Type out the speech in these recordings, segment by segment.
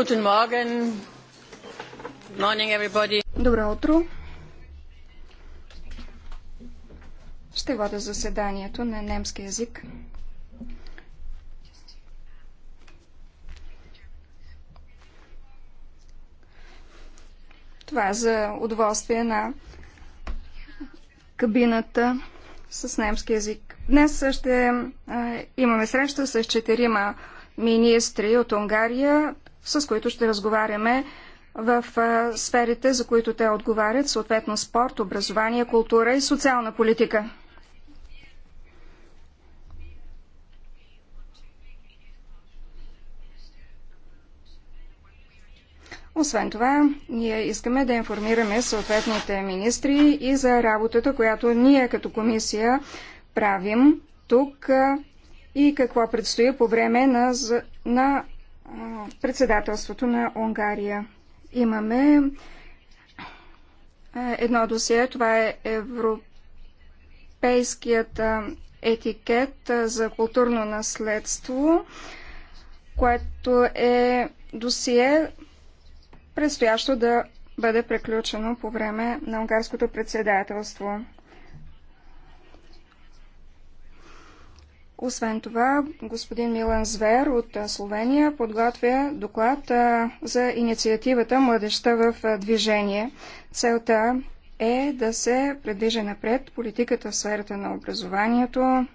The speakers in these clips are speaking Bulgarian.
Guten Morgen. Morning, everybody. Добро утро. Ще вода заседанието на немски язик. Това е за удоволствие на кабината с немски язик. Днес ще имаме среща с четирима министри от Унгария, с които ще разговаряме в сферите, за които те отговарят, съответно спорт, образование, култура и социална политика. Освен това, ние искаме да информираме съответните министри и за работата, която ние като комисия правим тук и какво предстои по време на, на председателството на Унгария. Имаме е, едно досие, това е европейският е, етикет е, за културно наследство, което е досие, предстоящо да бъде приключено по време на унгарското председателство. Освен това, господин Милан Звер от Словения подготвя доклад за инициативата Младеща в движение. Целта е да се предвижи напред политиката в сферата на образованието,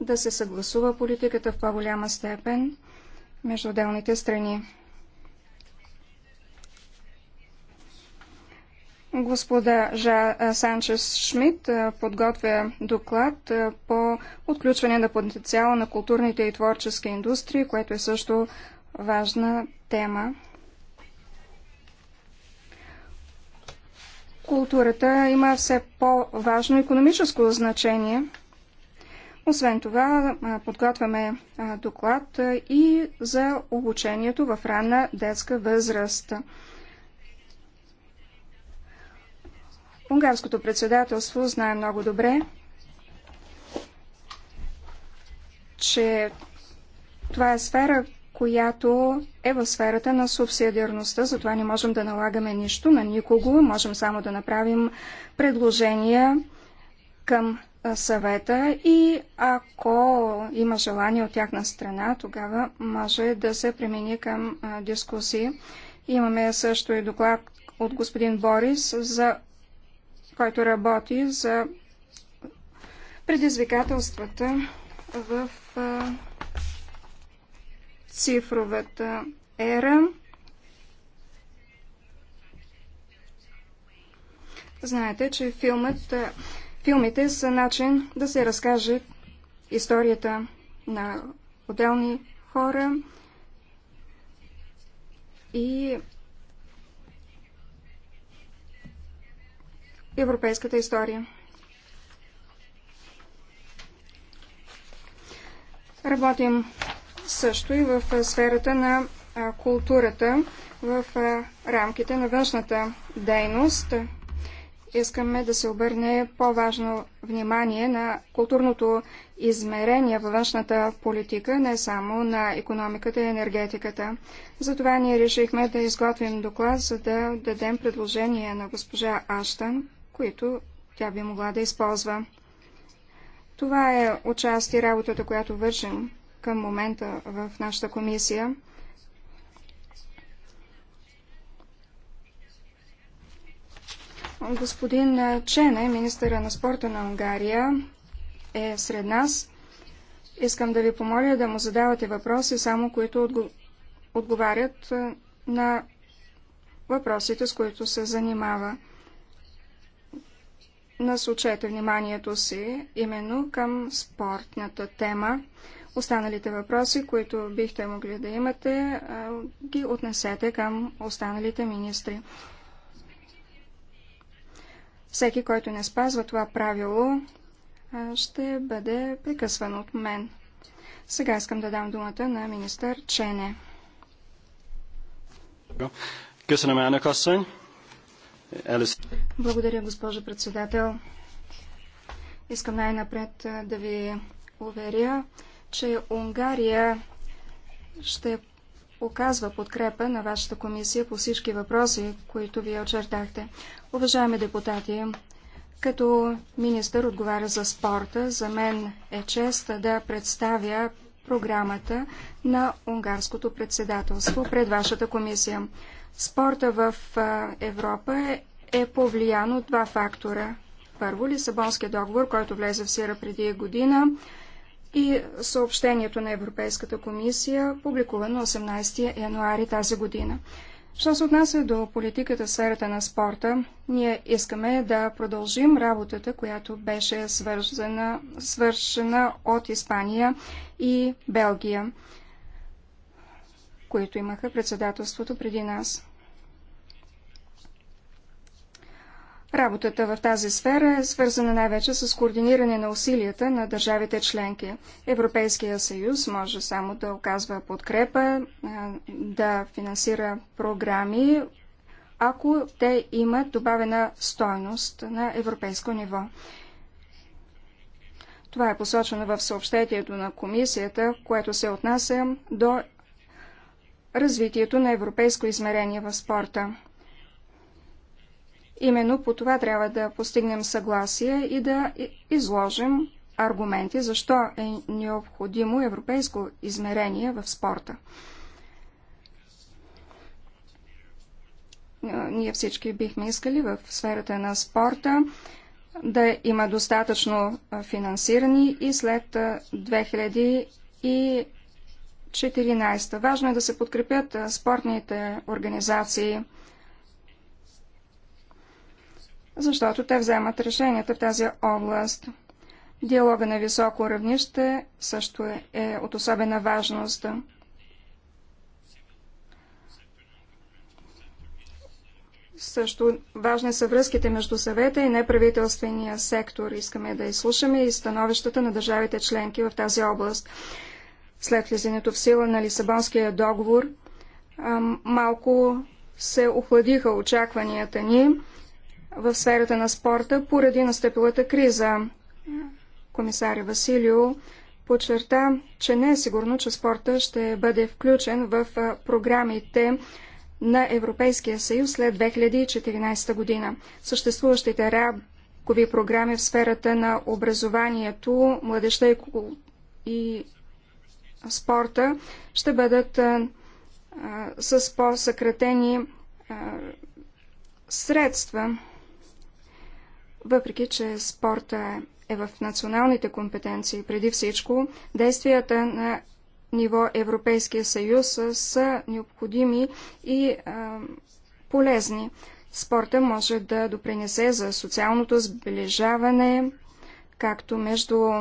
да се съгласува политиката в по-голяма степен между отделните страни. Господа Жа Санчес Шмидт подготвя доклад по отключване на потенциала на културните и творчески индустрии, което е също важна тема. Културата има все по-важно економическо значение. Освен това, подготвяме доклад и за обучението в ранна детска възраст. Унгарското председателство знае много добре, че това е сфера, която е в сферата на субсидиарността, затова не можем да налагаме нищо на никого, можем само да направим предложения към съвета и ако има желание от тяхна страна, тогава може да се премени към дискусии. Имаме също и доклад от господин Борис за който работи за предизвикателствата в цифровата ера. Знаете, че филмът, филмите са начин да се разкаже историята на отделни хора и европейската история. Работим също и в сферата на културата в рамките на външната дейност. Искаме да се обърне по-важно внимание на културното измерение във външната политика, не само на економиката и енергетиката. Затова ние решихме да изготвим доклад, за да дадем предложение на госпожа Аштан които тя би могла да използва. Това е отчасти работата, която вършим към момента в нашата комисия. Господин Чене, министъра на спорта на Унгария, е сред нас. Искам да ви помоля да му задавате въпроси, само които отговарят на въпросите, с които се занимава насочете вниманието си именно към спортната тема. Останалите въпроси, които бихте могли да имате, ги отнесете към останалите министри. Всеки, който не спазва това правило, ще бъде прекъсван от мен. Сега искам да дам думата на министър Чене. Благодаря. Благодаря, госпожо председател. Искам най-напред да ви уверя, че Унгария ще оказва подкрепа на вашата комисия по всички въпроси, които вие очертахте. Уважаеми депутати, като министър отговаря за спорта, за мен е чест да представя програмата на унгарското председателство пред вашата комисия. Спорта в Европа е повлиян от два фактора. Първо, Лисабонския договор, който влезе в Сира преди година и съобщението на Европейската комисия, публикувано 18 януари тази година. Що се отнася до политиката в сферата на спорта, ние искаме да продължим работата, която беше свършена от Испания и Белгия които имаха председателството преди нас. Работата в тази сфера е свързана най-вече с координиране на усилията на държавите членки. Европейския съюз може само да оказва подкрепа, да финансира програми, ако те имат добавена стойност на европейско ниво. Това е посочено в съобщението на комисията, което се отнася до развитието на европейско измерение в спорта. Именно по това трябва да постигнем съгласие и да изложим аргументи, защо е необходимо европейско измерение в спорта. Ние всички бихме искали в сферата на спорта да има достатъчно финансирани и след 2000 и 14. Важно е да се подкрепят спортните организации, защото те вземат решенията в тази област. Диалога на високо равнище също е, е от особена важност. Също важни са връзките между съвета и неправителствения сектор. Искаме да изслушаме и становищата на държавите членки в тази област след влизането в сила на Лисабонския договор, малко се охладиха очакванията ни в сферата на спорта поради настъпилата криза. Комисаря Василио подчерта, че не е сигурно, че спорта ще бъде включен в програмите на Европейския съюз след 2014 година. Съществуващите рабкови програми в сферата на образованието, младеща и спорта ще бъдат а, с по-съкратени средства, въпреки че спорта е в националните компетенции преди всичко, действията на ниво Европейския съюз са необходими и а, полезни. Спорта може да допринесе за социалното сближаване, както между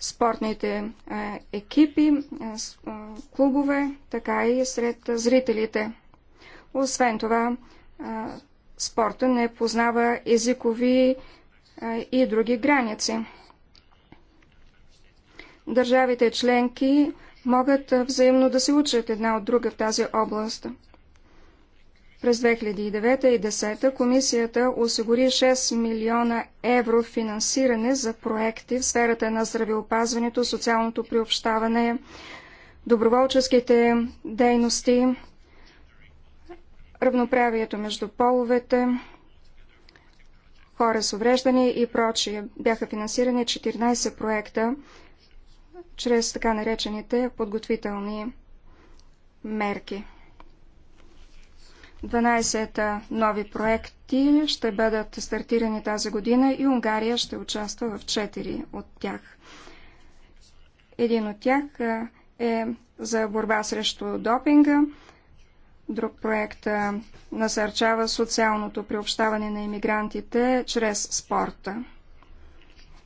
спортните е, екипи, е, е, клубове, така и сред зрителите. Освен това, спорта не познава езикови и други граници. Държавите членки могат взаимно да се учат една от друга в тази област. През 2009 и 2010 комисията осигури 6 милиона евро финансиране за проекти в сферата на здравеопазването, социалното приобщаване, доброволческите дейности, равноправието между половете, хора с увреждания и прочие. Бяха финансирани 14 проекта чрез така наречените подготвителни мерки. 12 нови проекти ще бъдат стартирани тази година и Унгария ще участва в 4 от тях. Един от тях е за борба срещу допинга. Друг проект насърчава социалното приобщаване на иммигрантите чрез спорта.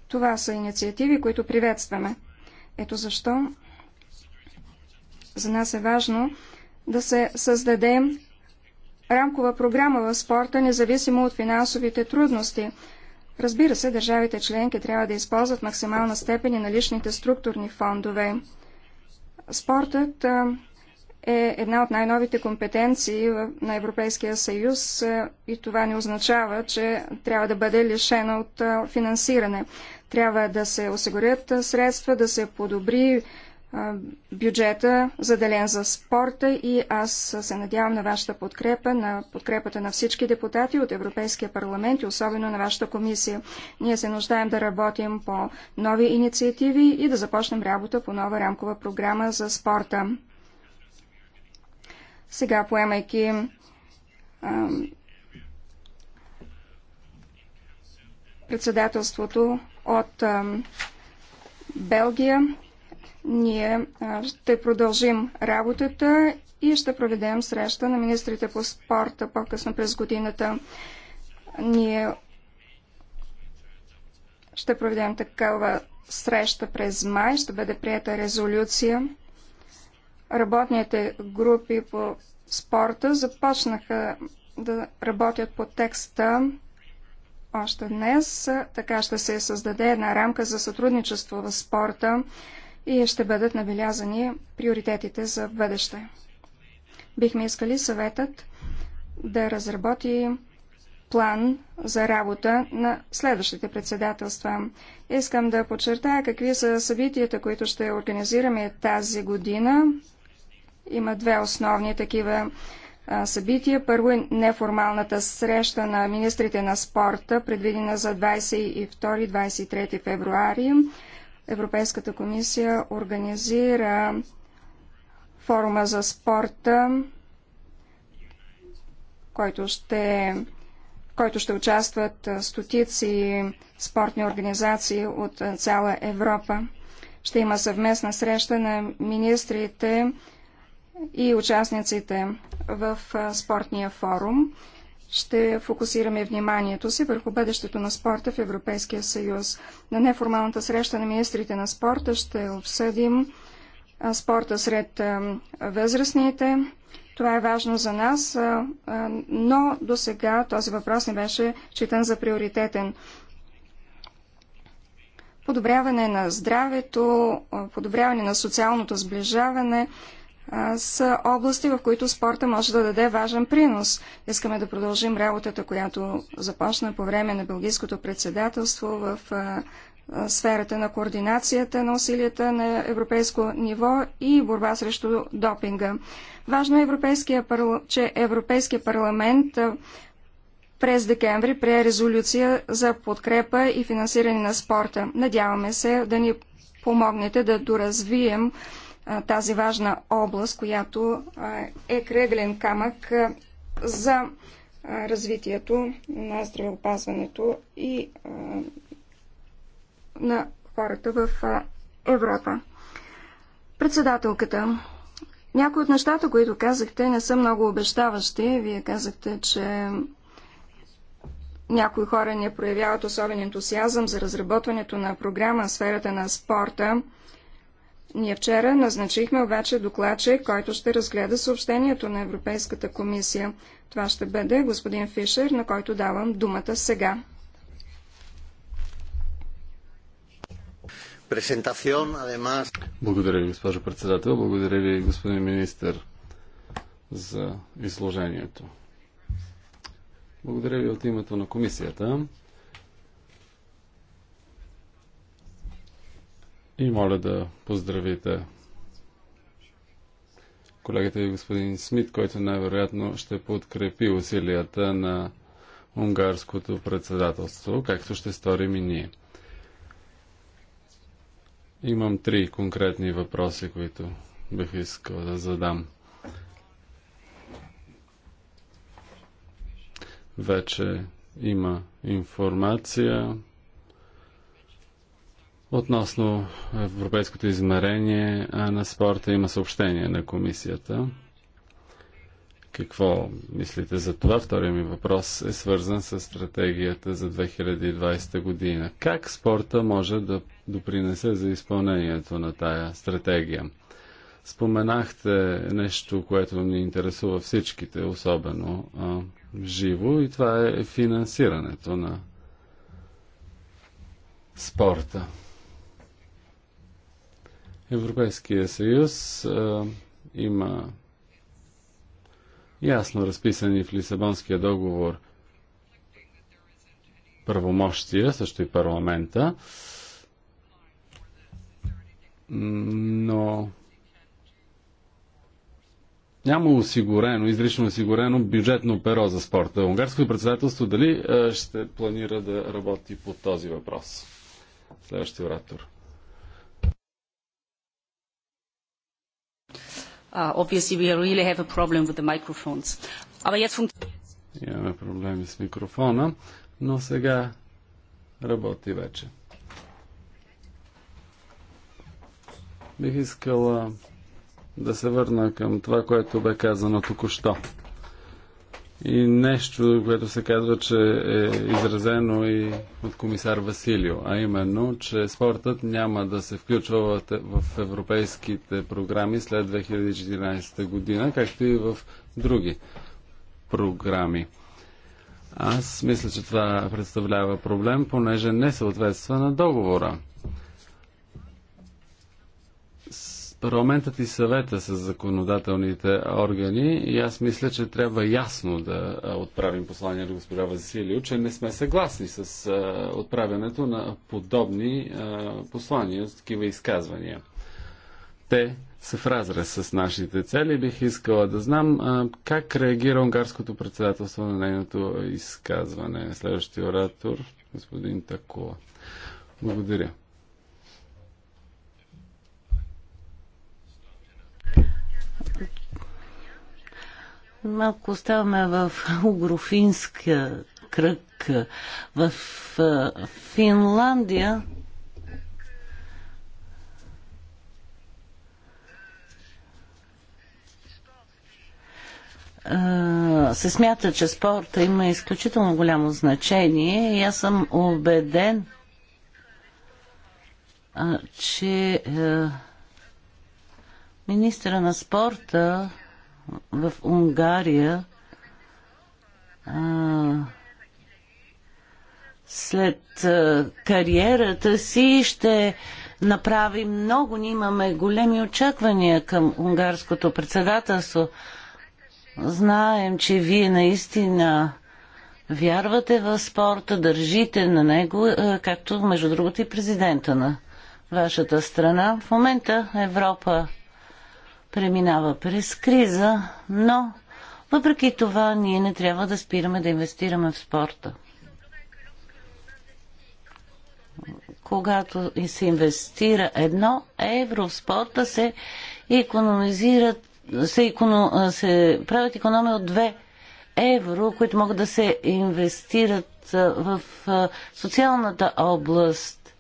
Това са инициативи, които приветстваме. Ето защо за нас е важно да се създаде рамкова програма в спорта, независимо от финансовите трудности. Разбира се, държавите членки трябва да използват максимална степен и наличните структурни фондове. Спортът е една от най-новите компетенции на Европейския съюз и това не означава, че трябва да бъде лишена от финансиране. Трябва да се осигурят средства, да се подобри бюджета, заделен за спорта и аз се надявам на вашата подкрепа, на подкрепата на всички депутати от Европейския парламент и особено на вашата комисия. Ние се нуждаем да работим по нови инициативи и да започнем работа по нова рамкова програма за спорта. Сега поемайки председателството от Белгия, ние ще продължим работата и ще проведем среща на министрите по спорта по-късно през годината. Ние ще проведем такава среща през май, ще бъде прията резолюция. Работните групи по спорта започнаха да работят по текста още днес. Така ще се създаде една рамка за сътрудничество в спорта и ще бъдат набелязани приоритетите за бъдеще. Бихме искали съветът да разработи план за работа на следващите председателства. Искам да подчертая какви са събитията, които ще организираме тази година. Има две основни такива събития. Първо е неформалната среща на министрите на спорта, предвидена за 22-23 февруари. Европейската комисия организира форума за спорта, който ще, който ще участват стотици спортни организации от цяла Европа. Ще има съвместна среща на министрите и участниците в спортния форум ще фокусираме вниманието си върху бъдещето на спорта в Европейския съюз. На неформалната среща на министрите на спорта ще обсъдим спорта сред възрастните. Това е важно за нас, но до сега този въпрос не беше читан за приоритетен. Подобряване на здравето, подобряване на социалното сближаване – са области, в които спорта може да даде важен принос. Искаме да продължим работата, която започна по време на Белгийското председателство в сферата на координацията на усилията на европейско ниво и борба срещу допинга. Важно е, европейския парл... че Европейския парламент през декември прие резолюция за подкрепа и финансиране на спорта. Надяваме се да ни помогнете да доразвием тази важна област, която е кръглен камък за развитието на здравеопазването и на хората в Европа. Председателката, някои от нещата, които казахте, не са много обещаващи. Вие казахте, че някои хора не проявяват особен ентусиазъм за разработването на програма в сферата на спорта. Ние вчера назначихме обаче докладчик, който ще разгледа съобщението на Европейската комисия. Това ще бъде господин Фишер, на който давам думата сега. Благодаря ви, госпожо председател. Благодаря ви, господин министр, за изложението. Благодаря ви от името на комисията. и моля да поздравите колегата ви господин Смит, който най-вероятно ще подкрепи усилията на унгарското председателство, както ще сторим и ние. Имам три конкретни въпроси, които бих искал да задам. Вече има информация Относно европейското измерение на спорта има съобщение на комисията. Какво мислите за това? Втория ми въпрос е свързан с стратегията за 2020 година. Как спорта може да допринесе за изпълнението на тая стратегия? Споменахте нещо, което ни интересува всичките, особено а, живо, и това е финансирането на спорта. Европейския съюз а, има ясно разписани в Лисабонския договор правомощия, също и парламента, но няма осигурено, изрично осигурено бюджетно перо за спорта. Унгарското председателство дали ще планира да работи по този въпрос? Следващия оратор. Uh, obviously we really have a problem with the microphones. я jetzt Имаме проблеми с микрофона, но сега работи вече. Бих искала да се върна към това, което бе казано току-що. И нещо, което се казва, че е изразено и от комисар Василио, а именно, че спортът няма да се включва в европейските програми след 2014 година, както и в други програми. Аз мисля, че това представлява проблем, понеже не съответства на договора. Парламентът и съвета с законодателните органи и аз мисля, че трябва ясно да отправим послание до госпожа Василио, че не сме съгласни с отправянето на подобни послания, с такива изказвания. Те са в разрез с нашите цели. Бих искала да знам как реагира унгарското председателство на нейното изказване. Следващия оратор, господин Такова. Благодаря. малко оставаме в угрофинска кръг. В Финландия се смята, че спорта има изключително голямо значение и аз съм убеден, че министра на спорта в Унгария а, след а, кариерата си ще направи много. Ние имаме големи очаквания към унгарското председателство. Знаем, че вие наистина вярвате в спорта, държите на него, както между другото и президента на вашата страна. В момента Европа преминава през криза, но въпреки това ние не трябва да спираме да инвестираме в спорта. Когато се инвестира едно евро в спорта, се економизират, се, економ, се правят економии от две евро, които могат да се инвестират в социалната област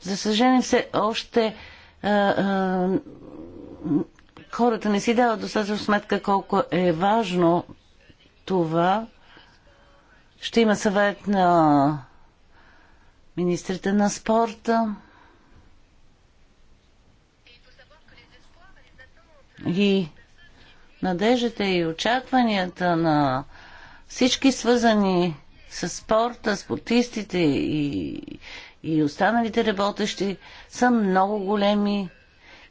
за съжаление, все още а, а, хората не си дават достатъчно сметка колко е важно това. Ще има съвет на министрите на спорта. И надеждата и очакванията на всички свързани с спорта, спортистите и и останалите работещи са много големи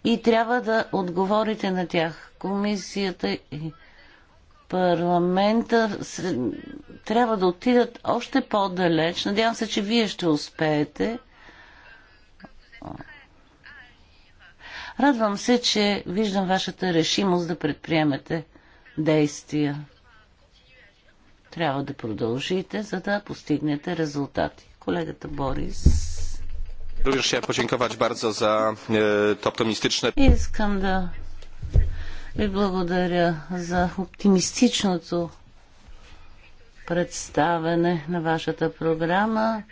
и трябва да отговорите на тях. Комисията и парламента трябва да отидат още по-далеч. Надявам се, че вие ще успеете. Радвам се, че виждам вашата решимост да предприемете действия. Трябва да продължите, за да постигнете резултати. Колегата Борис. Również chciałem podziękować bardzo za e, to optymistyczne. Искам да ви благодаря за оптимистичното представене на вашата програма.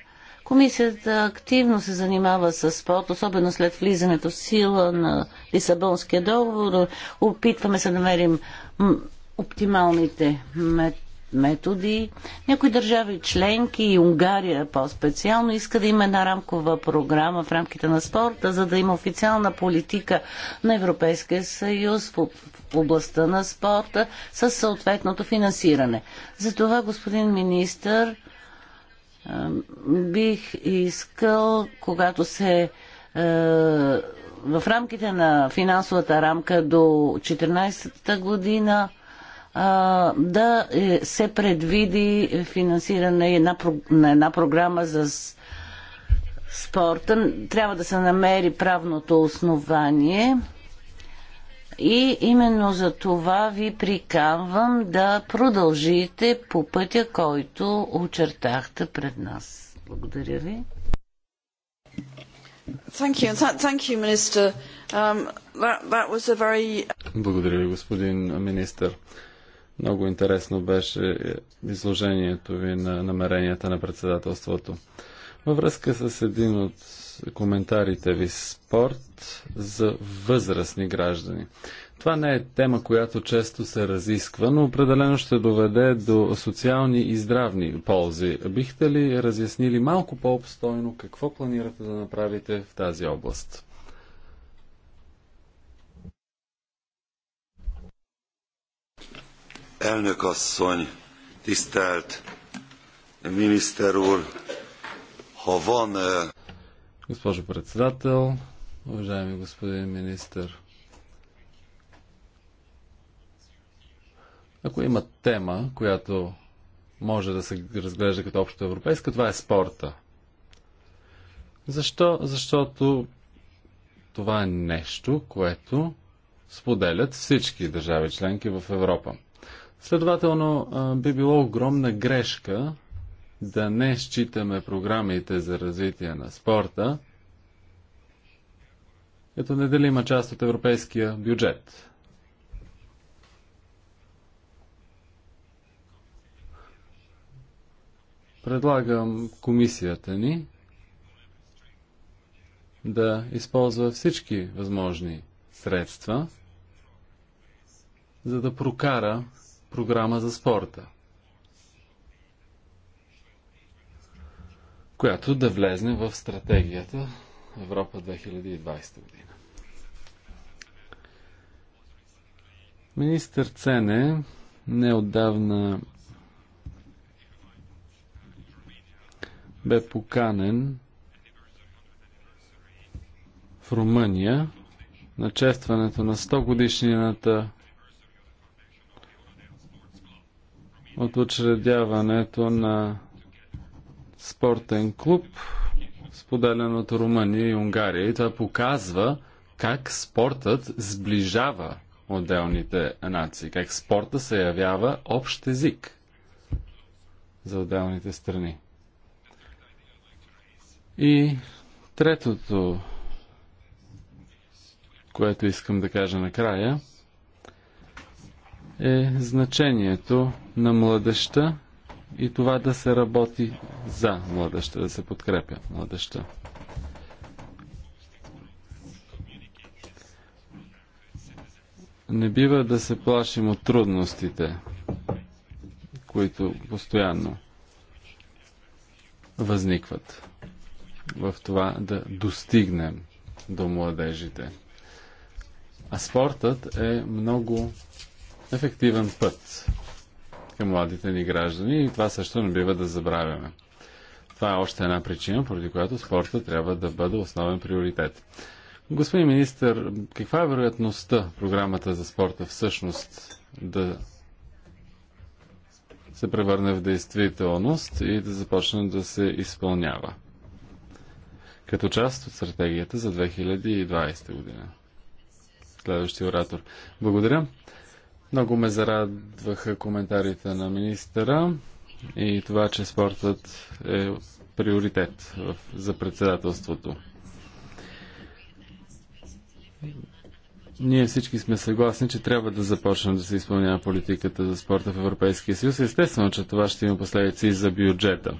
Комисията активно се занимава с спорт, особено след влизането в сила на Лисабонския договор. Опитваме се да намерим оптималните методи методи. Някои държави членки и Унгария по-специално иска да има една рамкова програма в рамките на спорта, за да има официална политика на Европейския съюз в областта на спорта с съответното финансиране. Затова, господин министър, бих искал, когато се е, в рамките на финансовата рамка до 14-та година да е, се предвиди финансиране една, на една програма за спорта. Трябва да се намери правното основание. И именно за това ви приканвам да продължите по пътя, който очертахте пред нас. Благодаря ви. Благодаря ви, господин министър. Много интересно беше изложението ви на намеренията на председателството. Във връзка с един от коментарите ви спорт за възрастни граждани. Това не е тема, която често се разисква, но определено ще доведе до социални и здравни ползи. Бихте ли разяснили малко по-обстойно какво планирате да направите в тази област? Elnök asszony, tisztelt miniszter úr, ha van... Госпожо председател, уважаеми господин министър, ако има тема, която може да се разглежда като общо европейска, това е спорта. Защо? Защото това е нещо, което споделят всички държави членки в Европа. Следователно, би било огромна грешка да не считаме програмите за развитие на спорта като неделима част от европейския бюджет. Предлагам комисията ни да използва всички възможни средства, за да прокара програма за спорта, която да влезне в стратегията Европа 2020 година. Министър Цене неотдавна, бе поканен в Румъния на честването на 100 годишнината от учредяването на спортен клуб, споделен от Румъния и Унгария. И това показва как спортът сближава отделните нации, как спорта се явява общ език за отделните страни. И третото, което искам да кажа накрая – е значението на младеща и това да се работи за младеща, да се подкрепя младеща. Не бива да се плашим от трудностите, които постоянно възникват в това да достигнем до младежите. А спортът е много ефективен път към младите ни граждани и това също не бива да забравяме. Това е още една причина, поради която спорта трябва да бъде основен приоритет. Господин министр, каква е вероятността програмата за спорта всъщност да се превърне в действителност и да започне да се изпълнява? Като част от стратегията за 2020 година. Следващия оратор. Благодаря. Много ме зарадваха коментарите на министъра и това, че спортът е приоритет за председателството. Ние всички сме съгласни, че трябва да започне да се изпълнява политиката за спорта в Европейския съюз. Естествено, че това ще има последици и за бюджета.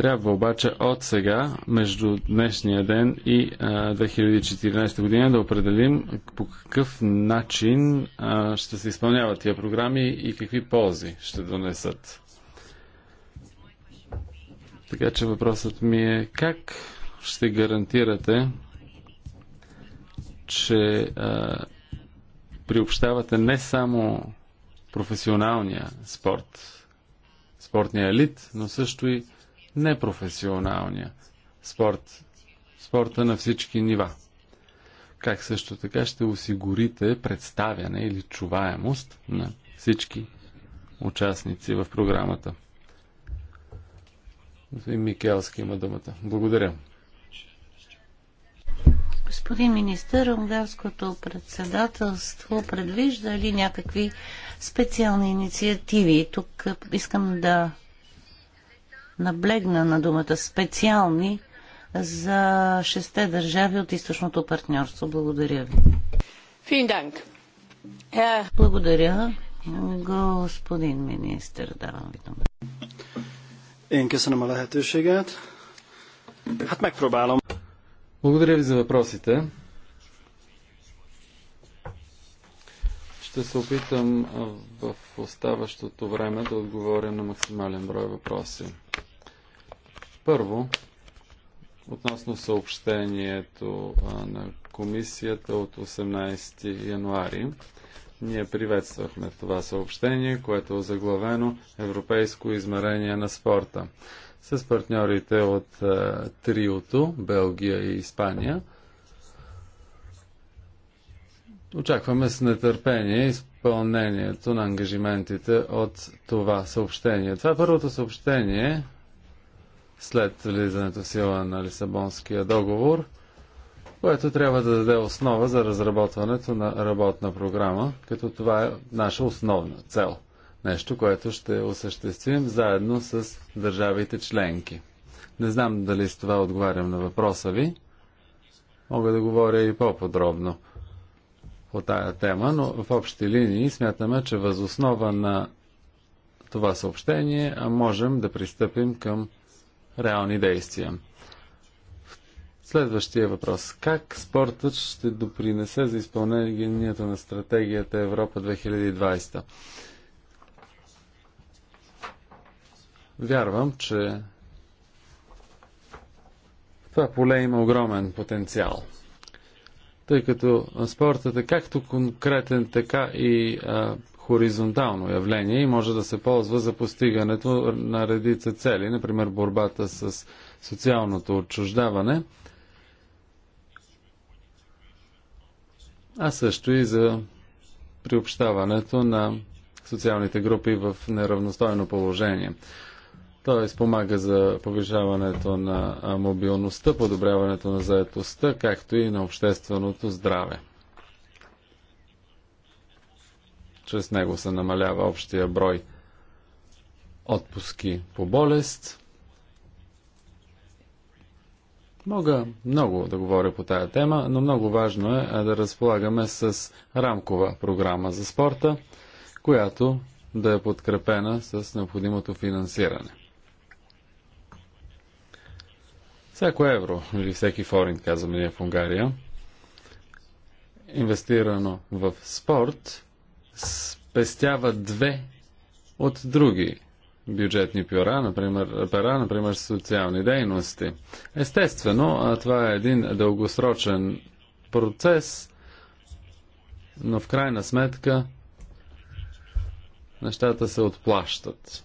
Трябва обаче от сега, между днешния ден и а, 2014 година, да определим по какъв начин а, ще се изпълняват тия програми и какви ползи ще донесат. Така че въпросът ми е как ще гарантирате, че а, приобщавате не само професионалния спорт, спортния елит, но също и непрофесионалния спорт, спорта на всички нива. Как също така ще осигурите представяне или чуваемост на всички участници в програмата? Господин Микелски има думата. Благодаря. Господин министър, унгарското председателство предвижда ли някакви специални инициативи? Тук искам да наблегна на думата специални за шесте държави от източното партньорство. Благодаря ви. Благодаря. Господин министр, давам ви дума. Én köszönöm a lehetőséget. Hát megpróbálom. Благодаря ви за въпросите. Ще се опитам в оставащото време да отговоря на максимален брой въпроси. Първо, относно съобщението на комисията от 18 януари. Ние приветствахме това съобщение, което е заглавено Европейско измерение на спорта. С партньорите от Триото, Белгия и Испания, очакваме с нетърпение изпълнението на ангажиментите от това съобщение. Това е първото съобщение, след влизането в сила на Лисабонския договор, което трябва да даде основа за разработването на работна програма, като това е наша основна цел. Нещо, което ще осъществим заедно с държавите членки. Не знам дали с това отговарям на въпроса ви. Мога да говоря и по-подробно по тая тема, но в общи линии смятаме, че възоснова на това съобщение можем да пристъпим към реални действия. Следващия въпрос. Как спортът ще допринесе за изпълнението на стратегията Европа 2020? Вярвам, че това поле има огромен потенциал. Тъй като спортът е както конкретен, така и а, хоризонтално явление и може да се ползва за постигането на редица цели, например борбата с социалното отчуждаване, а също и за приобщаването на социалните групи в неравностойно положение. Той спомага за повишаването на мобилността, подобряването на заетостта, както и на общественото здраве. Чрез него се намалява общия брой отпуски по болест. Мога много да говоря по тая тема, но много важно е, е да разполагаме с рамкова програма за спорта, която да е подкрепена с необходимото финансиране. Всяко евро или всеки форин, казваме ние в Унгария, инвестирано в спорт, спестява две от други бюджетни пера, например, пера, например социални дейности. Естествено, това е един дългосрочен процес, но в крайна сметка нещата се отплащат.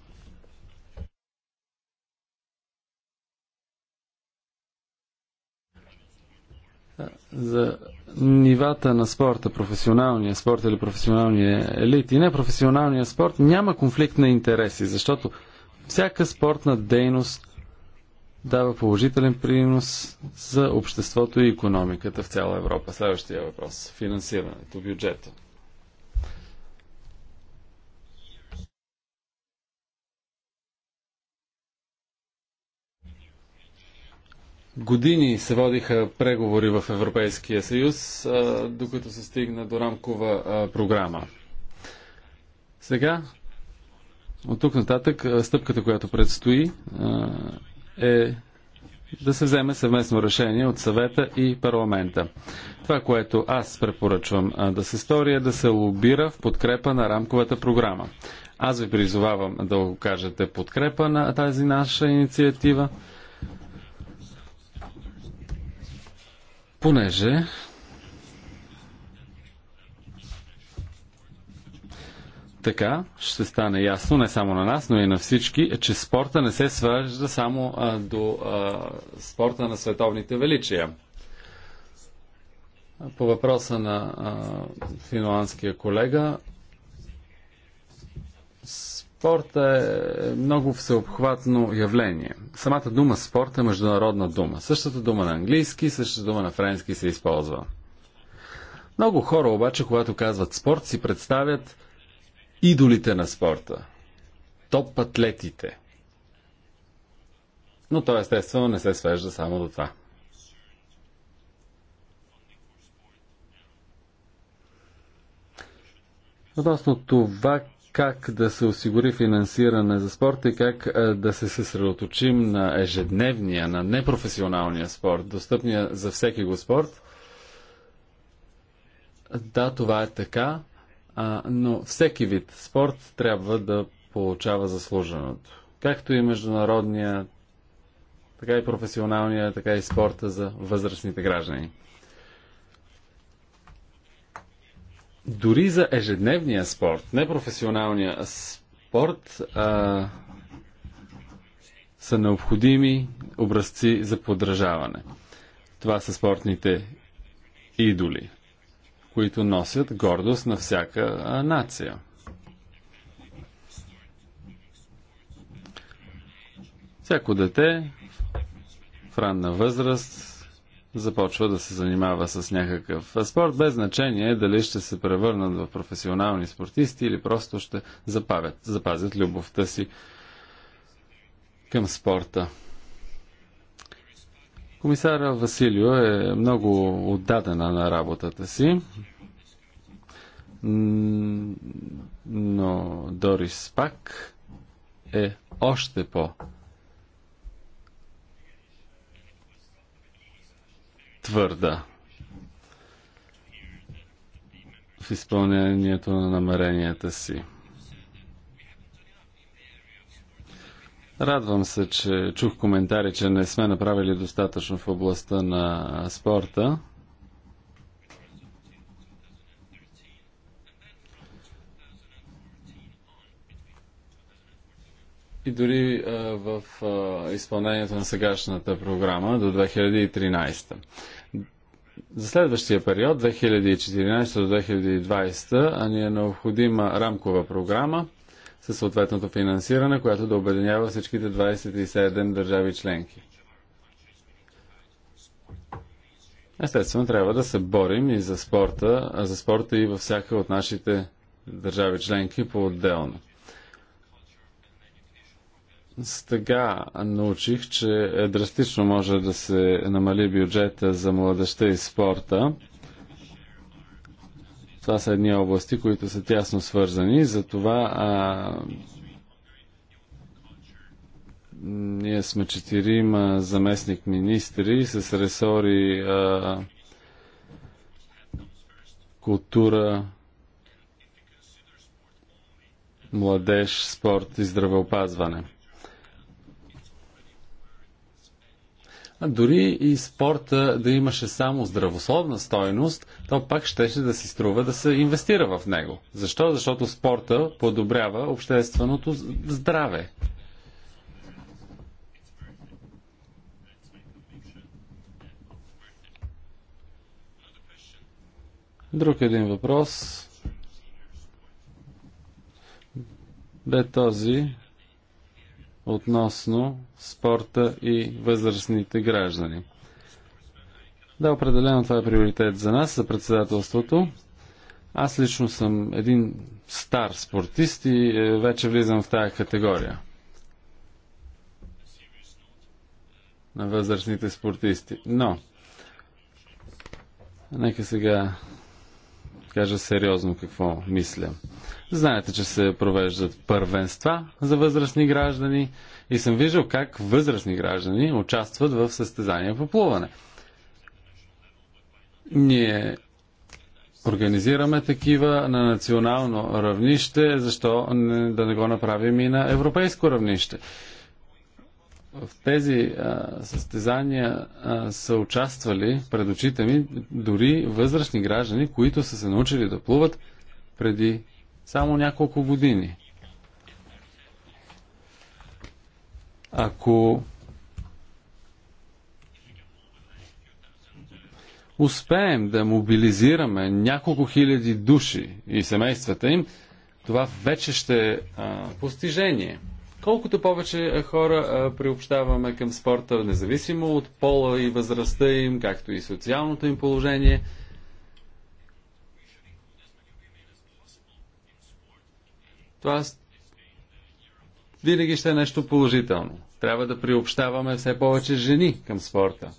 За нивата на спорта, професионалния спорт или професионалния елит и непрофесионалния спорт, няма конфликт на интереси, защото всяка спортна дейност дава положителен принос за обществото и економиката в цяла Европа. Следващия въпрос финансирането, бюджета. Години се водиха преговори в Европейския съюз, докато се стигна до рамкова програма. Сега, от тук нататък, стъпката, която предстои, е да се вземе съвместно решение от съвета и парламента. Това, което аз препоръчвам да се стори е да се лобира в подкрепа на рамковата програма. Аз ви призовавам да окажете подкрепа на тази наша инициатива. понеже така ще стане ясно не само на нас, но и на всички, че спорта не се свежда само а, до а, спорта на световните величия. По въпроса на а, финландския колега, Спорта е много всеобхватно явление. Самата дума спорт е международна дума. Същата дума на английски, същата дума на френски се използва. Много хора обаче, когато казват спорт, си представят идолите на спорта. Топ атлетите. Но то естествено не се свежда само до това. Относно това как да се осигури финансиране за спорта и как да се съсредоточим на ежедневния, на непрофесионалния спорт, достъпния за всеки го спорт. Да, това е така, но всеки вид спорт трябва да получава заслуженото. Както и международния, така и професионалния, така и спорта за възрастните граждани. дори за ежедневния спорт, непрофесионалния спорт, а, са необходими образци за подражаване. Това са спортните идоли, които носят гордост на всяка нация. Всяко дете в ранна възраст започва да се занимава с някакъв спорт, без значение дали ще се превърнат в професионални спортисти или просто ще запавят, запазят любовта си към спорта. Комисара Василио е много отдадена на работата си, но Дорис Пак е още по- твърда в изпълнението на намеренията си. Радвам се, че чух коментари, че не сме направили достатъчно в областта на спорта. и дори а, в а, изпълнението на сегашната програма до 2013. За следващия период, 2014 до 2020, а ни е необходима рамкова програма със съответното финансиране, която да обединява всичките 27 държави членки. Естествено, трябва да се борим и за спорта, а за спорта и във всяка от нашите държави членки по-отделно. Сега научих, че е драстично може да се намали бюджета за младеща и спорта. Това са едни области, които са тясно свързани. Затова а, ние сме четирима заместник министри с ресори а, култура, младеж, спорт и здравеопазване. дори и спорта да имаше само здравословна стойност, то пак щеше да си струва да се инвестира в него. Защо? Защото спорта подобрява общественото здраве. Друг един въпрос бе този относно спорта и възрастните граждани. Да, определено това е приоритет за нас, за председателството. Аз лично съм един стар спортист и е, вече влизам в тая категория. На възрастните спортисти. Но, нека сега кажа сериозно какво мисля. Знаете, че се провеждат първенства за възрастни граждани и съм виждал как възрастни граждани участват в състезания по плуване. Ние организираме такива на национално равнище, защо не, да не го направим и на европейско равнище. В тези а, състезания а, са участвали пред очите ми дори възрастни граждани, които са се научили да плуват преди само няколко години. Ако успеем да мобилизираме няколко хиляди души и семействата им, това вече ще е постижение. Колкото повече хора приобщаваме към спорта, независимо от пола и възрастта им, както и социалното им положение – Това винаги ще е нещо положително. Трябва да приобщаваме все повече жени към спорта.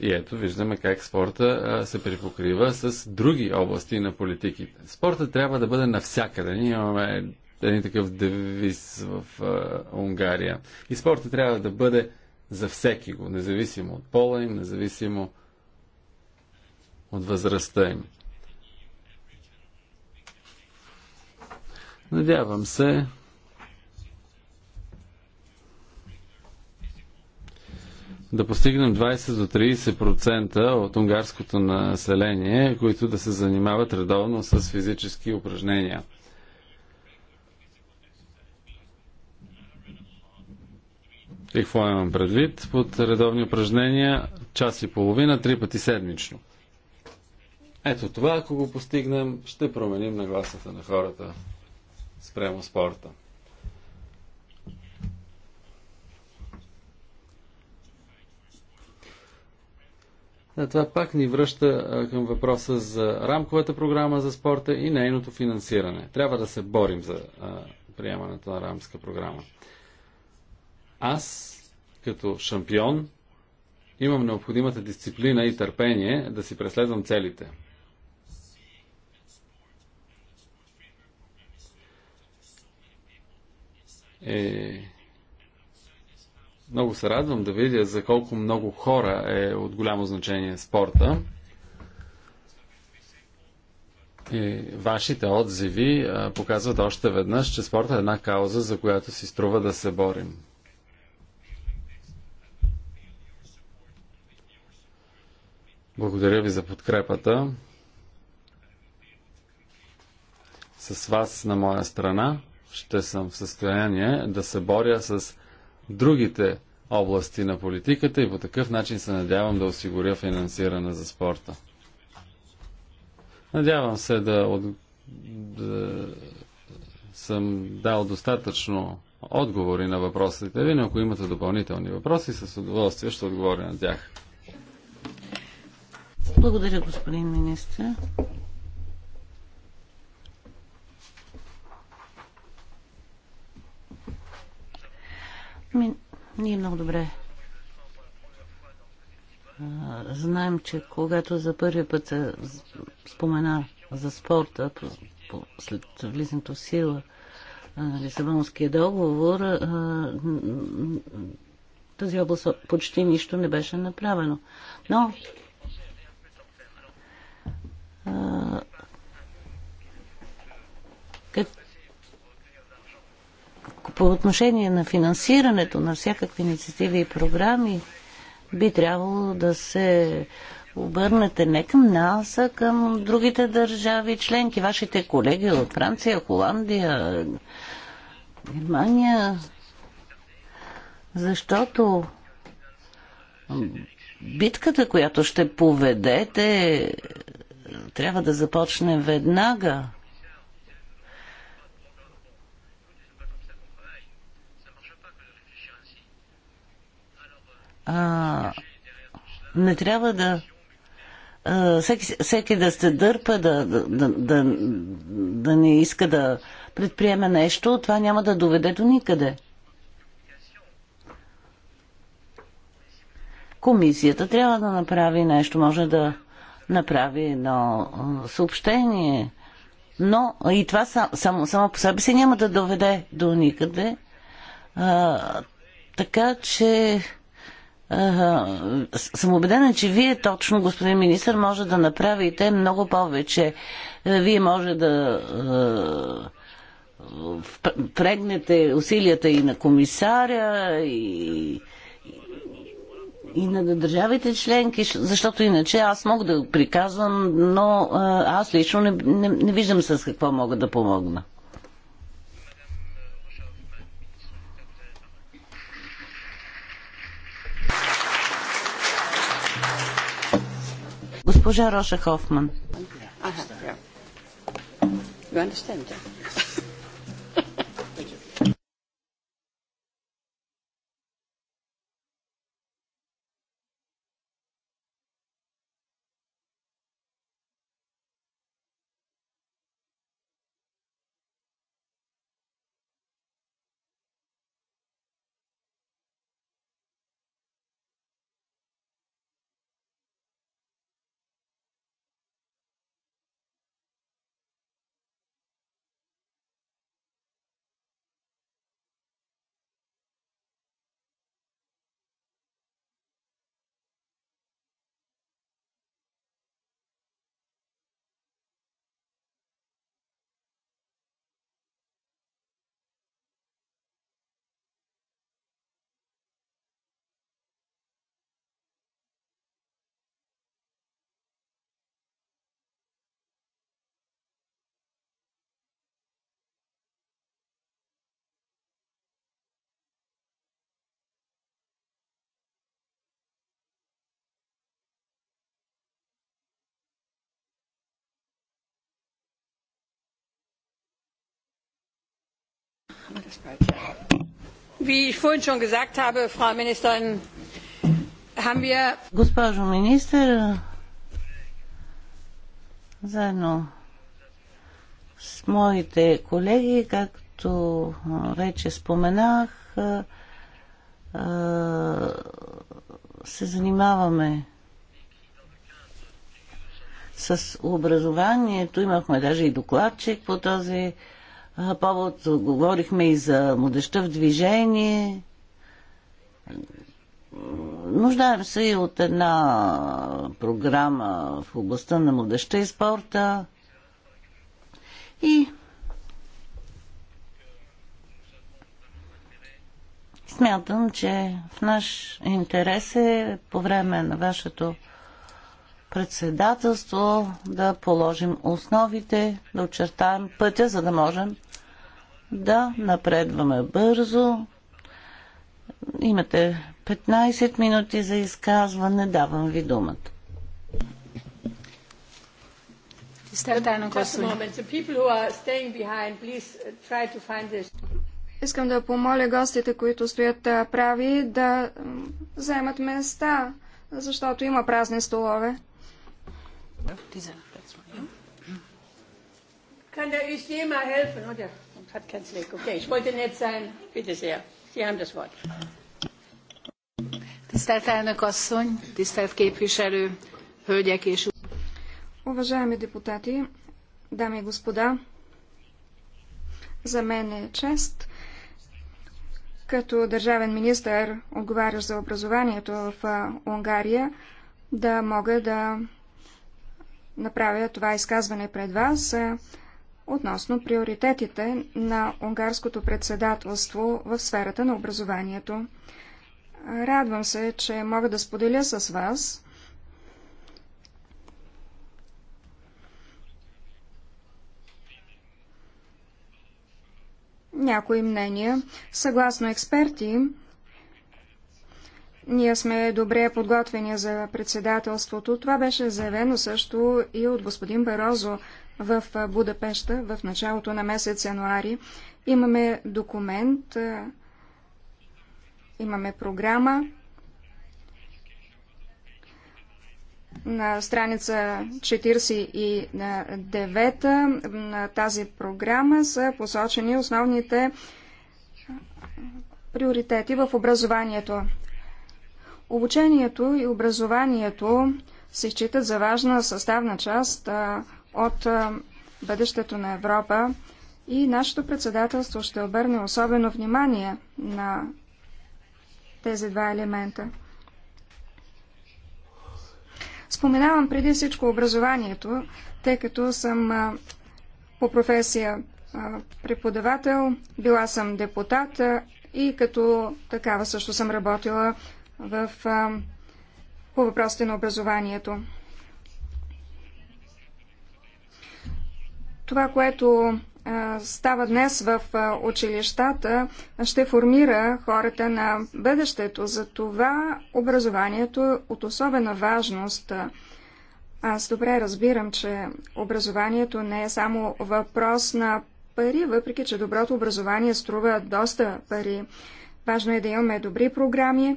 И ето виждаме как спорта се припокрива с други области на политиките. Спорта трябва да бъде навсякъде. Ние имаме един такъв девиз в а, Унгария. И спорта трябва да бъде за всеки го, независимо от пола им, независимо от възрастта им. Надявам се, да постигнем 20 до 30% от унгарското население, които да се занимават редовно с физически упражнения. И Какво имам предвид? Под редовни упражнения час и половина, три пъти седмично. Ето това, ако го постигнем, ще променим нагласата на хората спрямо спорта. Е, това пак ни връща е, към въпроса за рамковата програма за спорта и нейното финансиране. Трябва да се борим за е, приемането на рамска програма. Аз, като шампион, имам необходимата дисциплина и търпение да си преследвам целите – е... Много се радвам да видя за колко много хора е от голямо значение спорта. И вашите отзиви а, показват още веднъж, че спорта е една кауза, за която си струва да се борим. Благодаря ви за подкрепата. С вас на моя страна ще съм в състояние да се боря с другите области на политиката и по такъв начин се надявам да осигуря финансиране за спорта. Надявам се да, от... да съм дал достатъчно отговори на въпросите ви, но ако имате допълнителни въпроси, с удоволствие ще отговоря на тях. Благодаря, господин министр. Ми, ние много добре знаем, че когато за първи път се спомена за спорта след влизането в сила на Лисабонския договор, тази област почти нищо не беше направено. Но По отношение на финансирането на всякакви инициативи и програми, би трябвало да се обърнете не към нас, а към другите държави членки, вашите колеги от Франция, Холандия, Германия, защото битката, която ще поведете, трябва да започне веднага. а, не трябва да а, всеки, всеки да се дърпа, да, да, да, да, да не иска да предприеме нещо, това няма да доведе до никъде. Комисията трябва да направи нещо, може да направи едно съобщение, но и това само, само по себе си няма да доведе до никъде. А, така че съм убедена, че вие точно, господин министр, може да направите много повече. Е, вие може да впрегнете е, усилията и на комисаря, и, и на държавите членки, защото иначе аз мога да приказвам, но е, аз лично не, не, не виждам с какво мога да помогна. Госпожа Роша Хофман. You understand? Yeah? Wie ich vorhin schon gesagt habe, Frau Ministerin, haben wir... Госпожо министър, заедно с моите колеги, както вече споменах, се занимаваме с образованието. Имахме даже и докладчик по този въпрос повод говорихме и за младеща в движение. Нуждаем се и от една програма в областта на младеща и спорта. И смятам, че в наш интерес е по време на вашето председателство да положим основите, да очертаем пътя, за да можем да, напредваме бързо. Имате 15 минути за изказване. Давам ви думата. Uh, Искам да помоля гостите, които стоят прави, да вземат места, защото има празни столове. Kann da e ist jemand helfen, oder? Hat kein Zweck. Okay, ich wollte nett sein. Bitte sehr. Sie haben das Wort. Tisztelt elnök asszony, tisztelt képviselő, hölgyek és Уважаеми депутати, дами и господа, за мен е чест като държавен министър, отговарящ за образованието в Унгария, да мога да направя това изказване пред вас относно приоритетите на унгарското председателство в сферата на образованието. Радвам се, че мога да споделя с вас някои мнения. Съгласно експерти, ние сме добре подготвени за председателството. Това беше заявено също и от господин Барозо в Будапешта в началото на месец януари. Имаме документ, имаме програма на страница 49 на тази програма са посочени основните приоритети в образованието. Обучението и образованието се считат за важна съставна част от бъдещето на Европа и нашето председателство ще обърне особено внимание на тези два елемента. Споменавам преди всичко образованието, тъй като съм по професия преподавател, била съм депутат и като такава също съм работила в, по въпросите на образованието. Това, което става днес в училищата, ще формира хората на бъдещето. За това образованието е от особена важност. Аз добре разбирам, че образованието не е само въпрос на пари, въпреки че доброто образование струва доста пари. Важно е да имаме добри програми,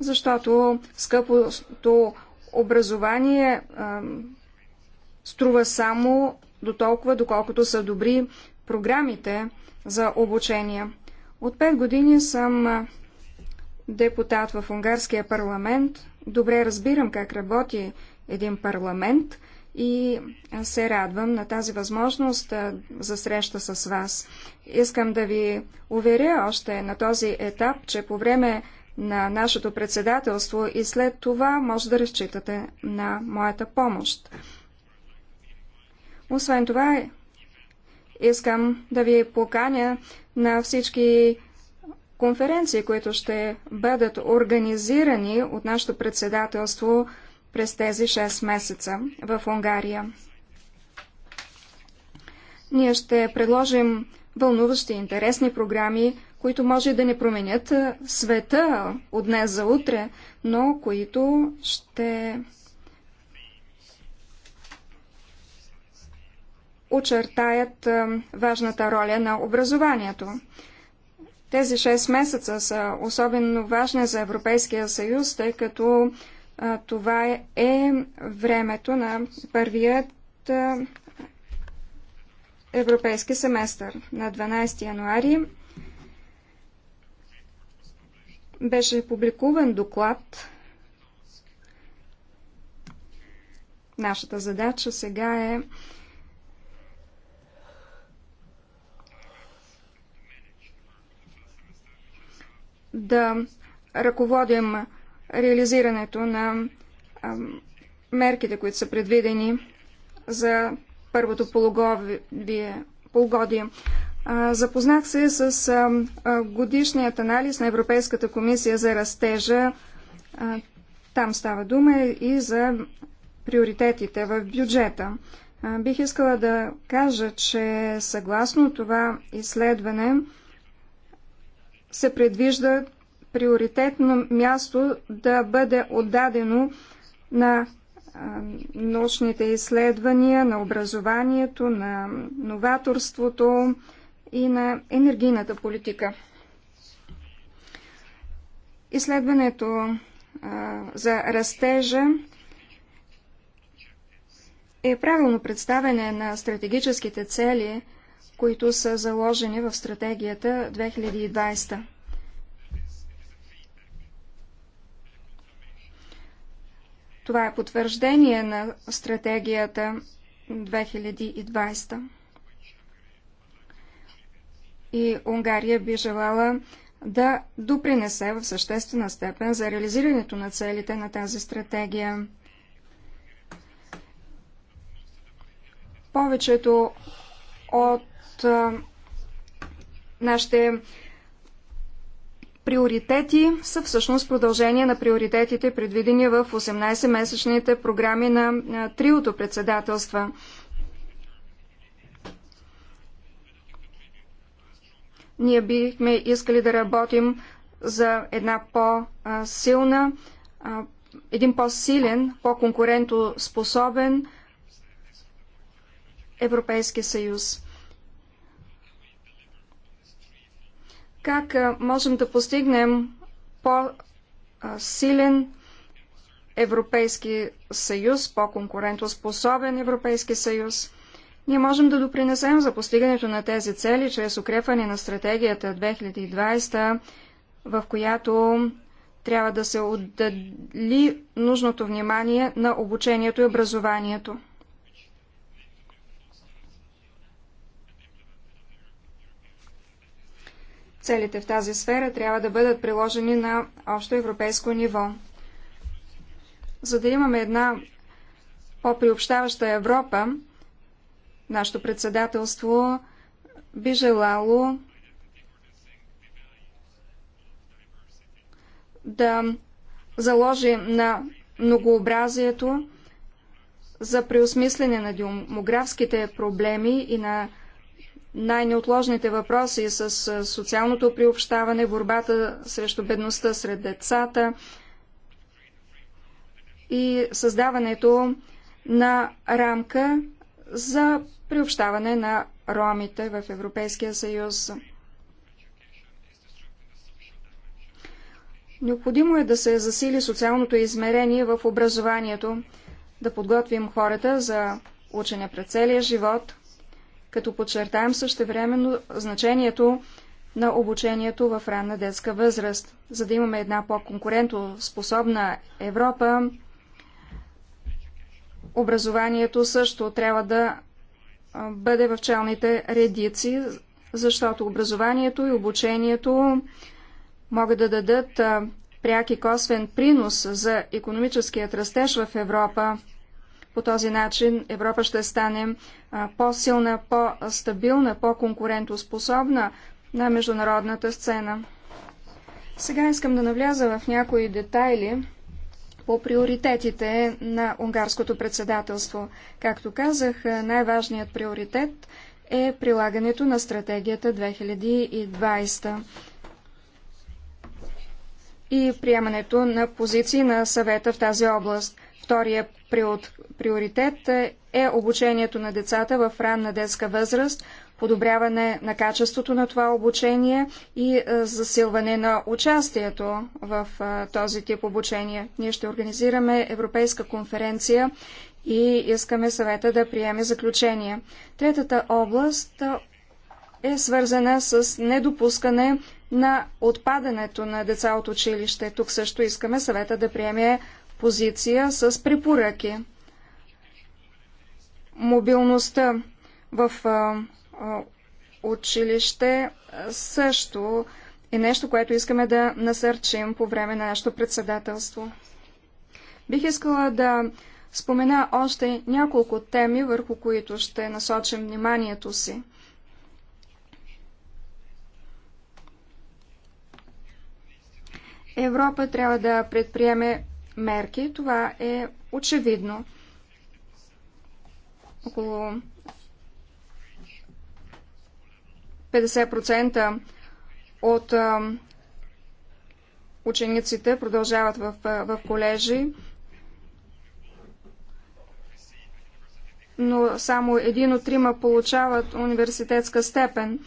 защото скъпото образование а, струва само до толкова, доколкото са добри програмите за обучение. От 5 години съм депутат в унгарския парламент. Добре разбирам как работи един парламент и се радвам на тази възможност за среща с вас. Искам да ви уверя още на този етап, че по време на нашето председателство и след това може да разчитате на моята помощ. Освен това, искам да ви поканя на всички конференции, които ще бъдат организирани от нашето председателство през тези 6 месеца в Унгария. Ние ще предложим вълнуващи, интересни програми, които може да не променят света от днес за утре, но които ще очертаят важната роля на образованието. Тези 6 месеца са особено важни за Европейския съюз, тъй като това е времето на първият европейски семестър. На 12 януари беше публикуван доклад. Нашата задача сега е да ръководим реализирането на мерките, които са предвидени за първото полугодие. полугодие. Запознах се с годишният анализ на Европейската комисия за растежа. Там става дума и за приоритетите в бюджета. Бих искала да кажа, че съгласно това изследване се предвижда приоритетно място да бъде отдадено на научните изследвания, на образованието, на новаторството и на енергийната политика. Изследването за растежа е правилно представене на стратегическите цели, които са заложени в стратегията 2020. Това е потвърждение на стратегията 2020. И Унгария би желала да допринесе в съществена степен за реализирането на целите на тази стратегия. Повечето от нашите приоритети са всъщност продължение на приоритетите, предвидени в 18-месечните програми на триото председателства. Ние бихме искали да работим за една по-силна, един по-силен, по-конкурентоспособен Европейски съюз. как можем да постигнем по-силен Европейски съюз, по-конкурентоспособен Европейски съюз. Ние можем да допринесем за постигането на тези цели чрез укрепване на стратегията 2020, в която трябва да се отдали нужното внимание на обучението и образованието. Целите в тази сфера трябва да бъдат приложени на общо европейско ниво. За да имаме една по-приобщаваща Европа, нашето председателство би желало да заложи на многообразието за преосмислене на демографските проблеми и на най-неотложните въпроси с социалното приобщаване, борбата срещу бедността сред децата и създаването на рамка за приобщаване на ромите в Европейския съюз. Необходимо е да се засили социалното измерение в образованието, да подготвим хората за учене през целия живот – като подчертаем същевременно значението на обучението в ранна детска възраст. За да имаме една по-конкурентоспособна Европа, образованието също трябва да бъде в челните редици, защото образованието и обучението могат да дадат пряк и косвен принос за економическият растеж в Европа. По този начин Европа ще стане по-силна, по-стабилна, по-конкурентоспособна на международната сцена. Сега искам да навляза в някои детайли по приоритетите на унгарското председателство. Както казах, най-важният приоритет е прилагането на стратегията 2020 и приемането на позиции на съвета в тази област. Втория приоритет е обучението на децата в ранна детска възраст, подобряване на качеството на това обучение и е, засилване на участието в е, този тип обучение. Ние ще организираме Европейска конференция и искаме съвета да приеме заключение. Третата област е, е свързана с недопускане на отпадането на деца от училище. Тук също искаме съвета да приеме позиция с препоръки. Мобилността в училище също е нещо, което искаме да насърчим по време на нашето председателство. Бих искала да спомена още няколко теми, върху които ще насочим вниманието си. Европа трябва да предприеме мерки. Това е очевидно. Около 50% от учениците продължават в, в колежи, но само един от трима получават университетска степен.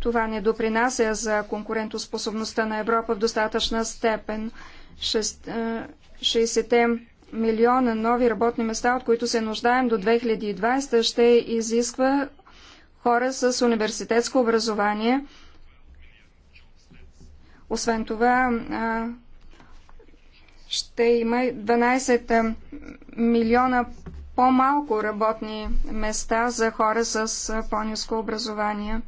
Това не допринася за конкурентоспособността на Европа в достатъчна степен. 60 милиона нови работни места, от които се нуждаем до 2020, ще изисква хора с университетско образование. Освен това, ще има 12 милиона по-малко работни места за хора с по-низко образование.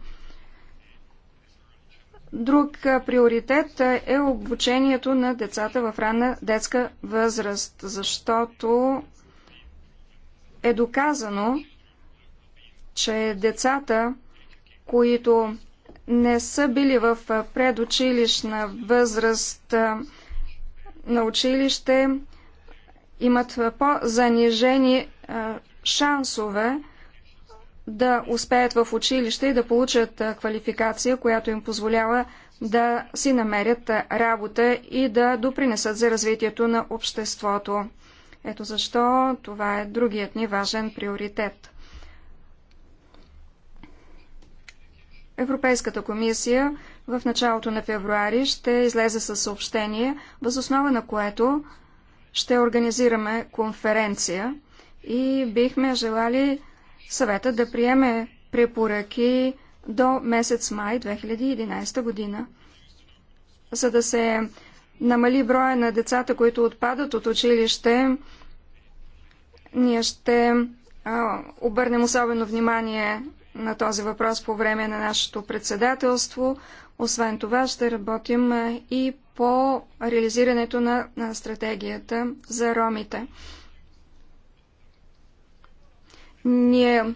Друг приоритет е обучението на децата в ранна детска възраст, защото е доказано, че децата, които не са били в предучилищна възраст на училище, имат по-занижени шансове да успеят в училище и да получат квалификация, която им позволява да си намерят работа и да допринесат за развитието на обществото. Ето защо това е другият ни важен приоритет. Европейската комисия в началото на февруари ще излезе със съобщение, възоснова на което ще организираме конференция и бихме желали съвета да приеме препоръки до месец май 2011 година, за да се намали броя на децата, които отпадат от училище, ние ще а, обърнем особено внимание на този въпрос по време на нашето председателство. Освен това ще работим и по реализирането на, на стратегията за ромите. Ние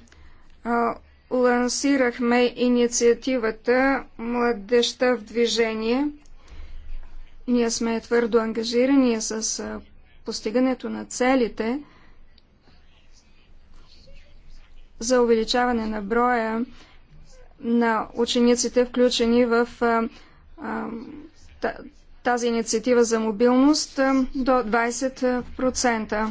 а, лансирахме инициативата Младеща в движение. Ние сме твърдо ангажирани с а, постигането на целите за увеличаване на броя на учениците, включени в а, а, тази инициатива за мобилност до 20%.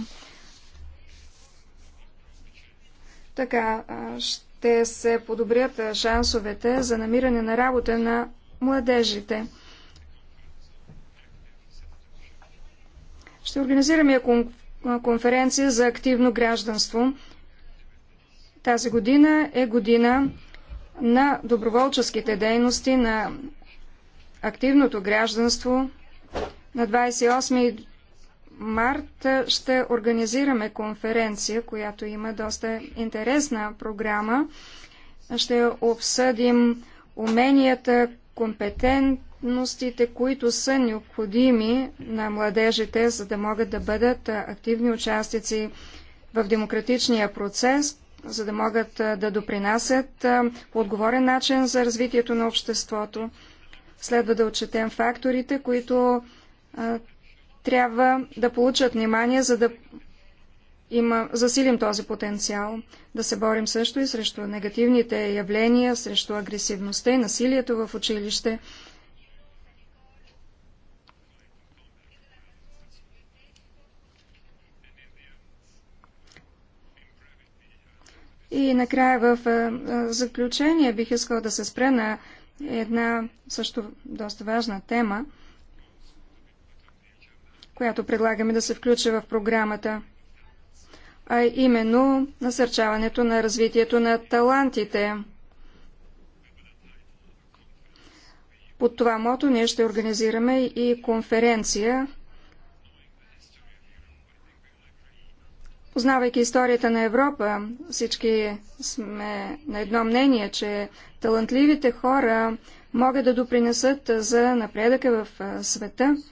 Така ще се подобрят шансовете за намиране на работа на младежите. Ще организираме конференция за активно гражданство. Тази година е година на доброволческите дейности на активното гражданство. На 28 и март ще организираме конференция, която има доста интересна програма. Ще обсъдим уменията, компетентностите, които са необходими на младежите, за да могат да бъдат активни участници в демократичния процес, за да могат да допринасят по отговорен начин за развитието на обществото. Следва да отчетем факторите, които трябва да получат внимание, за да има, засилим този потенциал, да се борим също и срещу негативните явления, срещу агресивността и насилието в училище. И накрая в заключение бих искал да се спре на една също доста важна тема – която предлагаме да се включи в програмата, а именно насърчаването на развитието на талантите. Под това мото ние ще организираме и конференция, Познавайки историята на Европа, всички сме на едно мнение, че талантливите хора могат да допринесат за напредъка в света –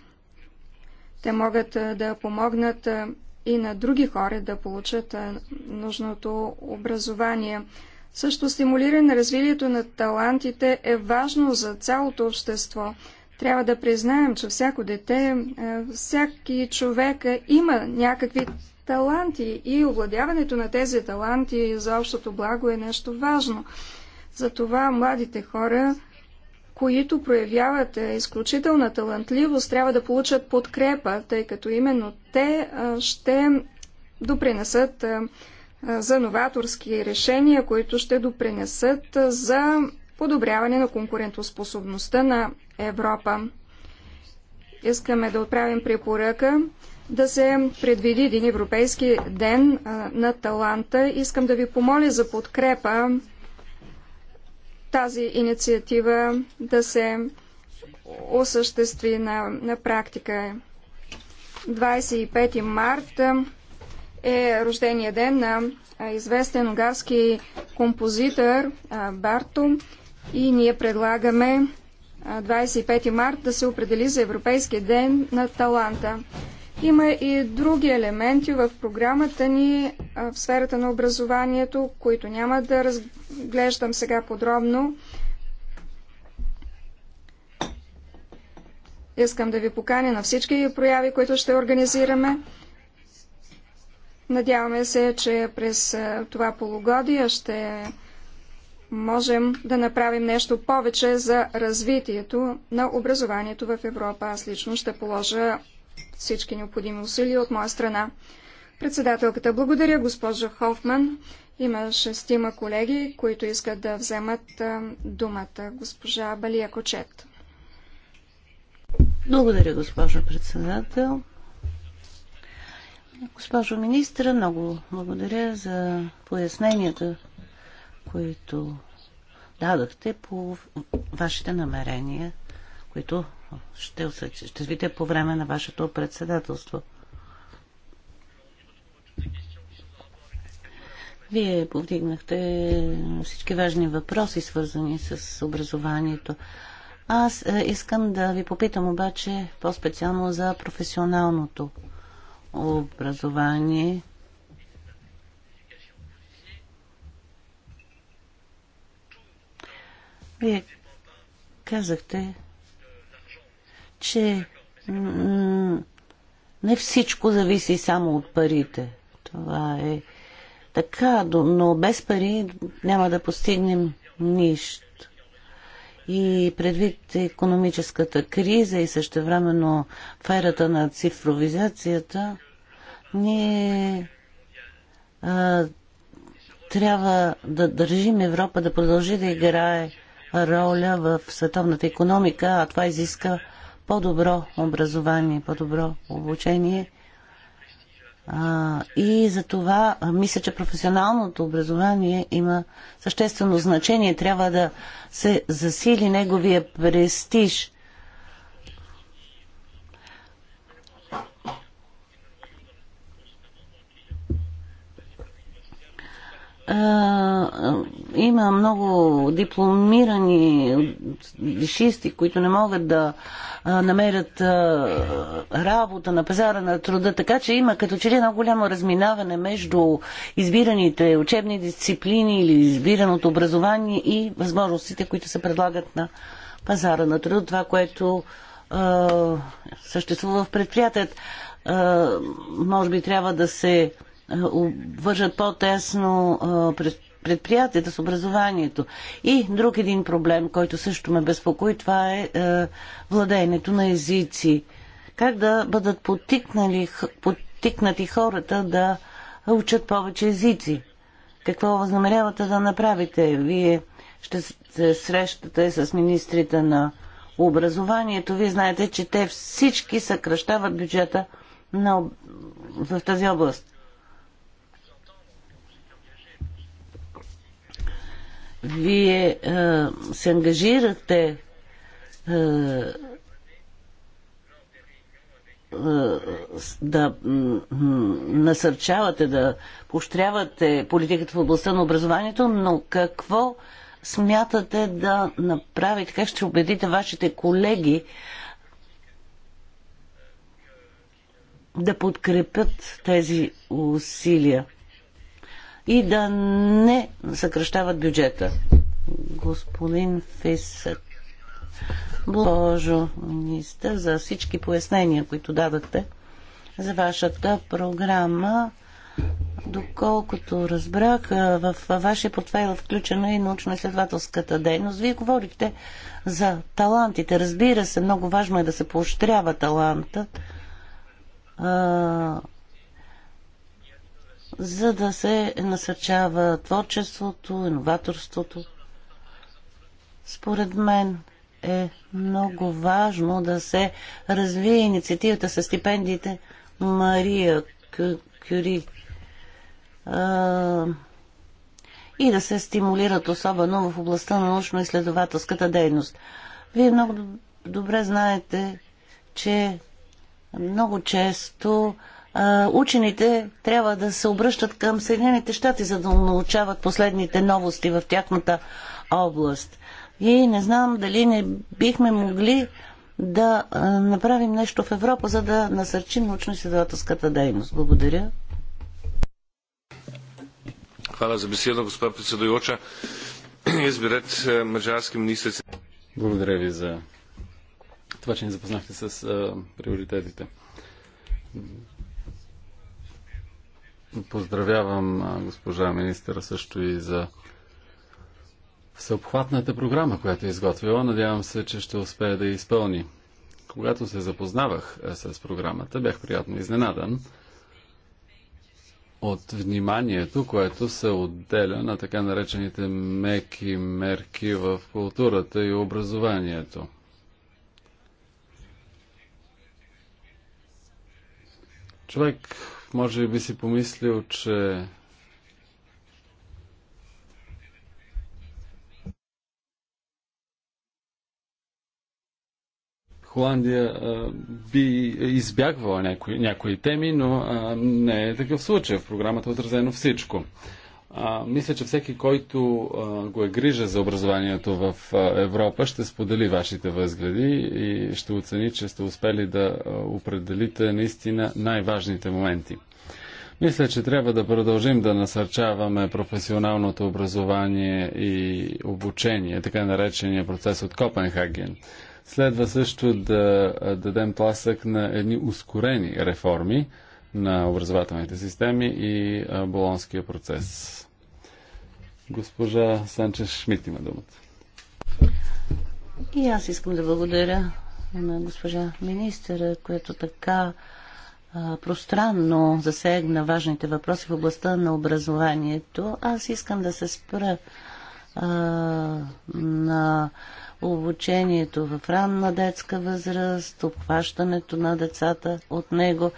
те могат да помогнат и на други хора да получат нужното образование. Също стимулиране на развитието на талантите е важно за цялото общество. Трябва да признаем, че всяко дете, всяки човек има някакви таланти и овладяването на тези таланти за общото благо е нещо важно. Затова младите хора които проявяват е, изключителна талантливост, трябва да получат подкрепа, тъй като именно те ще допринесат за новаторски решения, които ще допринесат за подобряване на конкурентоспособността на Европа. Искаме да отправим препоръка да се предвиди един европейски ден на таланта. Искам да ви помоля за подкрепа тази инициатива да се осъществи на, на практика. 25 март е рождения ден на известен унгарски композитор Барто и ние предлагаме 25 март да се определи за Европейския ден на таланта. Има и други елементи в програмата ни в сферата на образованието, които няма да разглеждам сега подробно. Искам да ви поканя на всички прояви, които ще организираме. Надяваме се, че през това полугодие ще можем да направим нещо повече за развитието на образованието в Европа. Аз лично ще положа всички необходими усилия от моя страна. Председателката, благодаря госпожа Хофман. Има шестима колеги, които искат да вземат думата. Госпожа Балия Кочет. Благодаря, госпожо председател. Госпожо министра, много благодаря за поясненията, които дадахте по вашите намерения, които ще видя по време на вашето председателство. Вие повдигнахте всички важни въпроси, свързани с образованието. Аз е, искам да ви попитам обаче по-специално за професионалното образование. Вие казахте, че не всичко зависи само от парите. Това е така, но без пари няма да постигнем нищо. И предвид економическата криза и същевременно ферата на цифровизацията, ние а, трябва да държим Европа да продължи да играе роля в световната економика, а това изиска по-добро образование, по-добро обучение. А, и за това мисля, че професионалното образование има съществено значение. Трябва да се засили неговия престиж. има много дипломирани дешисти, които не могат да намерят работа на пазара на труда, така че има като че ли едно голямо разминаване между избираните учебни дисциплини или избираното образование и възможностите, които се предлагат на пазара на труда, това, което съществува в предприятият. може би трябва да се е, вържат по-тесно е, предприятията с образованието. И друг един проблем, който също ме безпокои, това е, е владеенето на езици. Как да бъдат потикнати хората да учат повече езици? Какво възнамерявате да направите? Вие ще се срещате с министрите на образованието. Вие знаете, че те всички съкръщават бюджета на... в тази област. Вие се ангажирате да насърчавате, да поощрявате политиката в областта на образованието, но какво смятате да направите? Как ще убедите вашите колеги да подкрепят тези усилия? и да не съкръщават бюджета. Господин Фисък, Божо министър, за всички пояснения, които дадахте за вашата програма. Доколкото разбрах, в вашия портфейл е включена и научно-изследователската дейност. Вие говорихте за талантите. Разбира се, много важно е да се поощрява талантът за да се насърчава творчеството, иноваторството. Според мен е много важно да се развие инициативата с стипендиите Мария Кюри и да се стимулират особено в областта на научно-изследователската дейност. Вие много добре знаете, че много често а, учените трябва да се обръщат към Съединените щати, за да научават последните новости в тяхната област. И не знам дали не бихме могли да направим нещо в Европа, за да насърчим научно-изследователската дейност. Благодаря. Hvala за беседа, gospa predsedujoča. Jaz мъжарски rad Благодаря ви за това, че ни запознахте с е, приоритетите. Поздравявам госпожа министра също и за всеобхватната програма, която е изготвила. Надявам се, че ще успее да я изпълни. Когато се запознавах с програмата, бях приятно изненадан от вниманието, което се отделя на така наречените меки мерки в културата и образованието. Човек може би си помислил, че Холандия а, би избягвала някои, някои теми, но а, не е такъв случай. В програмата е отразено всичко. А, мисля, че всеки, който а, го е грижа за образованието в а, Европа, ще сподели вашите възгледи и ще оцени, че сте успели да определите наистина най-важните моменти. Мисля, че трябва да продължим да насърчаваме професионалното образование и обучение, така наречения процес от Копенхаген. Следва също да дадем тласък на едни ускорени реформи, на образователните системи и болонския процес. Госпожа Санче Шмидт има думата. И аз искам да благодаря на госпожа министъра, която така пространно засегна важните въпроси в областта на образованието. Аз искам да се спра а, на обучението в ранна детска възраст, обхващането на децата от него.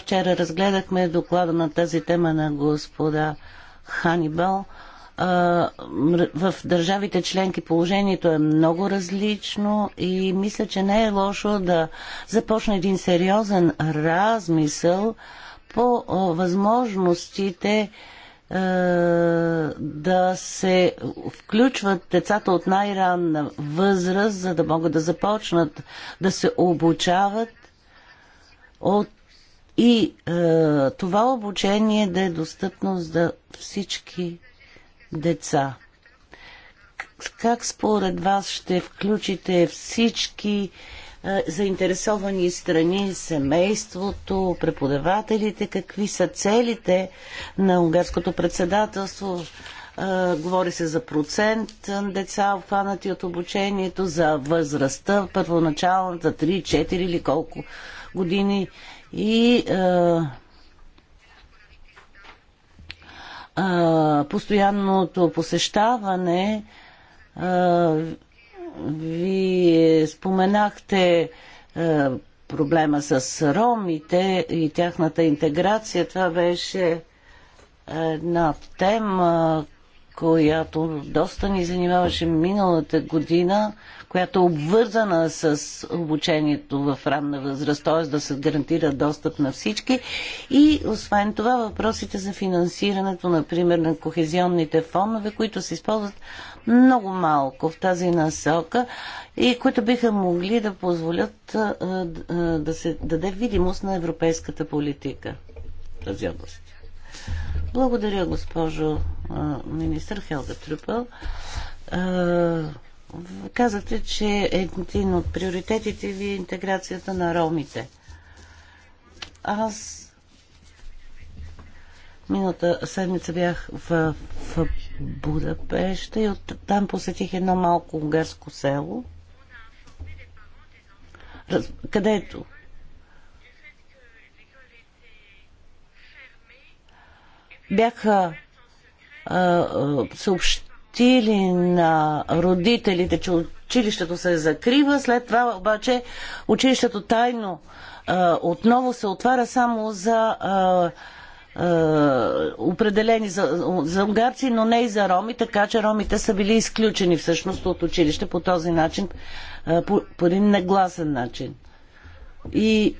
Вчера разгледахме доклада на тази тема на господа Ханибал. В държавите членки положението е много различно и мисля, че не е лошо да започне един сериозен размисъл по възможностите, е, да се включват децата от най-ранна възраст, за да могат да започнат да се обучават от и е, това обучение да е достъпно за всички деца. Как според вас ще включите всички заинтересовани страни, семейството, преподавателите, какви са целите на унгарското председателство. Говори се за процент деца, обхванати от обучението, за възрастта, първоначалната 3, 4 или колко години. И постоянното посещаване вие споменахте е, проблема с ромите и тяхната интеграция. Това беше една тема, която доста ни занимаваше миналата година която е обвързана с обучението в ранна възраст, т.е. да се гарантира достъп на всички. И освен това въпросите за финансирането, например, на кохезионните фонове, които се използват много малко в тази насока и които биха могли да позволят да се даде видимост на европейската политика в тази област. Благодаря, госпожо министър Хелга Трюпел. Казахте, че един от приоритетите ви е интеграцията на ромите. Аз миналата седмица бях в, в Будапеща и оттам посетих едно малко унгарско село, раз, където бяха а, съобщ, обещатили на родителите, че училището се закрива, след това обаче училището тайно а, отново се отваря само за а, а, определени за, за унгарци, но не и за роми, така че ромите са били изключени всъщност от училище по този начин, а, по, по един негласен начин. И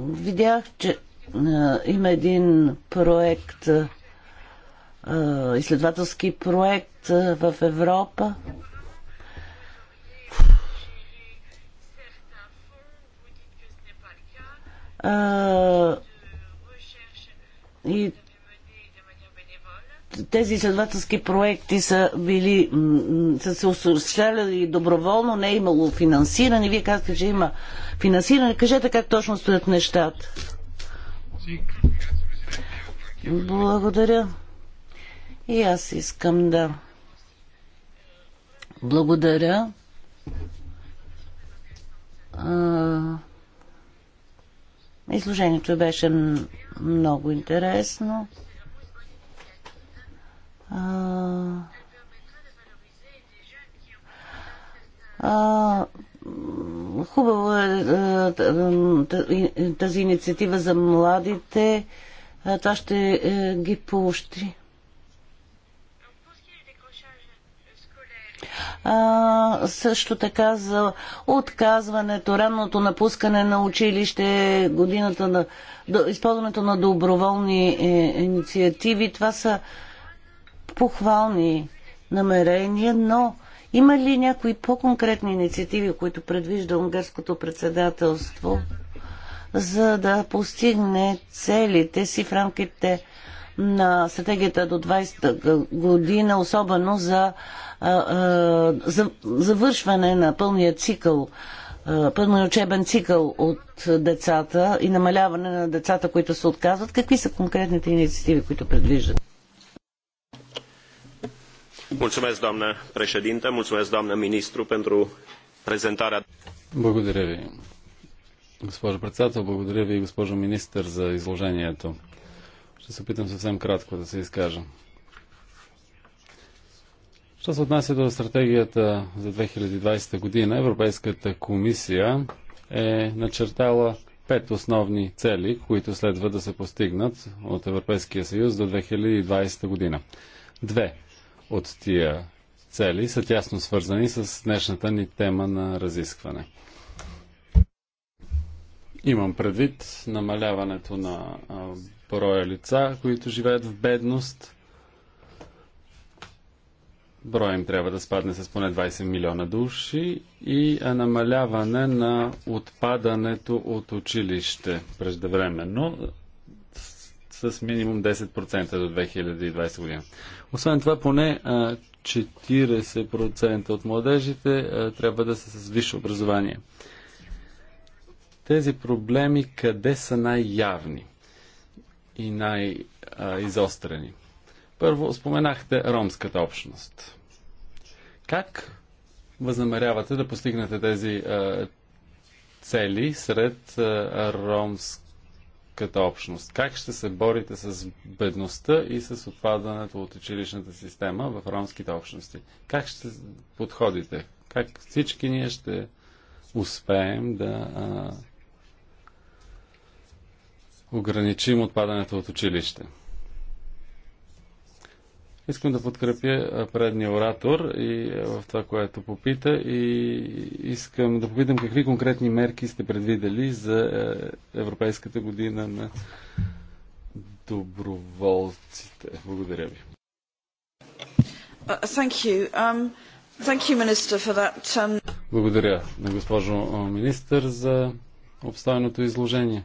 видях, че е, има един проект, е, изследователски проект е, в Европа. И тези изследователски проекти са били, са се осъществявали доброволно, не е имало финансиране. Вие казвате, че има финансиране. Кажете как точно стоят нещата. Благодаря. И аз искам да благодаря Изложението беше много интересно. А, а, Хубаво е, е, е, е тази инициатива за младите. Това ще ги поощри. А, също така за отказването, ранното напускане на училище, годината на до, използването на доброволни е, инициативи. Това са похвални намерения, но има ли някои по-конкретни инициативи, които предвижда унгарското председателство, за да постигне целите си в рамките на стратегията до 20 година, особено за, за завършване на пълния цикъл, пълния учебен цикъл от децата и намаляване на децата, които се отказват. Какви са конкретните инициативи, които предвиждат? doamnă mulțumesc, doamnă ministru, pentru Благодаря ви, госпожо председател, благодаря ви, госпожо министър, за изложението. Ще се опитам съвсем кратко да се изкажа. Що се отнася до стратегията за 2020 година, Европейската комисия е начертала пет основни цели, които следва да се постигнат от Европейския съюз до 2020 година. Две от тия цели са тясно свързани с днешната ни тема на разискване. Имам предвид намаляването на броя лица, които живеят в бедност. Броя им трябва да спадне с поне 20 милиона души и намаляване на отпадането от училище преждевременно с минимум 10% до 2020 година. Освен това, поне 40% от младежите трябва да са с висше образование. Тези проблеми къде са най-явни и най-изострени? Първо споменахте ромската общност. Как възнамерявате да постигнете тези цели сред ромск, като общност? Как ще се борите с бедността и с отпадането от училищната система в ромските общности? Как ще подходите? Как всички ние ще успеем да а, ограничим отпадането от училище? Искам да подкрепя предния оратор и в това, което попита и искам да попитам какви конкретни мерки сте предвидели за Европейската година на доброволците. Благодаря ви. Благодаря на госпожо министър за обстойното изложение.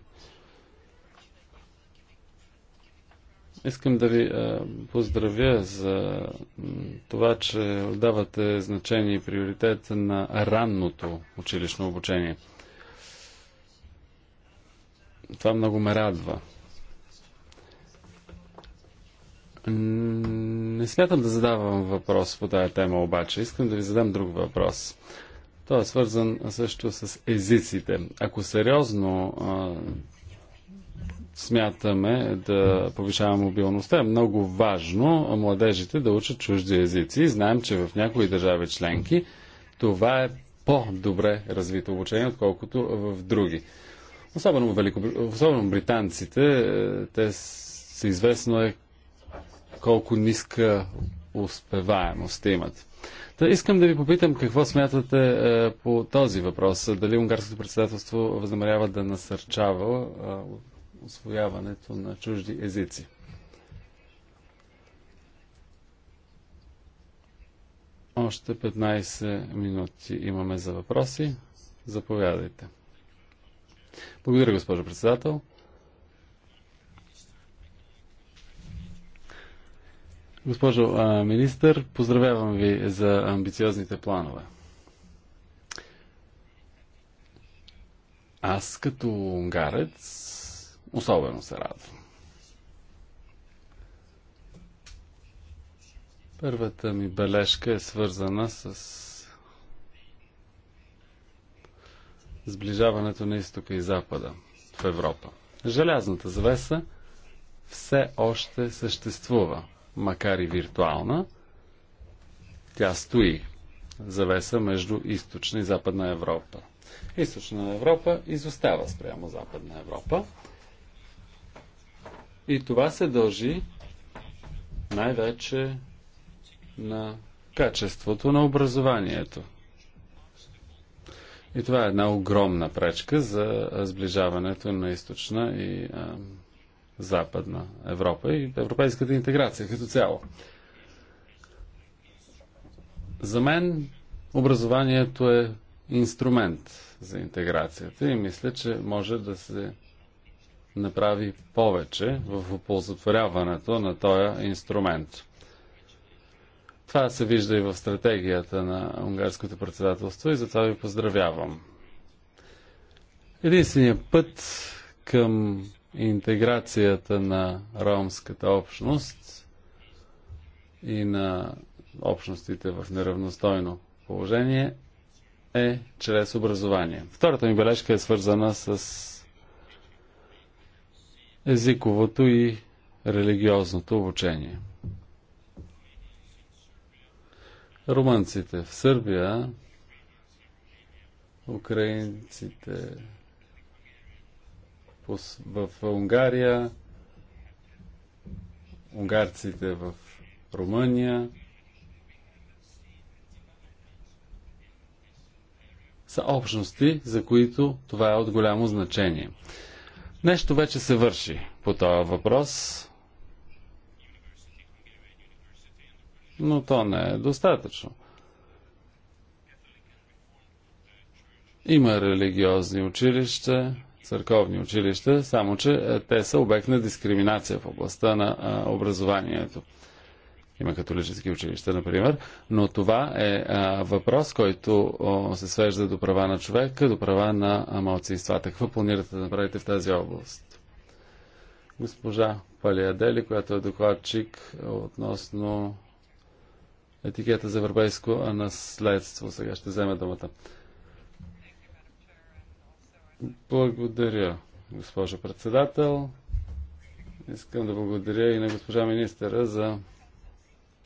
Искам да ви а, поздравя за това, че отдавате значение и приоритет на ранното училищно обучение. Това много ме радва. Не смятам да задавам въпрос по тая тема, обаче. Искам да ви задам друг въпрос. Той е свързан също с езиците. Ако сериозно а, смятаме да повишаваме мобилността. Е много важно младежите да учат чужди езици. Знаем, че в някои държави членки това е по-добре развито обучение, отколкото в други. Особено, в Велико... Особено британците, е, те са известно е колко ниска успеваемост имат. Та искам да ви попитам какво смятате е, по този въпрос. Дали унгарското председателство възнамерява да насърчава е, освояването на чужди езици. Още 15 минути имаме за въпроси. Заповядайте. Благодаря, госпожо председател. Госпожо а, министър, поздравявам ви за амбициозните планове. Аз като унгарец особено се радвам. Първата ми бележка е свързана с сближаването на изтока и запада в Европа. Желязната завеса все още съществува, макар и виртуална. Тя стои завеса между източна и западна Европа. Източна Европа изостава спрямо западна Европа. И това се дължи най-вече на качеството на образованието. И това е една огромна пречка за сближаването на източна и а, западна Европа и европейската интеграция като цяло. За мен образованието е инструмент за интеграцията и мисля, че може да се направи повече в оползотворяването на този инструмент. Това се вижда и в стратегията на унгарското председателство и затова ви поздравявам. Единственият път към интеграцията на ромската общност и на общностите в неравностойно положение е чрез образование. Втората ми бележка е свързана с езиковото и религиозното обучение. Румънците в Сърбия, украинците в Унгария, унгарците в Румъния, са общности, за които това е от голямо значение. Нещо вече се върши по този въпрос, но то не е достатъчно. Има религиозни училища, църковни училища, само че е, те са обект на дискриминация в областта на образованието. Има католически училища, например. Но това е а, въпрос, който о, се свежда до права на човека, до права на малцинствата. Какво планирате да направите в тази област? Госпожа Палиадели, която е докладчик относно етикета за европейско наследство. Сега ще вземе думата. Благодаря, госпожо председател. Искам да благодаря и на госпожа министъра за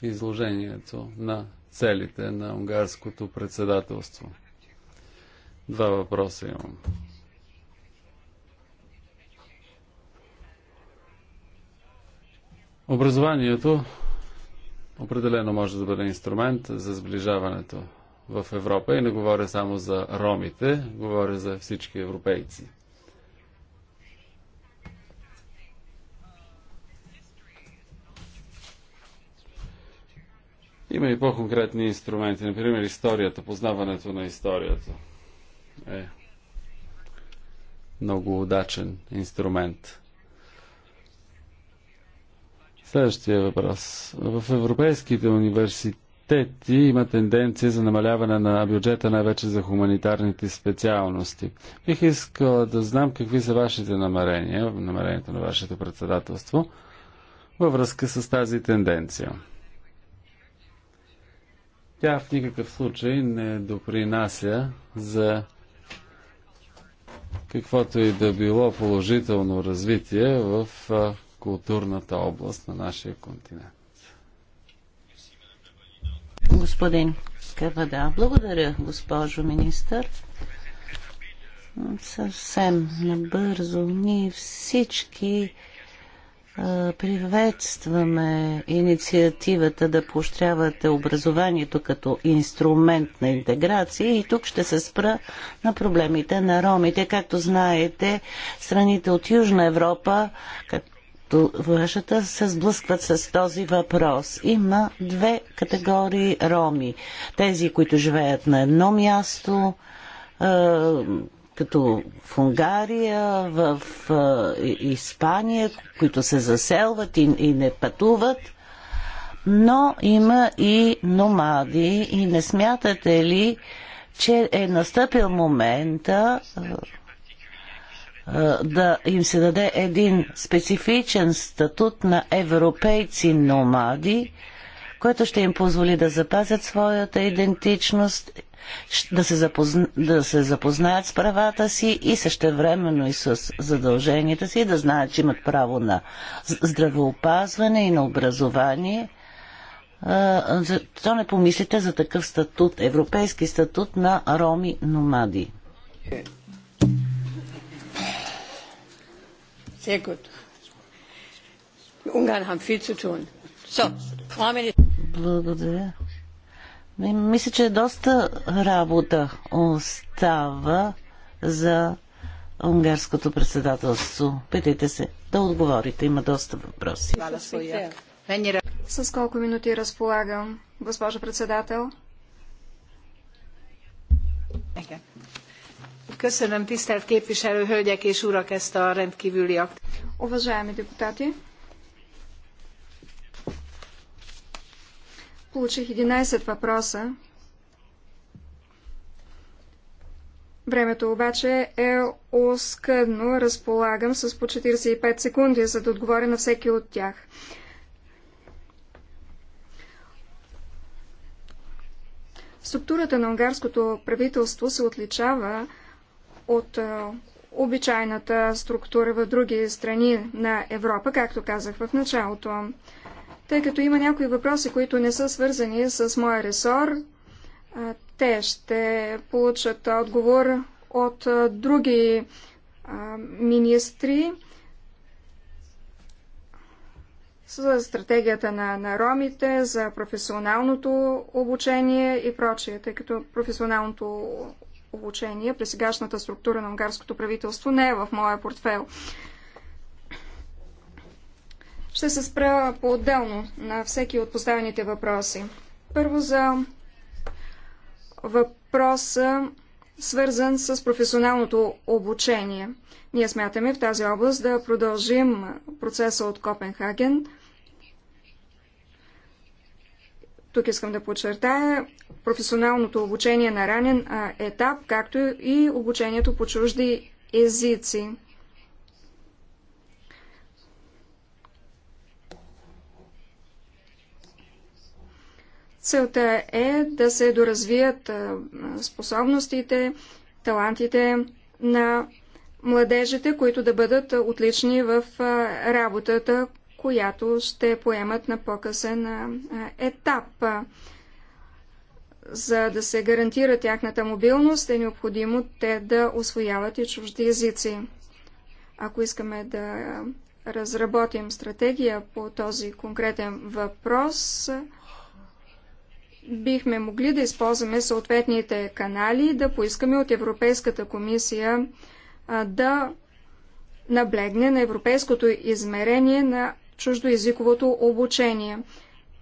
изложението на целите на унгарското председателство. Два въпроса имам. Образованието определено може да бъде инструмент за сближаването в Европа и не говоря само за ромите, говоря за всички европейци. Има и по-конкретни инструменти, например историята, познаването на историята. Е много удачен инструмент. Следващия въпрос. В европейските университети има тенденция за намаляване на бюджета най-вече за хуманитарните специалности. Бих искал да знам какви са вашите намерения, намерението на вашето председателство във връзка с тази тенденция. Тя в никакъв случай не допринася за каквото и да било положително развитие в културната област на нашия континент. Господин Кавада, благодаря, госпожо министър. Съвсем набързо ние всички Приветстваме инициативата да поощрявате образованието като инструмент на интеграция и тук ще се спра на проблемите на ромите. Както знаете, страните от Южна Европа, като вашата, се сблъскват с този въпрос. Има две категории роми. Тези, които живеят на едно място, като в Унгария, в Испания, които се заселват и, и не пътуват. Но има и номади и не смятате ли, че е настъпил момента да им се даде един специфичен статут на европейци номади, което ще им позволи да запазят своята идентичност да се, запозна, да се запознаят с правата си и същевременно и с задълженията си, да знаят, че имат право на здравеопазване и на образование. Защо не помислите за такъв статут, европейски статут на роми номади? Благодаря. Мисля, че доста работа остава за унгарското председателство. Питайте се да отговорите. Има доста въпроси. С колко минути разполагам, госпожа председател? Уважаеми депутати, Получих 11 въпроса. Времето обаче е оскъдно. Разполагам с по 45 секунди, за да отговоря на всеки от тях. Структурата на унгарското правителство се отличава от обичайната структура в други страни на Европа, както казах в началото. Тъй като има някои въпроси, които не са свързани с моя ресор, те ще получат отговор от други министри за стратегията на, на ромите, за професионалното обучение и прочие, тъй като професионалното обучение при сегашната структура на унгарското правителство не е в моя портфел. Ще се спра по-отделно на всеки от поставените въпроси. Първо за въпроса, свързан с професионалното обучение. Ние смятаме в тази област да продължим процеса от Копенхаген. Тук искам да подчертая професионалното обучение на ранен етап, както и обучението по чужди езици. Целта е да се доразвият способностите, талантите на младежите, които да бъдат отлични в работата, която ще поемат на по-късен етап. За да се гарантира тяхната мобилност, е необходимо те да освояват и чужди езици. Ако искаме да разработим стратегия по този конкретен въпрос, бихме могли да използваме съответните канали и да поискаме от Европейската комисия да наблегне на европейското измерение на чуждоязиковото обучение.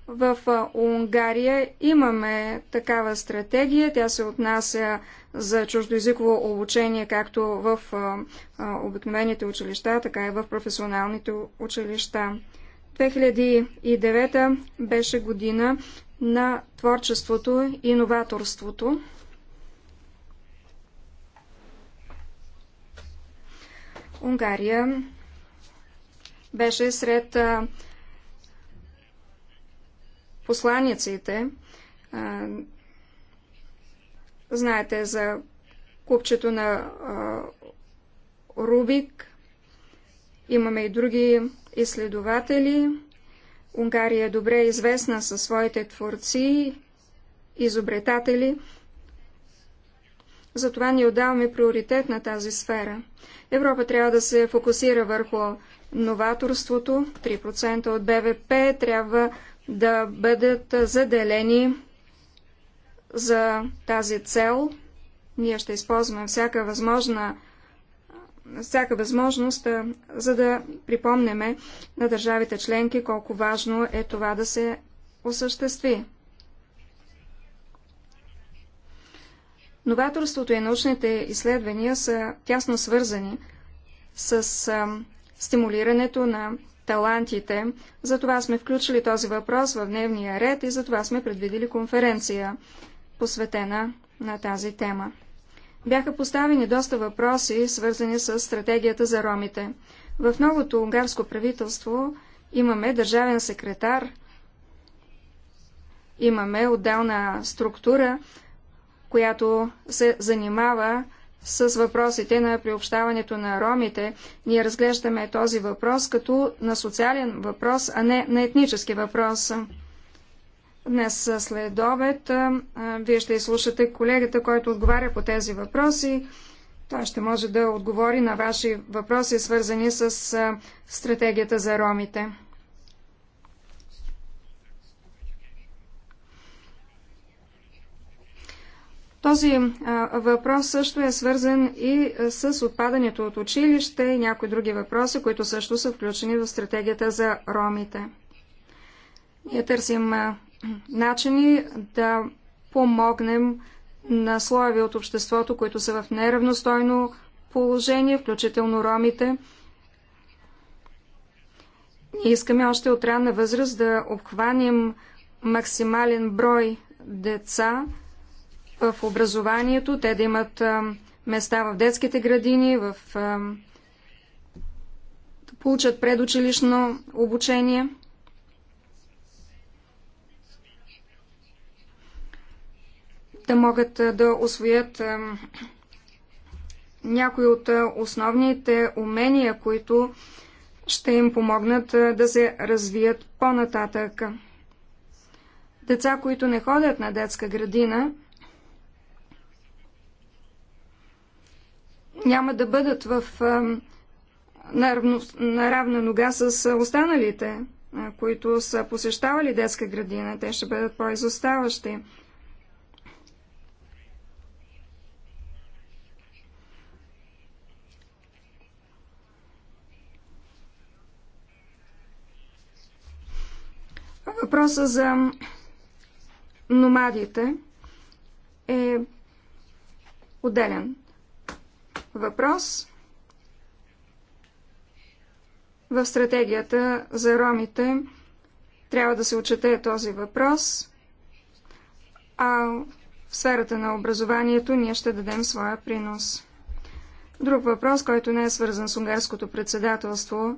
В Унгария имаме такава стратегия. Тя се отнася за чуждоязиково обучение както в обикновените училища, така и в професионалните училища. 2009 беше година на творчеството и новаторството. Унгария беше сред посланиците. Знаете за купчето на Рубик. Имаме и други изследователи. Унгария е добре известна със своите творци, изобретатели. Затова ни отдаваме приоритет на тази сфера. Европа трябва да се фокусира върху новаторството. 3% от БВП трябва да бъдат заделени за тази цел. Ние ще използваме всяка възможна всяка възможност, за да припомнеме на държавите членки колко важно е това да се осъществи. Новаторството и научните изследвания са тясно свързани с стимулирането на талантите. Затова сме включили този въпрос в дневния ред и затова сме предвидили конференция, посветена на тази тема. Бяха поставени доста въпроси, свързани с стратегията за ромите. В новото унгарско правителство имаме държавен секретар, имаме отделна структура, която се занимава с въпросите на приобщаването на ромите. Ние разглеждаме този въпрос като на социален въпрос, а не на етнически въпрос. Днес след обед вие ще изслушате колегата, който отговаря по тези въпроси. Той ще може да отговори на ваши въпроси, свързани с стратегията за ромите. Този въпрос също е свързан и с отпадането от училище и някои други въпроси, които също са включени в стратегията за ромите. Ние търсим начини да помогнем на слоеви от обществото, които са в неравностойно положение, включително ромите. Искаме още от ранна възраст да обхванем максимален брой деца в образованието, те да имат места в детските градини, в, да получат предучилищно обучение – да могат да освоят някои от основните умения, които ще им помогнат да се развият по-нататък. Деца, които не ходят на детска градина, няма да бъдат в, наравна на нога с останалите, които са посещавали детска градина. Те ще бъдат по-изоставащи. Въпросът за номадите е отделен въпрос. В стратегията за ромите трябва да се отчете този въпрос, а в сферата на образованието ние ще дадем своя принос. Друг въпрос, който не е свързан с унгарското председателство,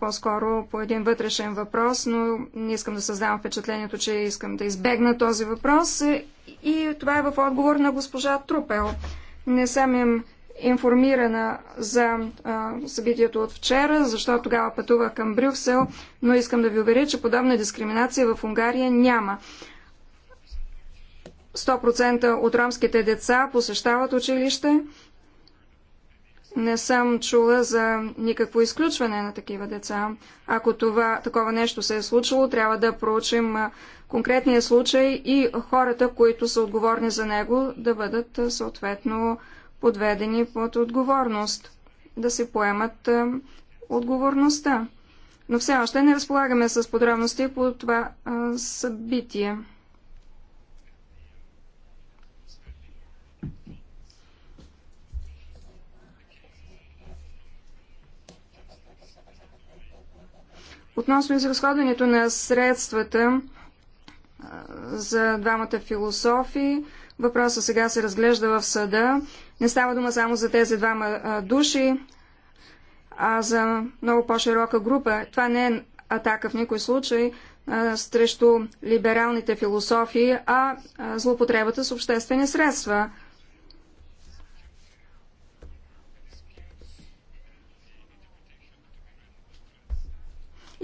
по-скоро по един вътрешен въпрос, но не искам да създавам впечатлението, че искам да избегна този въпрос. Е, и това е в отговор на госпожа Трупел. Не съм им информирана за а, събитието от вчера, защото тогава пътувах към Брюксел, но искам да ви уверя, че подобна дискриминация в Унгария няма. 100% от ромските деца посещават училище, не съм чула за никакво изключване на такива деца. Ако това, такова нещо се е случило, трябва да проучим конкретния случай и хората, които са отговорни за него, да бъдат съответно подведени под отговорност, да се поемат отговорността. Но все още не разполагаме с подробности по това събитие. Относно изразходването на средствата за двамата философи, въпросът сега се разглежда в съда. Не става дума само за тези двама души, а за много по-широка група. Това не е атака в никой случай срещу либералните философии, а, а злоупотребата с обществени средства.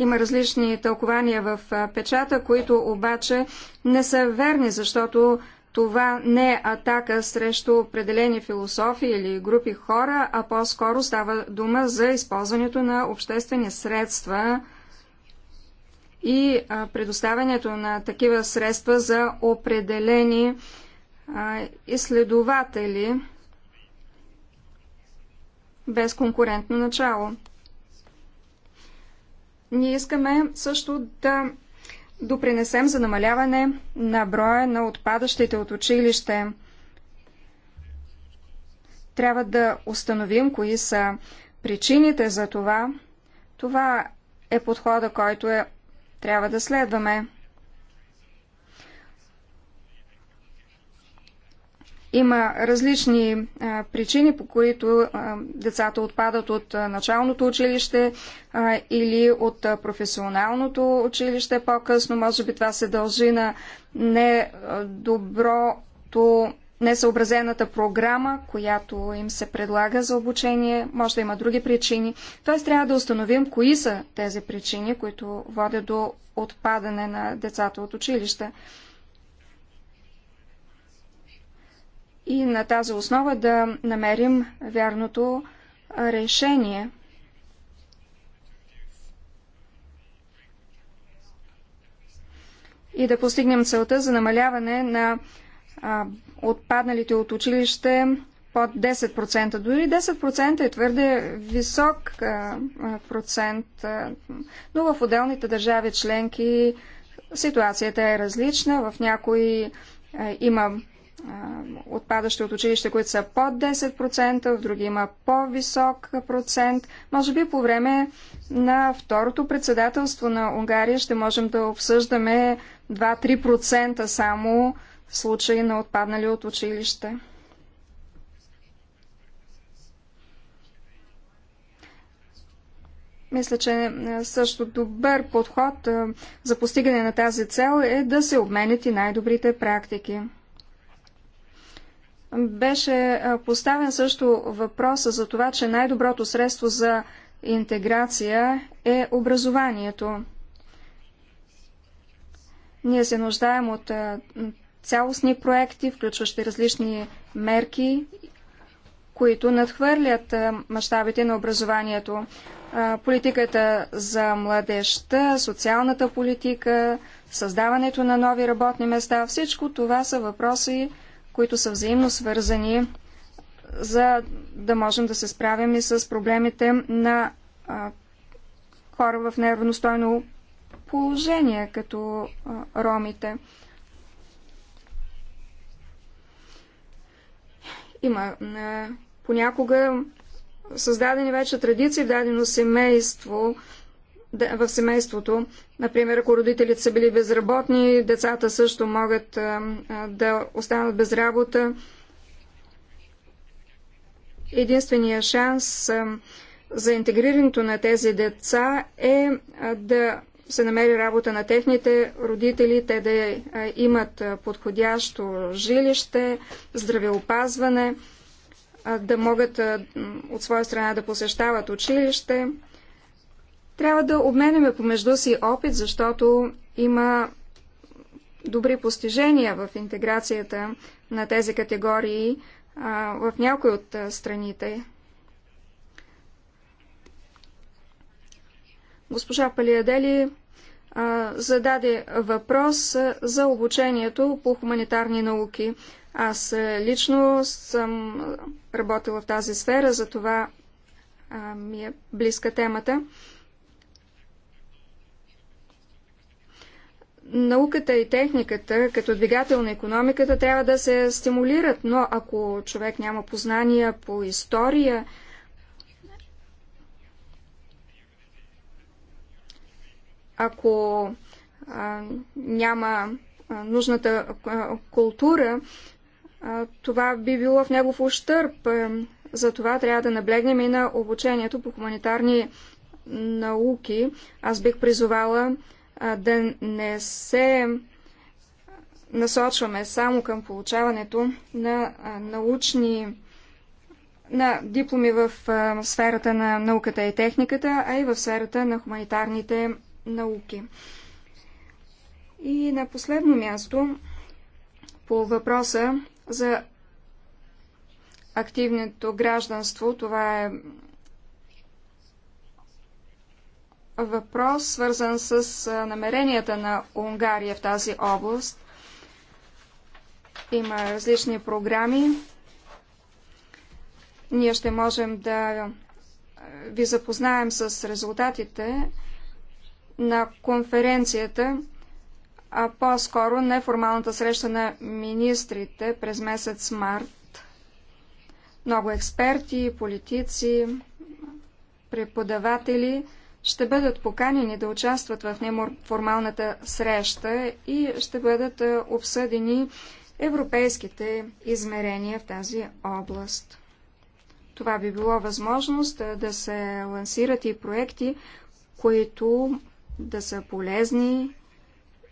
Има различни тълкования в печата, които обаче не са верни, защото това не е атака срещу определени философи или групи хора, а по-скоро става дума за използването на обществени средства и предоставянето на такива средства за определени изследователи без конкурентно начало. Ние искаме също да допринесем за намаляване на броя на отпадащите от училище. Трябва да установим кои са причините за това. Това е подхода, който е, трябва да следваме. Има различни а, причини, по които а, децата отпадат от а, началното училище а, или от а, професионалното училище по-късно. Може би това се дължи на недоброто несъобразената програма, която им се предлага за обучение, може да има други причини. Т.е. трябва да установим кои са тези причини, които водят до отпадане на децата от училище. и на тази основа да намерим вярното решение. И да постигнем целта за намаляване на а, отпадналите от училище под 10%. Дори 10% е твърде висок а, процент, а, но в отделните държави членки ситуацията е различна. В някои а, има отпадащи от училище, които са под 10%, в други има по-висок процент. Може би по време на второто председателство на Унгария ще можем да обсъждаме 2-3% само случаи на отпаднали от училище. Мисля, че също добър подход за постигане на тази цел е да се обменят и най-добрите практики. Беше поставен също въпроса за това, че най-доброто средство за интеграция е образованието. Ние се нуждаем от цялостни проекти, включващи различни мерки, които надхвърлят мащабите на образованието. Политиката за младежта, социалната политика, създаването на нови работни места, всичко това са въпроси, които са взаимно свързани, за да можем да се справим и с проблемите на а, хора в неравностойно положение, като а, ромите. Има а, понякога създадени вече традиции в дадено семейство, в семейството. Например, ако родителите са били безработни, децата също могат да останат без работа. Единственият шанс за интегрирането на тези деца е да се намери работа на техните родители, те да имат подходящо жилище, здравеопазване, да могат от своя страна да посещават училище. Трябва да обменяме помежду си опит, защото има добри постижения в интеграцията на тези категории а, в някои от а, страните. Госпожа Палиадели а, зададе въпрос за обучението по хуманитарни науки. Аз лично съм работила в тази сфера, затова ми е близка темата. науката и техниката като двигател на економиката трябва да се стимулират, но ако човек няма познания по история, ако а, няма а, нужната а, култура, а, това би било в негов ущърп. Затова трябва да наблегнем и на обучението по хуманитарни науки. Аз бих призовала да не се насочваме само към получаването на научни на дипломи в сферата на науката и техниката, а и в сферата на хуманитарните науки. И на последно място по въпроса за активното гражданство. Това е въпрос, свързан с намеренията на Унгария в тази област. Има различни програми. Ние ще можем да ви запознаем с резултатите на конференцията, а по-скоро неформалната среща на министрите през месец март. Много експерти, политици, преподаватели – ще бъдат поканени да участват в неформалната среща и ще бъдат е, обсъдени европейските измерения в тази област. Това би било възможност е, да се лансират и проекти, които да са полезни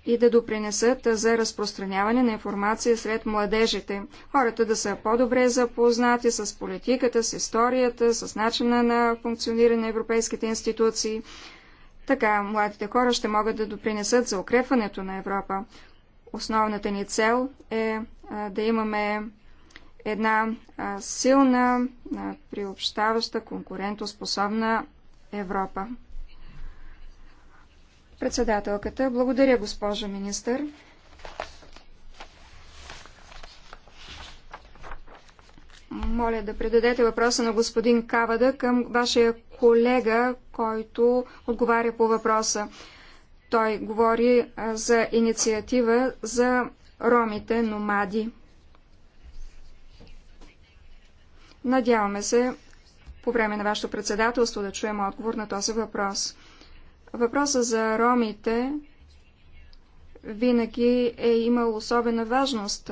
и да допринесат за разпространяване на информация сред младежите. Хората да са по-добре запознати с политиката, с историята, с начина на функциониране на европейските институции. Така младите хора ще могат да допринесат за укрепването на Европа. Основната ни цел е да имаме една силна, приобщаваща, конкурентоспособна Европа. Председателката, благодаря, госпожо министър. Моля да предадете въпроса на господин Кавада към вашия колега, който отговаря по въпроса. Той говори за инициатива за ромите номади. Надяваме се по време на вашето председателство да чуем отговор на този въпрос. Въпросът за ромите винаги е имал особена важност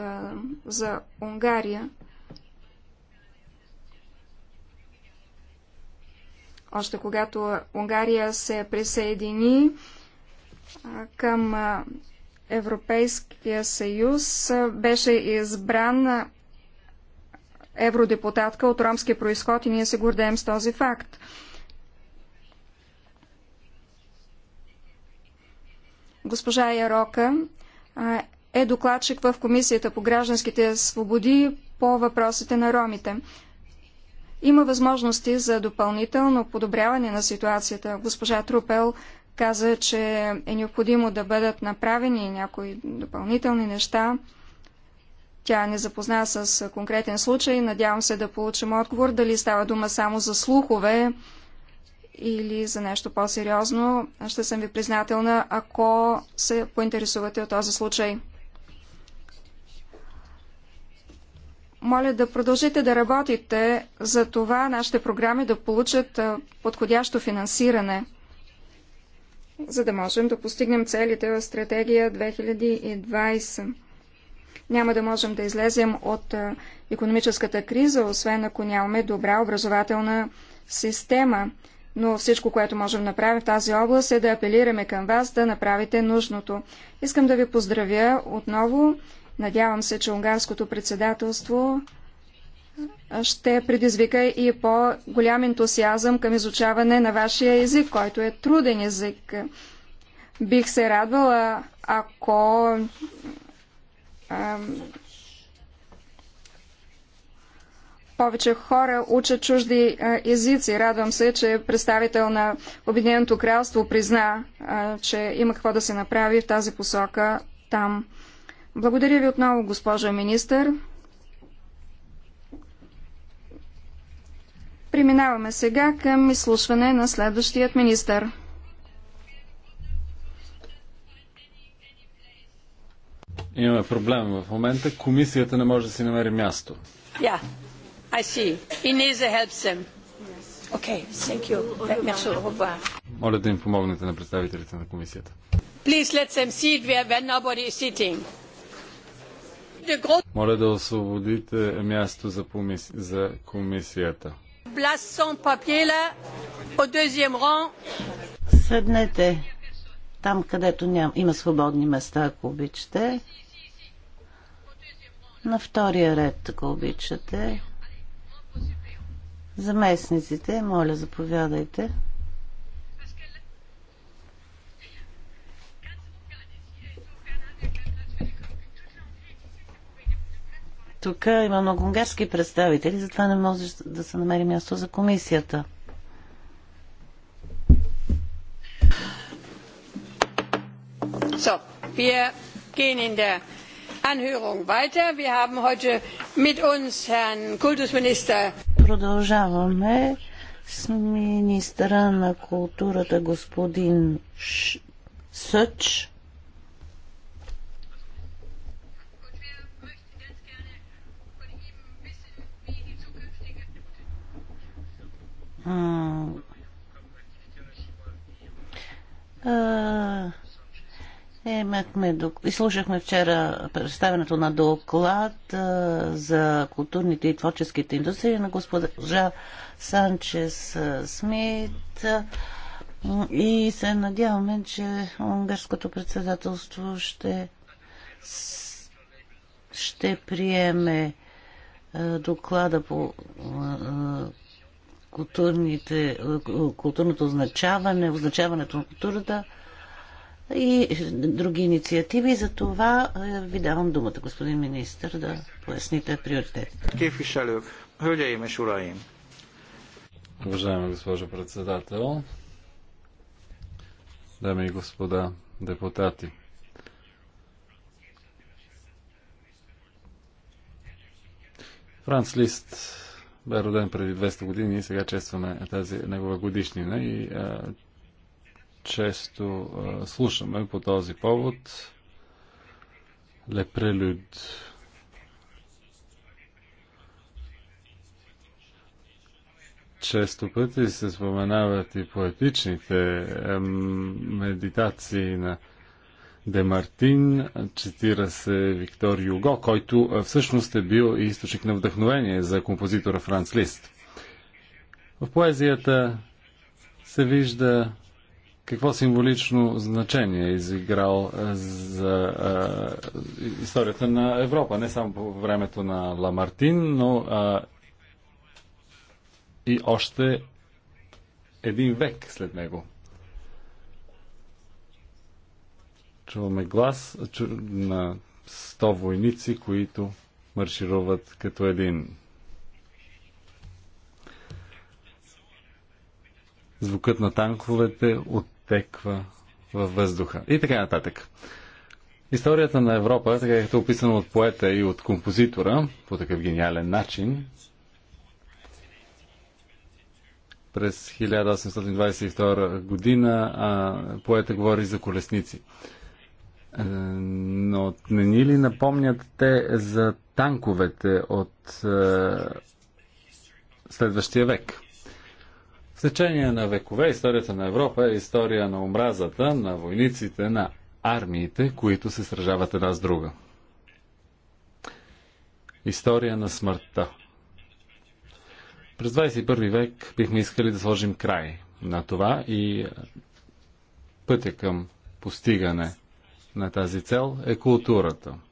за Унгария. Още когато Унгария се присъедини към Европейския съюз, беше избран евродепутатка от ромски происход и ние се гордеем с този факт. Госпожа Ярока е докладчик в Комисията по гражданските свободи по въпросите на ромите. Има възможности за допълнително подобряване на ситуацията. Госпожа Трупел каза, че е необходимо да бъдат направени някои допълнителни неща. Тя не запозна с конкретен случай. Надявам се да получим отговор дали става дума само за слухове или за нещо по-сериозно, ще съм ви признателна, ако се поинтересувате от този случай. Моля да продължите да работите за това нашите програми да получат подходящо финансиране, за да можем да постигнем целите в стратегия 2020. Няма да можем да излезем от економическата криза, освен ако нямаме добра образователна система но всичко, което можем да направим в тази област е да апелираме към вас да направите нужното. Искам да ви поздравя отново. Надявам се, че унгарското председателство ще предизвика и по-голям ентусиазъм към изучаване на вашия език, който е труден език. Бих се радвала, ако повече хора учат чужди езици. Радвам се, че представител на Обединеното кралство призна, че има какво да се направи в тази посока там. Благодаря ви отново, госпожа министър. Преминаваме сега към изслушване на следващият министър. Имаме проблем в момента. Комисията не може да си намери място. Yeah. I see. Inese helps them. Okay, thank you. Merci, au revoir. Моля да им помогнете на представителите на комисията. Please let them sit where, nobody is sitting. Моля да освободите място за, помис... за комисията. Седнете там, където ням... има свободни места, ако обичате. На втория ред, ако обичате. Заместниците, моля, заповядайте. Тук има много унгарски представители, затова не може да се намери място за комисията. So, wir gehen in der Anhörung weiter. Wir haben heute mit uns Herrn Kultusminister Продължаваме с министра на културата господин Ш... Съч. А... А... Имахме, изслушахме вчера представенето на доклад за културните и творческите индустрии на госпожа Санчес Смит и се надяваме, че унгарското председателство ще, ще приеме доклада по културните, културното означаване, означаването на културата – и други инициативи. За това е, ви давам думата, господин министр, да поясните приоритетите. Уважаема госпожа председател, дами и господа депутати, Франц Лист бе роден преди 200 години и сега честваме тази негова годишнина и а, е, често а, слушаме по този повод. Лепрелюд. Често пъти се споменават и поетичните медитации на Демартин, цитира се Виктор Юго, който всъщност е бил и източник на вдъхновение за композитора Франц Лист. В поезията се вижда какво символично значение е изиграл е, за е, историята на Европа, не само по времето на Ламартин, но а, е, и още един век след него. Чуваме глас чу, на 100 войници, които маршируват като един. Звукът на танковете от теква във въздуха. И така нататък. Историята на Европа, така както е описана от поета и от композитора, по такъв гениален начин, през 1822 година а, поета говори за колесници. Е, но не ни ли напомнят те за танковете от а, е, следващия век? В течение на векове историята на Европа е история на омразата, на войниците, на армиите, които се сражават една с друга. История на смъртта. През 21 век бихме искали да сложим край на това и пътя към постигане на тази цел е културата –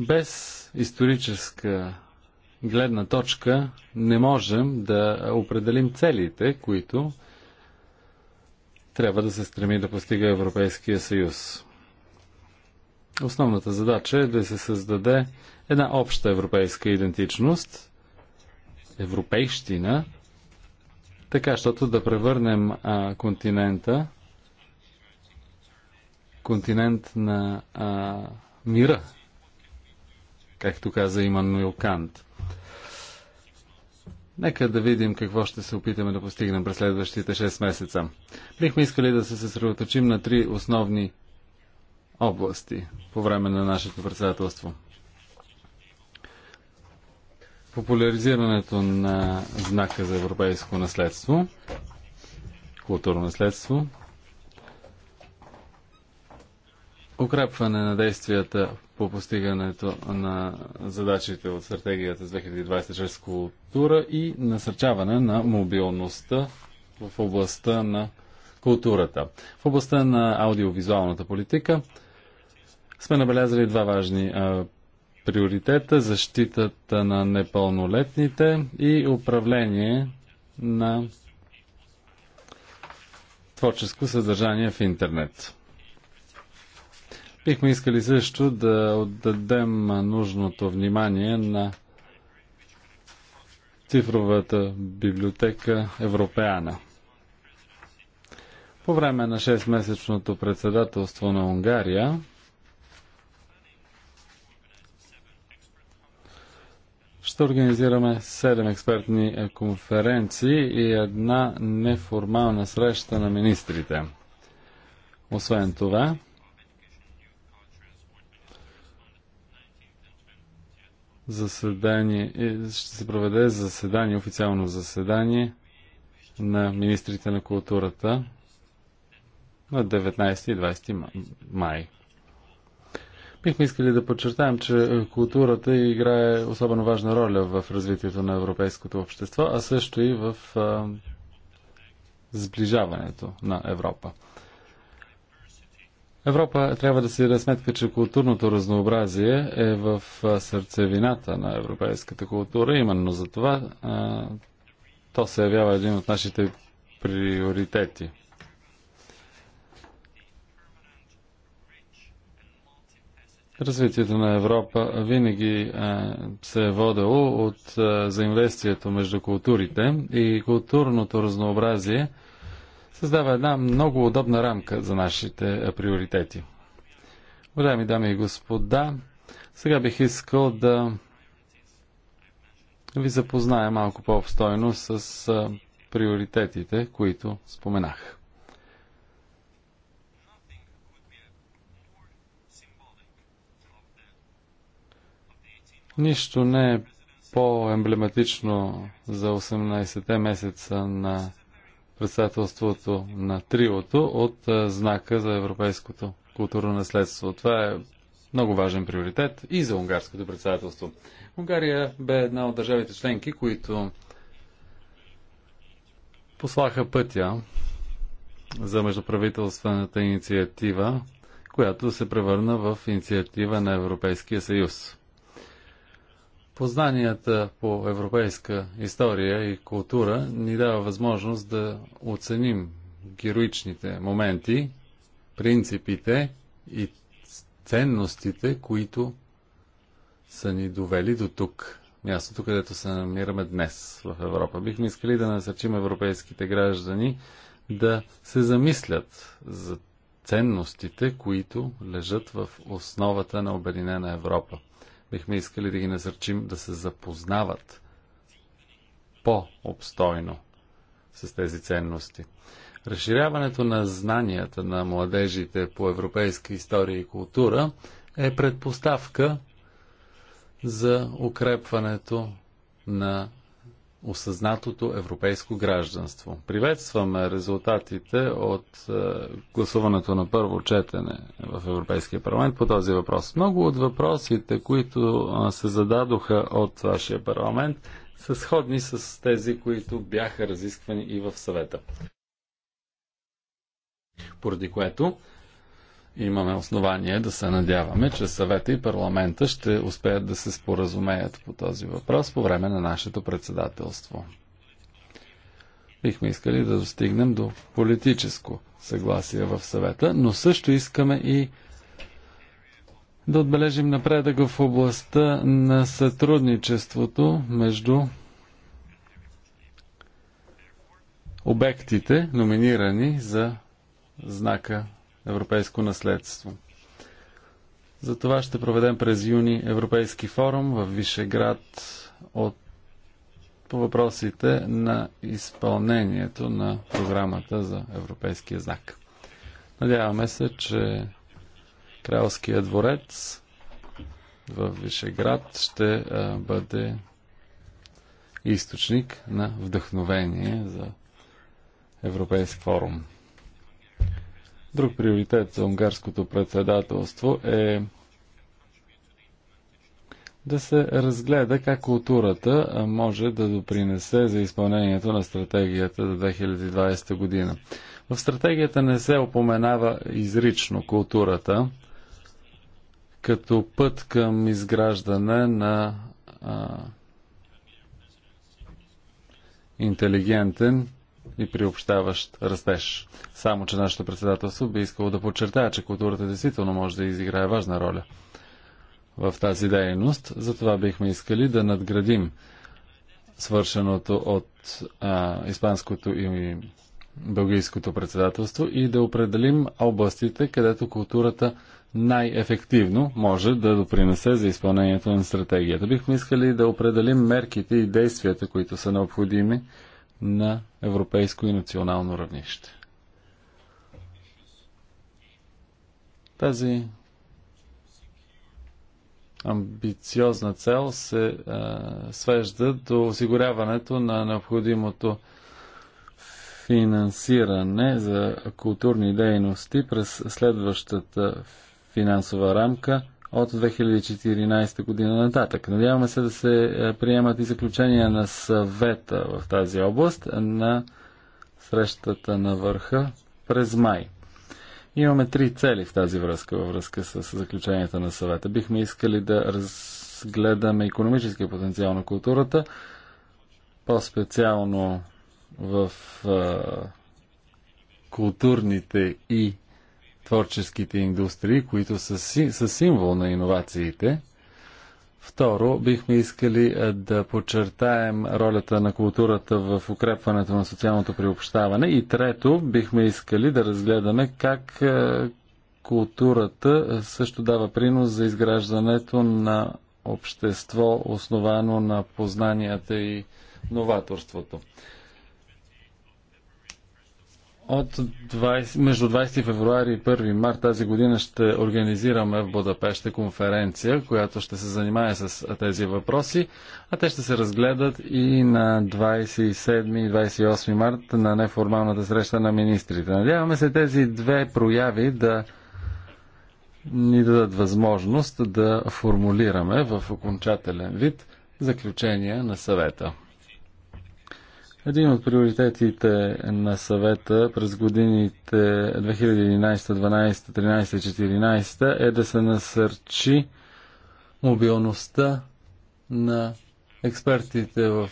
Без историческа гледна точка не можем да определим целите, които трябва да се стреми да постига Европейския съюз. Основната задача е да се създаде една обща европейска идентичност, европейщина, така, щото да превърнем а, континента континент на а, мира, както каза Имануил Кант. Нека да видим какво ще се опитаме да постигнем през следващите 6 месеца. Бихме искали да се съсредоточим на три основни области по време на нашето председателство. Популяризирането на знака за европейско наследство, културно наследство, укрепване на действията по постигането на задачите от стратегията с 2020 чрез култура и насърчаване на мобилността в областта на културата. В областта на аудиовизуалната политика сме набелязали два важни а, приоритета защитата на непълнолетните и управление на творческо съдържание в интернет. Бихме искали също да отдадем нужното внимание на цифровата библиотека Европеана. По време на 6-месечното председателство на Унгария ще организираме 7 експертни конференции и една неформална среща на министрите. Освен това, заседание, е, ще се проведе заседание, официално заседание на министрите на културата на 19 и 20 май. Бихме искали да подчертаем, че културата играе особено важна роля в развитието на европейското общество, а също и в а, сближаването на Европа. Европа трябва да си да сметка, че културното разнообразие е в сърцевината на европейската култура. Именно за това а, то се явява един от нашите приоритети. Развитието на Европа винаги а, се е водело от а, взаимодействието между културите и културното разнообразие – създава една много удобна рамка за нашите е, приоритети. Уважаеми дами и господа, сега бих искал да ви запозная малко по-обстойно с е, приоритетите, които споменах. Нищо не е по-емблематично за 18-те месеца на председателството на триото от знака за европейското културно наследство. Това е много важен приоритет и за унгарското председателство. Унгария бе една от държавите членки, които послаха пътя за междуправителствената инициатива, която се превърна в инициатива на Европейския съюз. Познанията по европейска история и култура ни дава възможност да оценим героичните моменти, принципите и ценностите, които са ни довели до тук, мястото, където се намираме днес в Европа. Бихме искали да насърчим европейските граждани да се замислят за ценностите, които лежат в основата на Обединена Европа. Бихме искали да ги насърчим да се запознават по-обстойно с тези ценности. Разширяването на знанията на младежите по европейска история и култура е предпоставка за укрепването на осъзнатото европейско гражданство. Приветстваме резултатите от е, гласуването на първо четене в Европейския парламент по този въпрос. Много от въпросите, които се зададоха от вашия парламент, са сходни с тези, които бяха разисквани и в съвета. Поради което имаме основание да се надяваме, че съвета и парламента ще успеят да се споразумеят по този въпрос по време на нашето председателство. Бихме искали да достигнем до политическо съгласие в съвета, но също искаме и да отбележим напредък в областта на сътрудничеството между обектите, номинирани за знака европейско наследство. За това ще проведем през юни Европейски форум в Вишеград от, по въпросите на изпълнението на програмата за европейския знак. Надяваме се, че Кралският дворец в Вишеград ще бъде източник на вдъхновение за Европейски форум. Друг приоритет за унгарското председателство е да се разгледа как културата може да допринесе за изпълнението на стратегията до 2020 година. В стратегията не се опоменава изрично културата като път към изграждане на а, интелигентен и приобщаващ растеж. Само, че нашето председателство би искало да подчертая, че културата действително може да изиграе важна роля в тази дейност. Затова бихме искали да надградим свършеното от а, испанското и бългийското председателство и да определим областите, където културата най-ефективно може да допринесе за изпълнението на стратегията. Бихме искали да определим мерките и действията, които са необходими на европейско и национално равнище. Тази амбициозна цел се а, свежда до осигуряването на необходимото финансиране за културни дейности през следващата финансова рамка – от 2014 година нататък. Надяваме се да се е, приемат и заключения на съвета в тази област на срещата на върха през май. Имаме три цели в тази връзка, във връзка с заключенията на съвета. Бихме искали да разгледаме економическия потенциал на културата, по-специално в е, културните и творческите индустрии, които са, си, са символ на иновациите. Второ, бихме искали е, да подчертаем ролята на културата в укрепването на социалното приобщаване. И трето, бихме искали да разгледаме как е, културата е, също дава принос за изграждането на общество, основано на познанията и новаторството. От 20, между 20 февруари и 1 март тази година ще организираме в Будапеща конференция, която ще се занимае с тези въпроси, а те ще се разгледат и на 27 и 28 март на неформалната среща на министрите. Надяваме се тези две прояви да ни дадат възможност да формулираме в окончателен вид заключения на съвета. Един от приоритетите на съвета през годините 2011, 12, 13, 2014 е да се насърчи мобилността на експертите в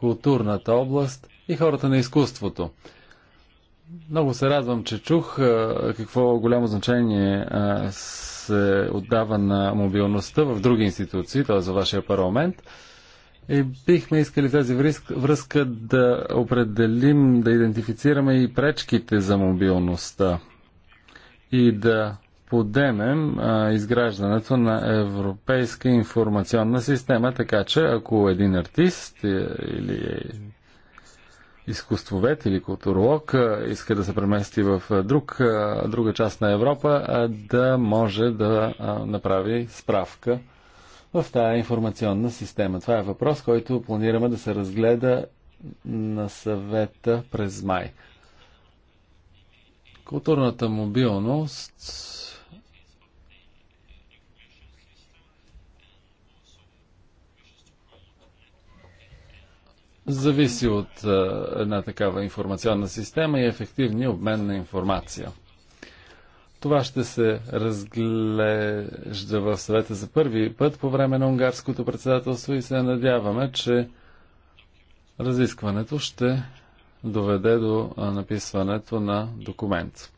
културната област и хората на изкуството. Много се радвам, че чух какво голямо значение се отдава на мобилността в други институции, т.е. за вашия парламент. И е, бихме искали тази връзка да определим, да идентифицираме и пречките за мобилността и да подемем а, изграждането на европейска информационна система, така че ако един артист е, или е изкуствовед или културолог иска да се премести в друг, друга част на Европа, да може да направи справка в тази информационна система. Това е въпрос, който планираме да се разгледа на съвета през май. Културната мобилност зависи от една такава информационна система и ефективния обмен на информация. Това ще се разглежда в съвета за първи път по време на унгарското председателство и се надяваме, че разискването ще доведе до написването на документ.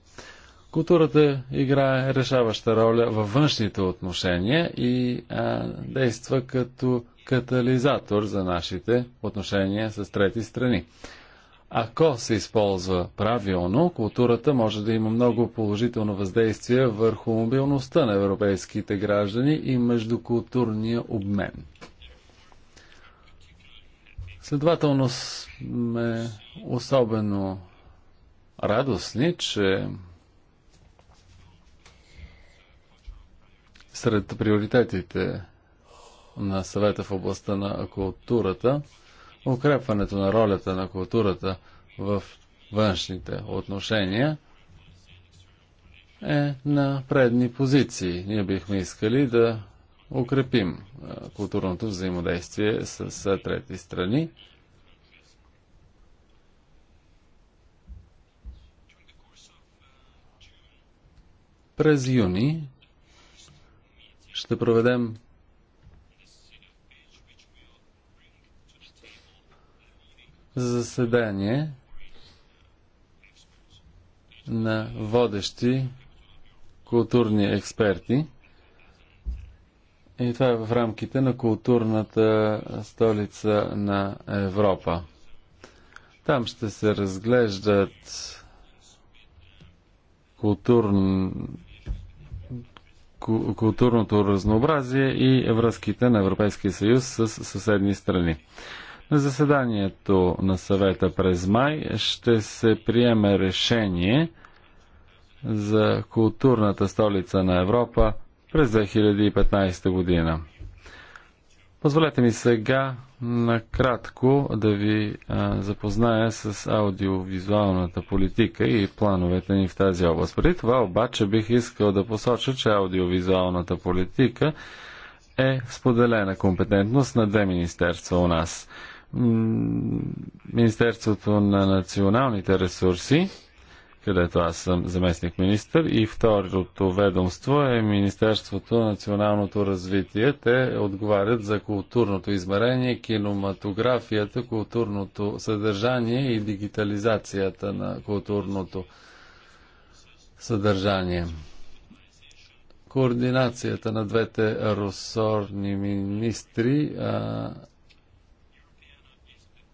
Културата играе решаваща роля във външните отношения и а, действа като катализатор за нашите отношения с трети страни. Ако се използва правилно, културата може да има много положително въздействие върху мобилността на европейските граждани и междукултурния обмен. Следователно сме особено радостни, че сред приоритетите на съвета в областта на културата – укрепването на ролята на културата в външните отношения е на предни позиции. Ние бихме искали да укрепим културното взаимодействие с трети страни. През юни ще проведем заседание на водещи културни експерти. И това е в рамките на културната столица на Европа. Там ще се разглеждат културни културното разнообразие и връзките на Европейския съюз с съседни страни. На заседанието на съвета през май ще се приеме решение за културната столица на Европа през 2015 година. Позволете ми сега накратко да ви а, запозная с аудиовизуалната политика и плановете ни в тази област. Преди това обаче бих искал да посоча, че аудиовизуалната политика е споделена компетентност на две министерства у нас. Министерството на националните ресурси, където аз съм заместник министр, и второто ведомство е Министерството на националното развитие. Те отговарят за културното измерение, кинематографията, културното съдържание и дигитализацията на културното съдържание координацията на двете ресорни министри а,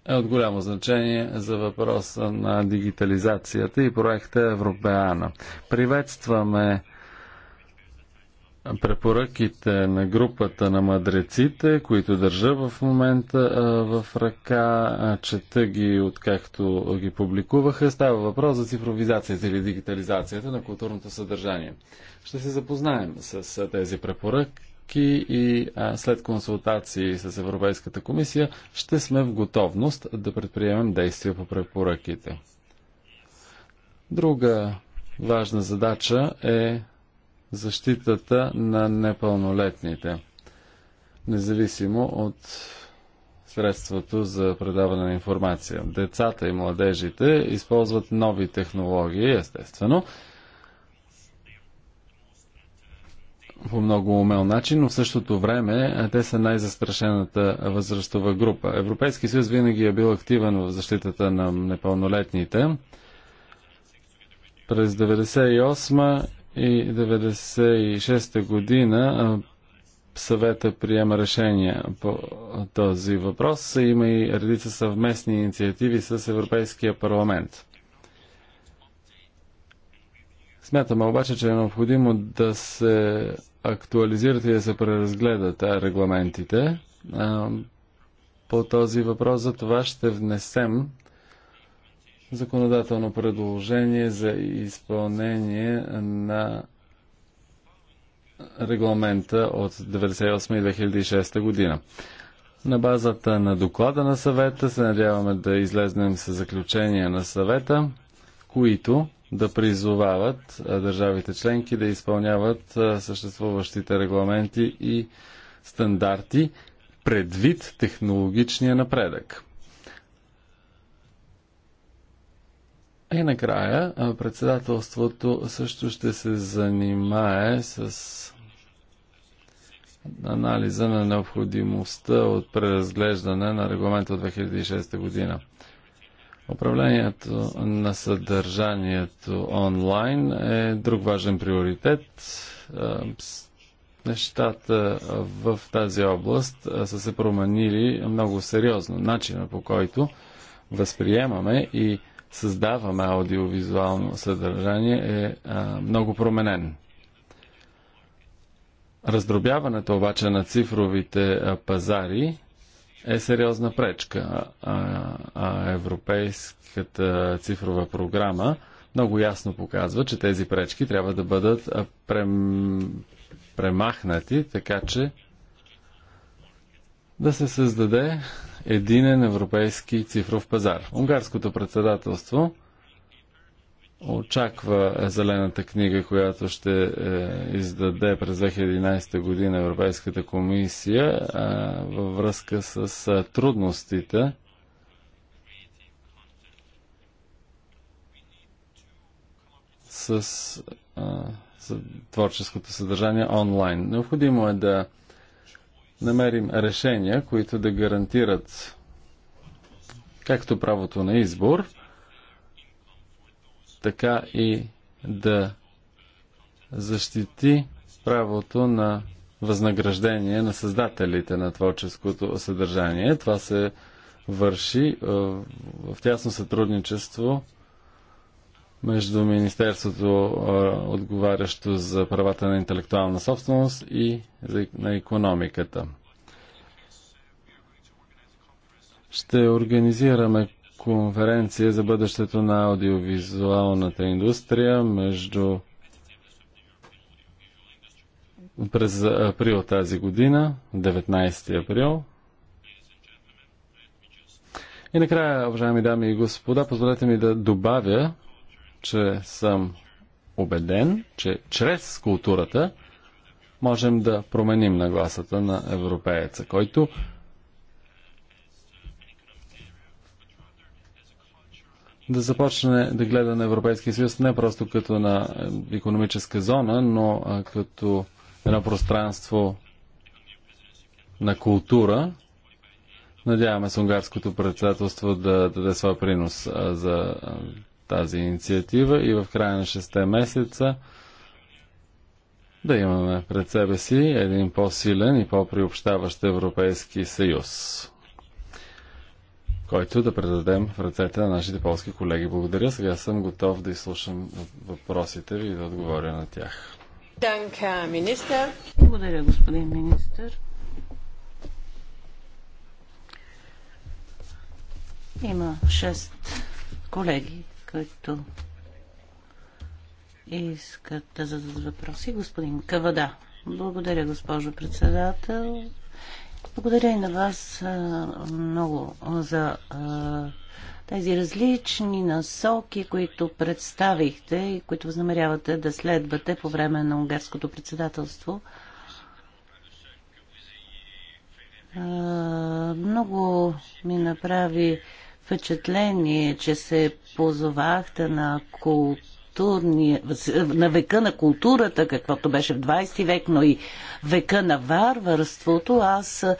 е от голямо значение за въпроса на дигитализацията и проекта Европеана. Приветстваме препоръките на групата на мадреците, които държа в момента в ръка, чета ги откакто ги публикуваха. Става въпрос за цифровизацията или дигитализацията на културното съдържание. Ще се запознаем с тези препоръки мерки и а, след консултации с Европейската комисия ще сме в готовност да предприемем действия по препоръките. Друга важна задача е защитата на непълнолетните, независимо от средството за предаване на информация. Децата и младежите използват нови технологии, естествено, по много умел начин, но в същото време те са най-застрашената възрастова група. Европейски съюз винаги е бил активен в защитата на непълнолетните. През 1998 и 1996 година съвета приема решения по този въпрос. Има и редица съвместни инициативи с Европейския парламент. Смятаме обаче, че е необходимо да се актуализират и да се преразгледат регламентите. По този въпрос за това ще внесем законодателно предложение за изпълнение на регламента от 1998 и 2006 година. На базата на доклада на съвета се надяваме да излезнем с заключения на съвета, които да призовават държавите членки да изпълняват съществуващите регламенти и стандарти предвид технологичния напредък. И накрая председателството също ще се занимае с анализа на необходимостта от преразглеждане на регламента от 2006 година. Управлението на съдържанието онлайн е друг важен приоритет. Нещата в тази област са се променили много сериозно. Начина по който възприемаме и създаваме аудиовизуално съдържание е много променен. Раздробяването обаче на цифровите пазари е сериозна пречка. А, а европейската цифрова програма много ясно показва, че тези пречки трябва да бъдат прем... премахнати, така че да се създаде единен европейски цифров пазар. Унгарското председателство очаква зелената книга, която ще е, издаде през 2011 година Европейската комисия е, във връзка с е, трудностите с, е, с творческото съдържание онлайн. Необходимо е да намерим решения, които да гарантират както правото на избор, така и да защити правото на възнаграждение на създателите на творческото съдържание. Това се върши е, в тясно сътрудничество между Министерството, е, отговарящо за правата на интелектуална собственост и на економиката. Ще организираме конференция за бъдещето на аудиовизуалната индустрия между през април тази година, 19 април. И накрая, уважаеми дами и господа, позволете ми да добавя, че съм убеден, че чрез културата можем да променим нагласата на европееца, който да започне да гледа на Европейския съюз не просто като на економическа зона, но а, като едно пространство на култура. Надяваме се унгарското председателство да, даде своя принос а, за а, тази инициатива и в края на 6 месеца да имаме пред себе си един по-силен и по-приобщаващ Европейски съюз който да предадем в ръцете на нашите полски колеги. Благодаря. Сега съм готов да изслушам въпросите ви и да отговоря на тях. Данка, министър. Благодаря, господин министър. Има шест колеги, които искат да зададат въпроси. Господин Кавада. Благодаря, госпожо председател. Благодаря и на вас много за тези различни насоки, които представихте и които възнамерявате да следвате по време на унгарското председателство. Много ми направи впечатление, че се позовахте на култура културния, на века на културата, каквото беше в 20 век, но и века на варварството, аз е,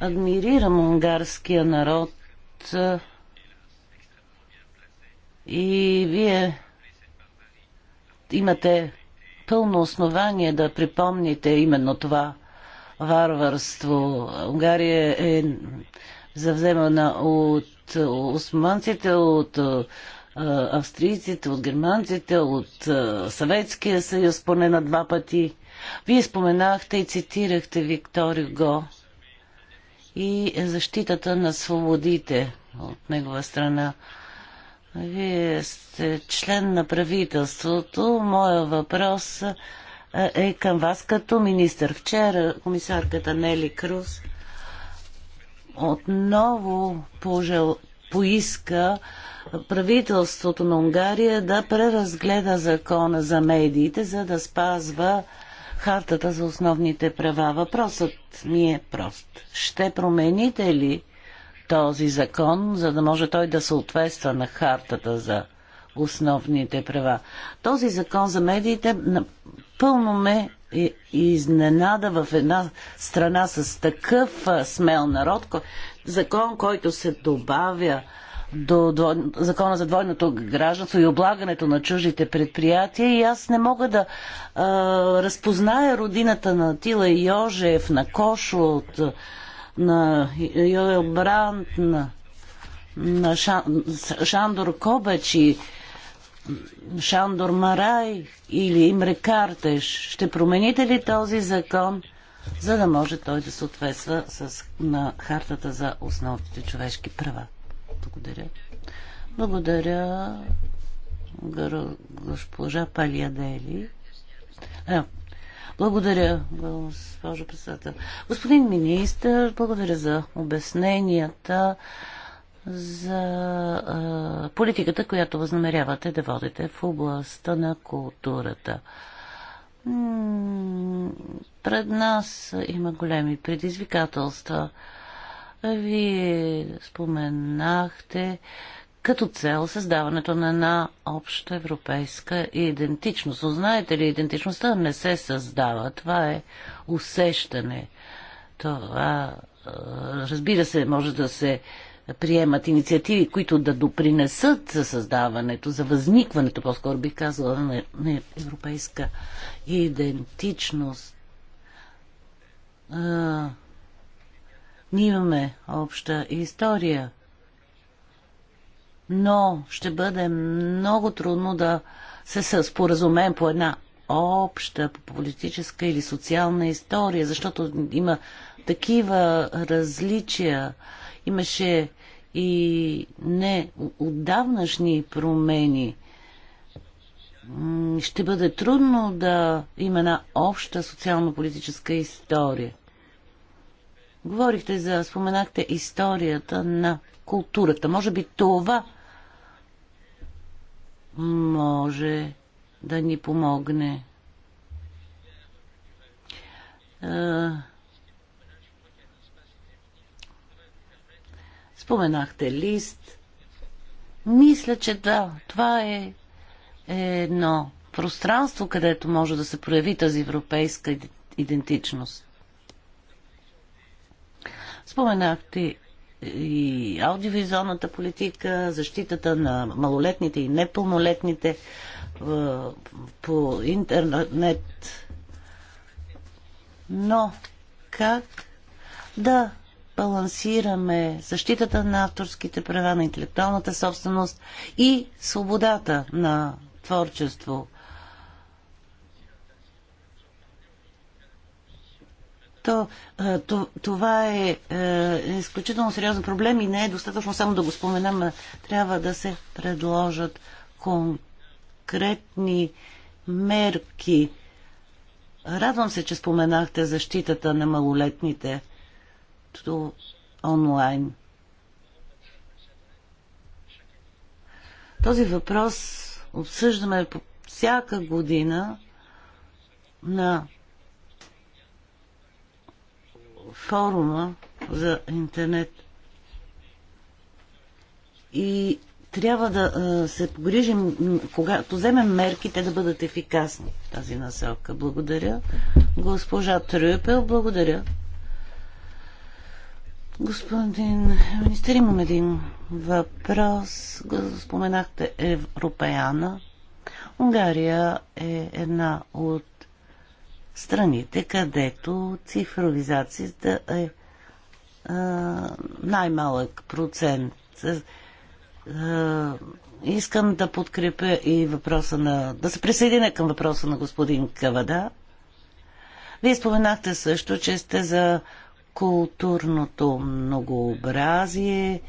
адмирирам унгарския народ е, и вие имате пълно основание да припомните именно това варварство. Унгария е завземана от османците, от е, австрийците, от германците, от Съветския съюз поне на два пъти. Вие споменахте и цитирахте Виктор Го и защитата на свободите от негова страна. Вие сте член на правителството. Моя въпрос е към вас като министър. Вчера комисарката Нели Круз отново пожел поиска правителството на Унгария да преразгледа закона за медиите, за да спазва хартата за основните права. Въпросът ми е прост. Ще промените ли този закон, за да може той да съответства на хартата за основните права? Този закон за медиите напълно ме е изненада в една страна с такъв смел народ, закон, който се добавя до закона за двойното гражданство и облагането на чуждите предприятия и аз не мога да а, разпозная родината на Тила Йожев, на Кошо, от, на Йоел Бранд, на, на Шан... Шандор Кобач и Шандор Марай или Имре Картеш. Ще промените ли този закон, за да може той да съответства с, на хартата за основните човешки права? Благодаря. Благодаря, госпожа Палиадели. А, благодаря, госпожо председател. Господин министр, благодаря за обясненията за а, политиката, която възнамерявате да водите в областта на културата. Пред нас има големи предизвикателства. Вие споменахте като цел създаването на една обща европейска идентичност. Узнаете знаете ли, идентичността не се създава. Това е усещане. Това, разбира се, може да се приемат инициативи, които да допринесат за създаването, за възникването, по-скоро бих казала, на, на европейска идентичност. А, ние имаме обща история, но ще бъде много трудно да се споразумеем по една обща политическа или социална история, защото има такива различия Имаше и не отдавнашни промени. Ще бъде трудно да има една обща социално-политическа история. Говорихте за, споменахте историята на културата. Може би това може да ни помогне. Е, Споменахте лист. Мисля, че да, това е, е едно пространство, където може да се прояви тази европейска идентичност. Споменахте и аудиовизуалната политика, защитата на малолетните и непълнолетните е, по интернет. Но как да балансираме защитата на авторските права, на интелектуалната собственост и свободата на творчество. То, това е, е, е изключително сериозен проблем и не е достатъчно само да го споменам, а трябва да се предложат конкретни мерки. Радвам се, че споменахте защитата на малолетните като онлайн. Този въпрос обсъждаме по всяка година на форума за интернет. И трябва да се погрижим, когато вземем мерките, да бъдат ефикасни в тази насока. Благодаря. Госпожа Трюпел, благодаря. Господин министр, имам един въпрос. Споменахте Европеяна. Унгария е една от страните, където цифровизацията е най-малък процент. А, искам да подкрепя и въпроса на... да се присъединя към въпроса на господин Кавада. Вие споменахте също, че сте за културното многообразие,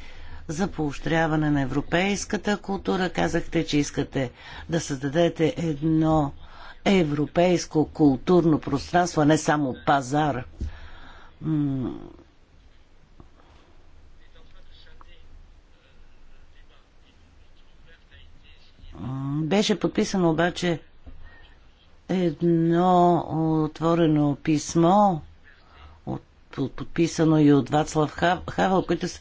за поощряване на европейската култура. Казахте, че искате да създадете едно европейско културно пространство, а не само пазар. Беше подписано обаче едно отворено писмо подписано и от Вацлав Хавел, които са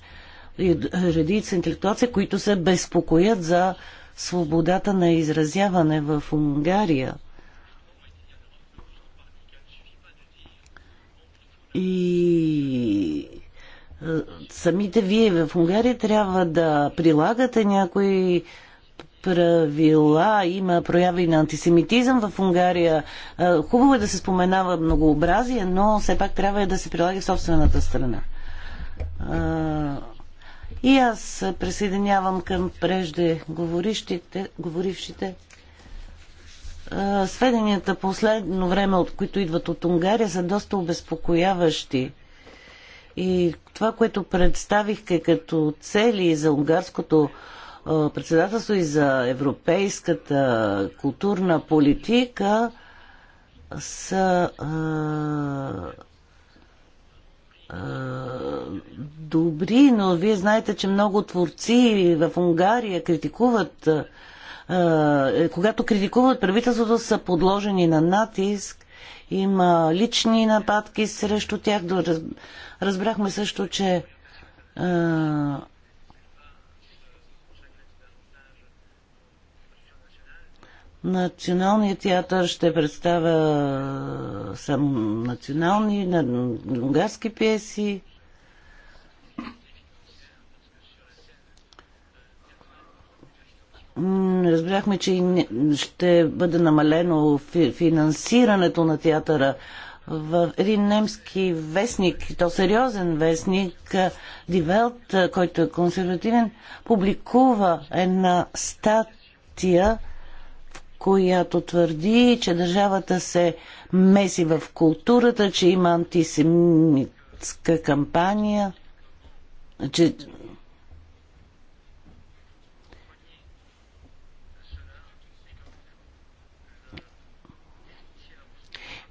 и редица интелектуалци, които се безпокоят за свободата на изразяване в Унгария. И самите вие в Унгария трябва да прилагате някои правила, има прояви на антисемитизъм в Унгария. Хубаво е да се споменава многообразие, но все пак трябва е да се прилага в собствената страна. И аз присъединявам към прежде Говорившите. Сведенията последно време, от които идват от Унгария, са доста обезпокояващи. И това, което представихте като цели за унгарското председателство и за европейската културна политика са добри, но вие знаете, че много творци в Унгария критикуват когато критикуват правителството са подложени на натиск има лични нападки срещу тях. Разбрахме също, че Националният театър ще представя само национални, на унгарски пиеси. Разбрахме, че ще бъде намалено финансирането на театъра в един немски вестник, то сериозен вестник, Дивелт, който е консервативен, публикува една статия която твърди, че държавата се меси в културата, че има антисемитска кампания, че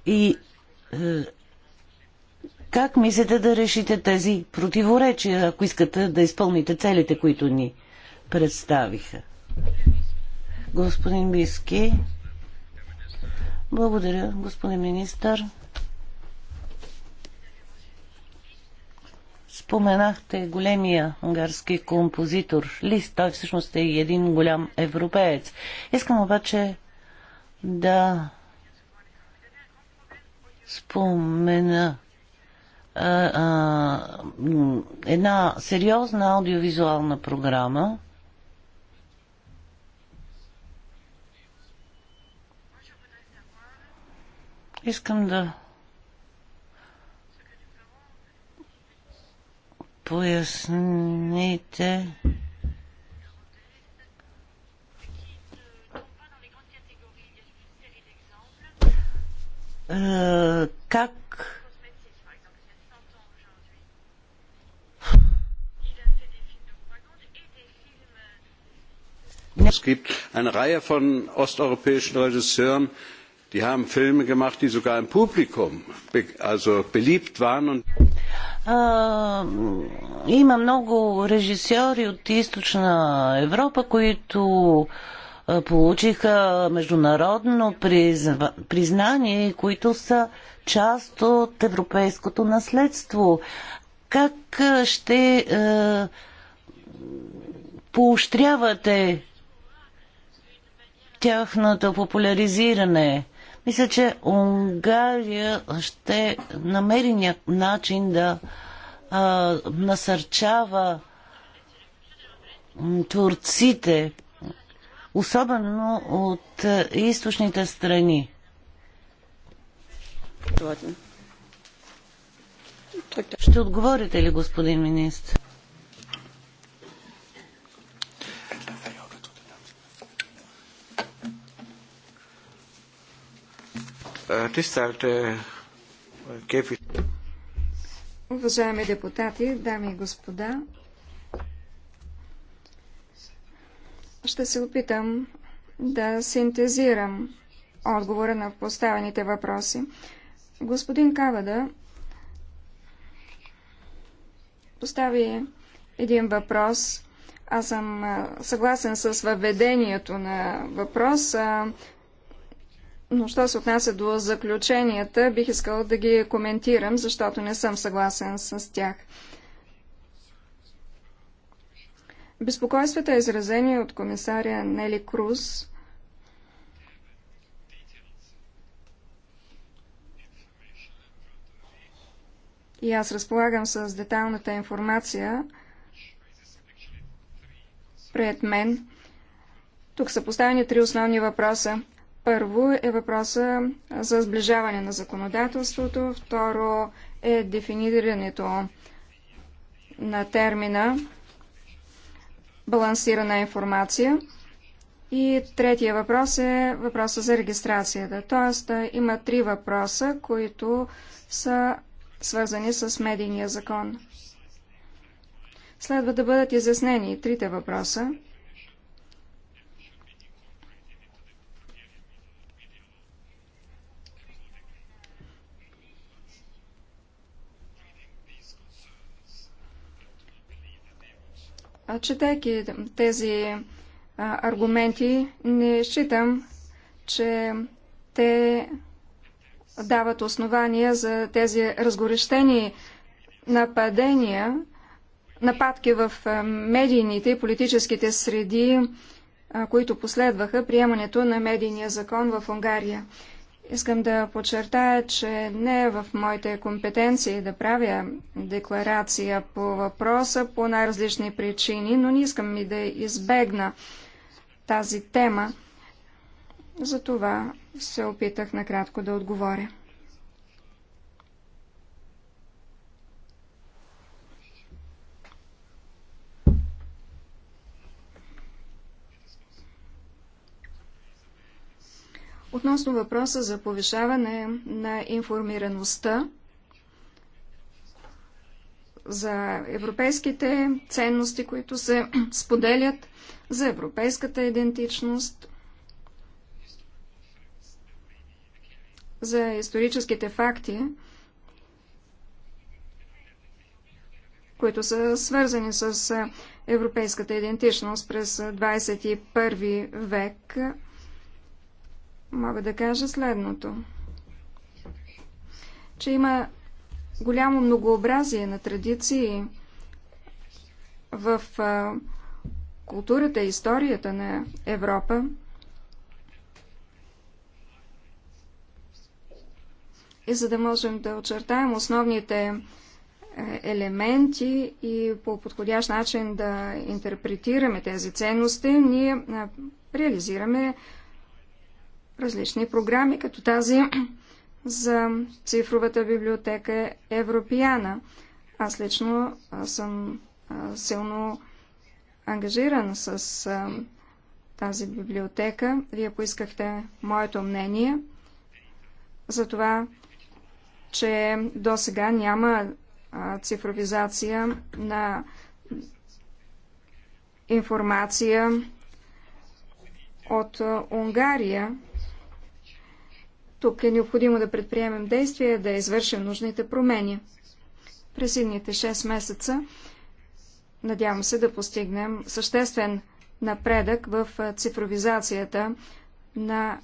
И е, как мислите да решите тези противоречия, ако искате да изпълните целите, които ни представиха? господин Биски. Благодаря, господин министър. Споменахте големия унгарски композитор Лист. Той всъщност е и един голям европеец. Искам обаче да спомена а, а, една сериозна аудиовизуална програма, Искам да поясните как Es gibt eine Reihe von osteuropäischen Regisseuren, Die haben Filme gemacht, die sogar im Publikum also beliebt waren. Und има много режисьори от източна Европа, които получиха международно призна... признание, които са част от европейското наследство. Как ще поощрявате тяхното популяризиране? Мисля, че Унгария ще намери начин да а, насърчава творците, особено от източните страни. Ще отговорите ли, господин министр? Tisztelt képviselő! Uh, Уважаеми депутати, дами и господа, ще се опитам да синтезирам отговора на поставените въпроси. Господин Кавада постави един въпрос. Аз съм съгласен с въведението на въпроса. Но що се отнася до заключенията, бих искал да ги коментирам, защото не съм съгласен с тях. Безпокойствата, изразени от комисаря Нели Круз, и аз разполагам с детайлната информация пред мен. Тук са поставени три основни въпроса. Първо е въпроса за сближаване на законодателството, второ е дефинирането на термина балансирана информация и третия въпрос е въпроса за регистрацията. Тоест има три въпроса, които са свързани с медийния закон. Следва да бъдат изяснени трите въпроса Четейки тези аргументи, не считам, че те дават основания за тези разгорещени нападения, нападки в медийните и политическите среди, които последваха приемането на медийния закон в Унгария. Искам да подчертая, че не е в моите компетенции да правя декларация по въпроса по най-различни причини, но не искам и да избегна тази тема. Затова се опитах накратко да отговоря. Относно въпроса за повишаване на информираността за европейските ценности, които се споделят, за европейската идентичност, за историческите факти, които са свързани с европейската идентичност през 21 век – мога да кажа следното. Че има голямо многообразие на традиции в културата и историята на Европа. И за да можем да очертаем основните е, елементи и по подходящ начин да интерпретираме тези ценности, ние реализираме различни програми, като тази за цифровата библиотека Европеяна. Аз лично съм силно ангажиран с тази библиотека. Вие поискахте моето мнение за това, че до сега няма цифровизация на информация от Унгария. Тук е необходимо да предприемем действия, да извършим нужните промени. През едните 6 месеца надявам се да постигнем съществен напредък в цифровизацията на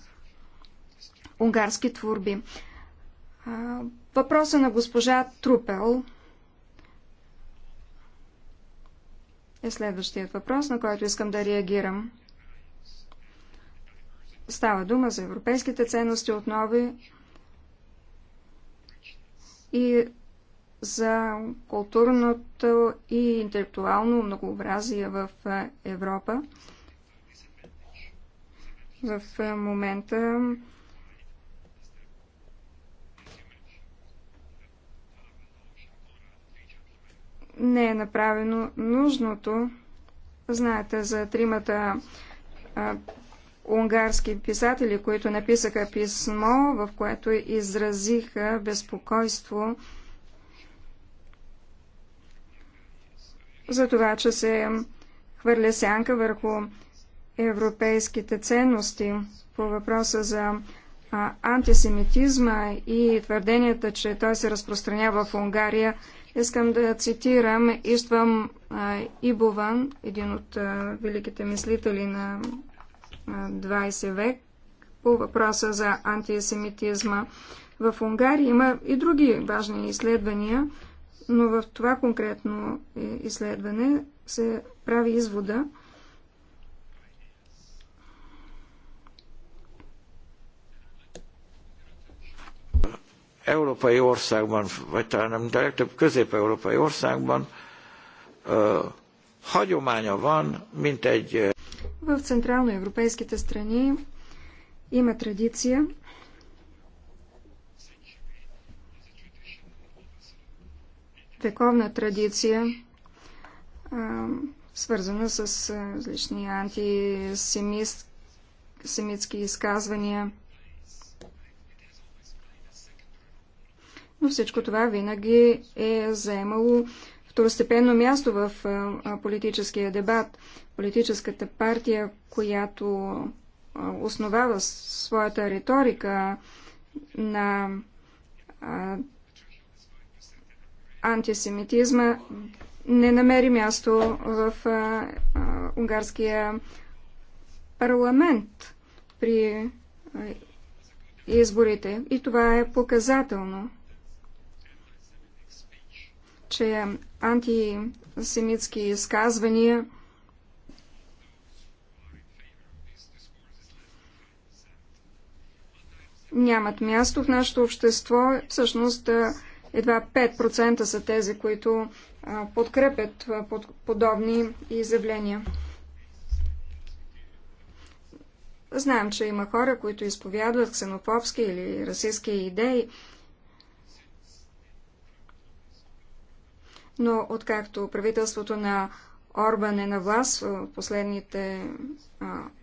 унгарски творби. Въпроса на госпожа Трупел е следващият въпрос, на който искам да реагирам. Става дума за европейските ценности отнови и за културното и интелектуално многообразие в Европа. В момента не е направено нужното. Знаете за тримата унгарски писатели, които написаха писмо, в което изразиха безпокойство за това, че се хвърля сянка върху европейските ценности по въпроса за антисемитизма и твърденията, че той се разпространява в Унгария. Искам да цитирам Иствам Ибован, един от великите мислители на 20 век по въпроса за антисемитизма. В Унгария има и други важни изследвания, но в това конкретно изследване се прави извода, európai országban, vagy talán nem, de legtöbb közép-európai országban hagyománya van, mint В централноевропейските страни има традиция вековна традиция, свързана с различни антисемитски изказвания. Но всичко това винаги е заемало второстепенно място в политическия дебат. Политическата партия, която основава своята риторика на антисемитизма, не намери място в унгарския парламент при изборите. И това е показателно че антисемитски изказвания нямат място в нашето общество. Всъщност едва 5% са тези, които подкрепят подобни изявления. Знаем, че има хора, които изповядват ксенофобски или расистски идеи, но откакто правителството на Орбан е на власт в последните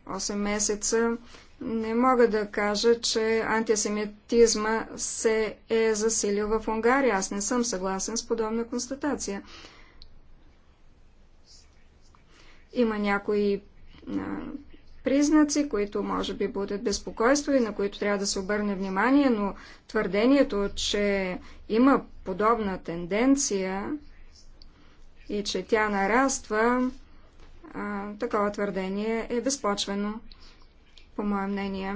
8 месеца, не мога да кажа, че антисемитизма се е засилил в Унгария. Аз не съм съгласен с подобна констатация. Има някои а, признаци, които може би будят безпокойство и на които трябва да се обърне внимание, но твърдението, че има подобна тенденция, и че тя нараства, такова твърдение е безпочвено, по мое мнение.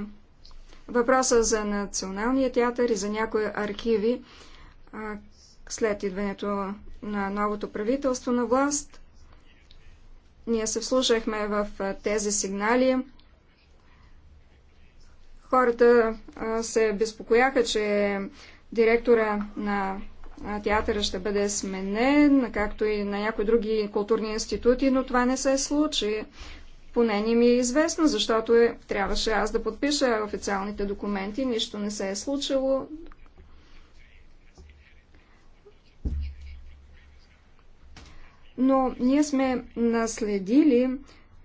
Въпроса за Националния театър и за някои архиви след идването на новото правителство на власт. Ние се вслушахме в тези сигнали. Хората се безпокояха, че директора на театъра ще бъде сменен, както и на някои други културни институти, но това не се случи. Поне не ми е известно, защото е, трябваше аз да подпиша официалните документи, нищо не се е случило. Но ние сме наследили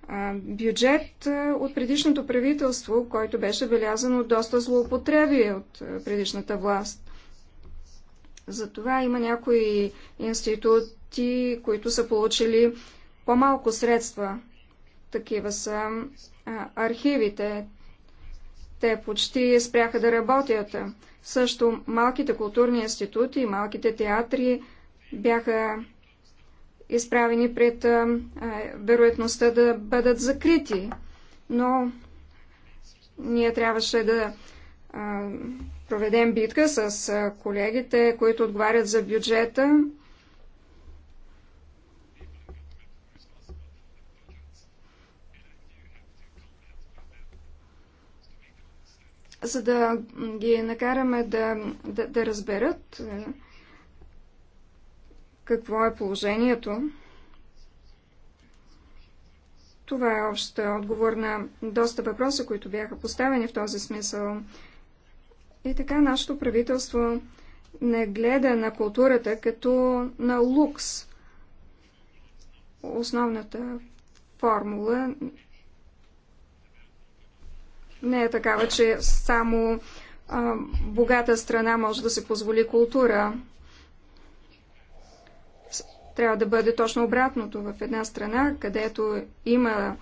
а, бюджет а, от предишното правителство, който беше белязан от доста злоупотреби от а, предишната власт. Затова има някои институти, които са получили по-малко средства. Такива са архивите. Те почти спряха да работят. Също малките културни институти и малките театри бяха изправени пред а, вероятността да бъдат закрити. Но ние трябваше да проведем битка с колегите, които отговарят за бюджета. за да ги накараме да, да, да разберат какво е положението. Това е общ отговор на доста въпроса, които бяха поставени в този смисъл. И така нашето правителство не гледа на културата като на лукс. Основната формула не е такава, че само а, богата страна може да се позволи култура. Трябва да бъде точно обратното. В една страна, където има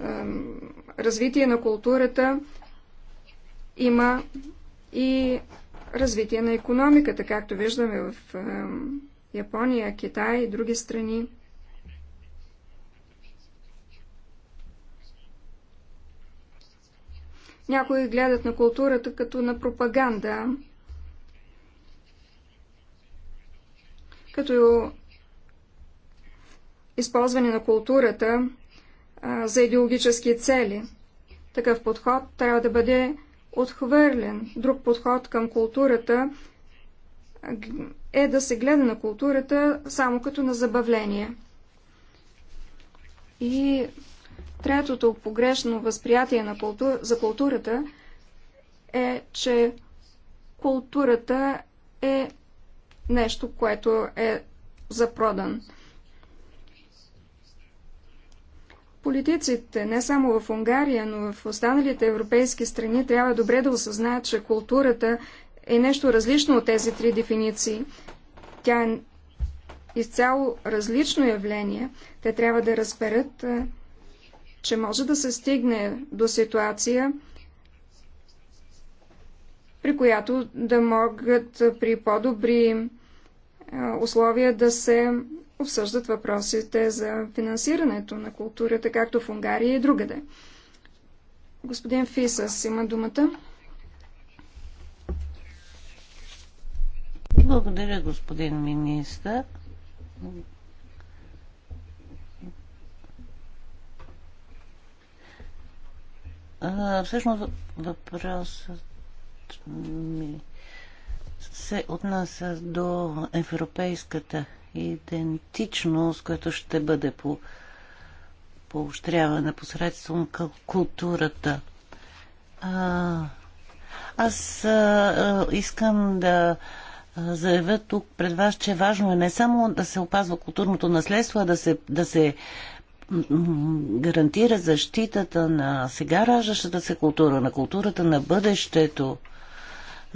а, развитие на културата, има и развитие на економиката, както виждаме в Япония, Китай и други страни. Някои гледат на културата като на пропаганда, като използване на културата а, за идеологически цели. Такъв подход трябва да бъде отхвърлен. Друг подход към културата е да се гледа на културата само като на забавление. И третото погрешно възприятие на култур... за културата е, че културата е нещо, което е запродан. Политиците, не само в Унгария, но в останалите европейски страни, трябва добре да осъзнаят, че културата е нещо различно от тези три дефиниции. Тя е изцяло различно явление. Те трябва да разберат, че може да се стигне до ситуация, при която да могат при по-добри условия да се обсъждат въпросите за финансирането на културата, както в Унгария и другаде. Господин Фисас има думата. Благодаря, господин министър. Всъщност въпросът ми се отнася до Европейската идентичност, която ще бъде по поощрявана посредством културата. А, аз а, искам да заявя тук пред вас, че е важно е не само да се опазва културното наследство, а да се, да се гарантира защитата на сега раждащата се култура, на културата на бъдещето.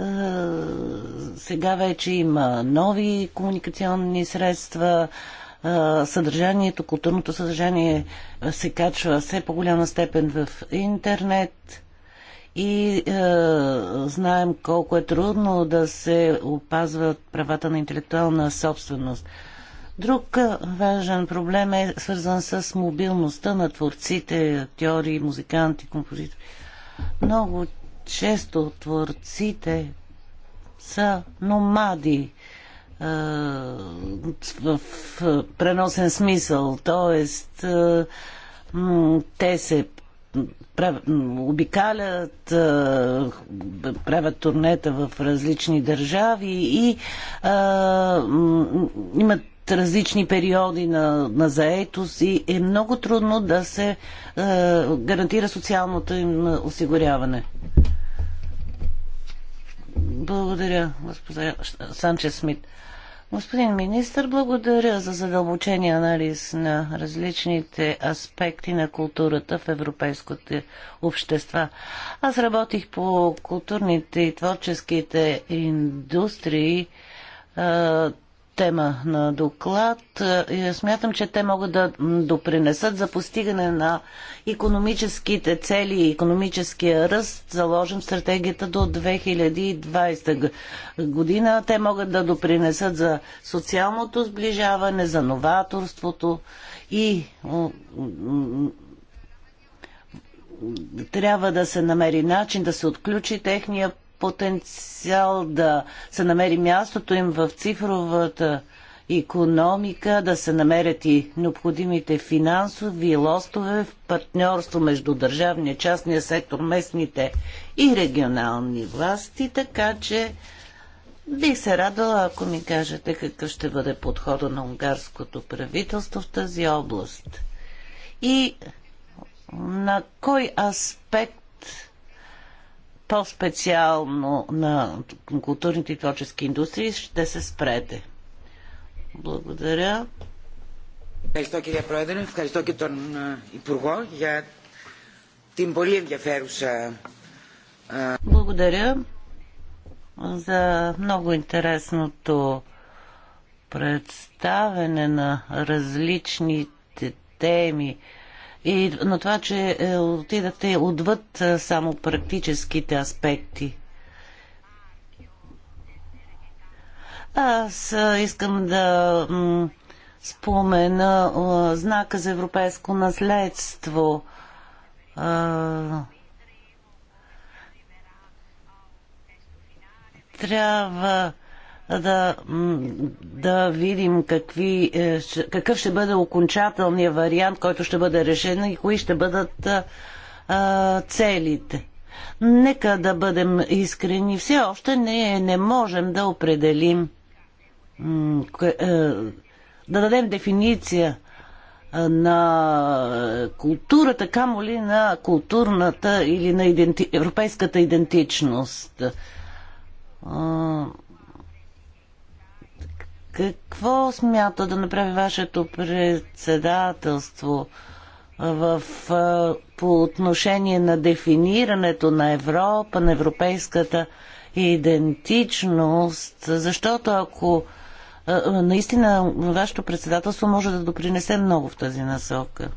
Е, сега вече има нови комуникационни средства. Е, съдържанието, културното съдържание се качва все по-голяма степен в интернет и е, знаем колко е трудно да се опазват правата на интелектуална собственост. Друг е, важен проблем е свързан с мобилността на творците, актьори, музиканти, композитори. Много често творците са номади в преносен смисъл, т.е. те се обикалят, правят турнета в различни държави и имат различни периоди на, на заетост и е много трудно да се е, гарантира социалното им осигуряване. Благодаря, господин Санчес Смит. Господин министр, благодаря за задълбочения анализ на различните аспекти на културата в европейските общества. Аз работих по културните и творческите индустрии е, тема на доклад. Е, смятам, че те могат да допринесат за постигане на економическите цели и економическия ръст, заложен в стратегията до 2020 година. Те могат да допринесат за социалното сближаване, за новаторството и трябва да се намери начин да се отключи техния потенциал да се намери мястото им в цифровата економика, да се намерят и необходимите финансови лостове в партньорство между държавния, частния сектор, местните и регионални власти, така че бих се радвала, ако ми кажете какъв ще бъде подхода на унгарското правителство в тази област. И на кой аспект по-специално на културните и творчески индустрии, ще се спрете. Благодаря. Ευχαριστώ κυρία Πρόεδρε, ευχαριστώ και τον Υπουργό για την πολύ ενδιαφέρουσα... Благодаря за много интересното представяне на различните теми, и на това, че е, отидате отвъд е, само практическите аспекти. Аз е, искам да спомена знака за европейско наследство. трябва да, да видим какви, е, какъв ще бъде окончателният вариант, който ще бъде решен и кои ще бъдат а, е, е, целите. Нека да бъдем искрени. Все още не, не можем да определим, да дадем дефиниция на културата, камо ли на културната или на иденти... европейската идентичност. Какво смята да направи вашето председателство в, по отношение на дефинирането на Европа, на европейската идентичност? Защото ако наистина вашето председателство може да допринесе много в тази насока.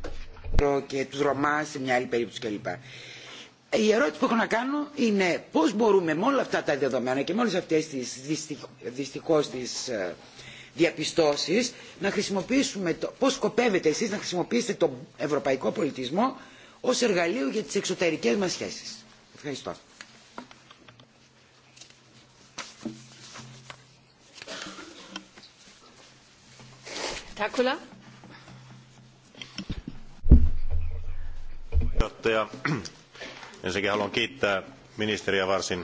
Και τους Ρωμά σε μια άλλη περίπτωση κλπ. Η ερώτηση που έχω να κάνω είναι μπορούμε με όλα αυτά τα δεδομένα και με όλες αυτές τις δυστυχώς τις διαπιστώσεις να χρησιμοποιήσουμε το, πώς σκοπεύετε εσείς να χρησιμοποιήσετε τον ευρωπαϊκό πολιτισμό ως εργαλείο για τις εξωτερικές μας σχέσεις. Ευχαριστώ. Takula. Ensinnäkin haluan kiittää ministeriä varsin.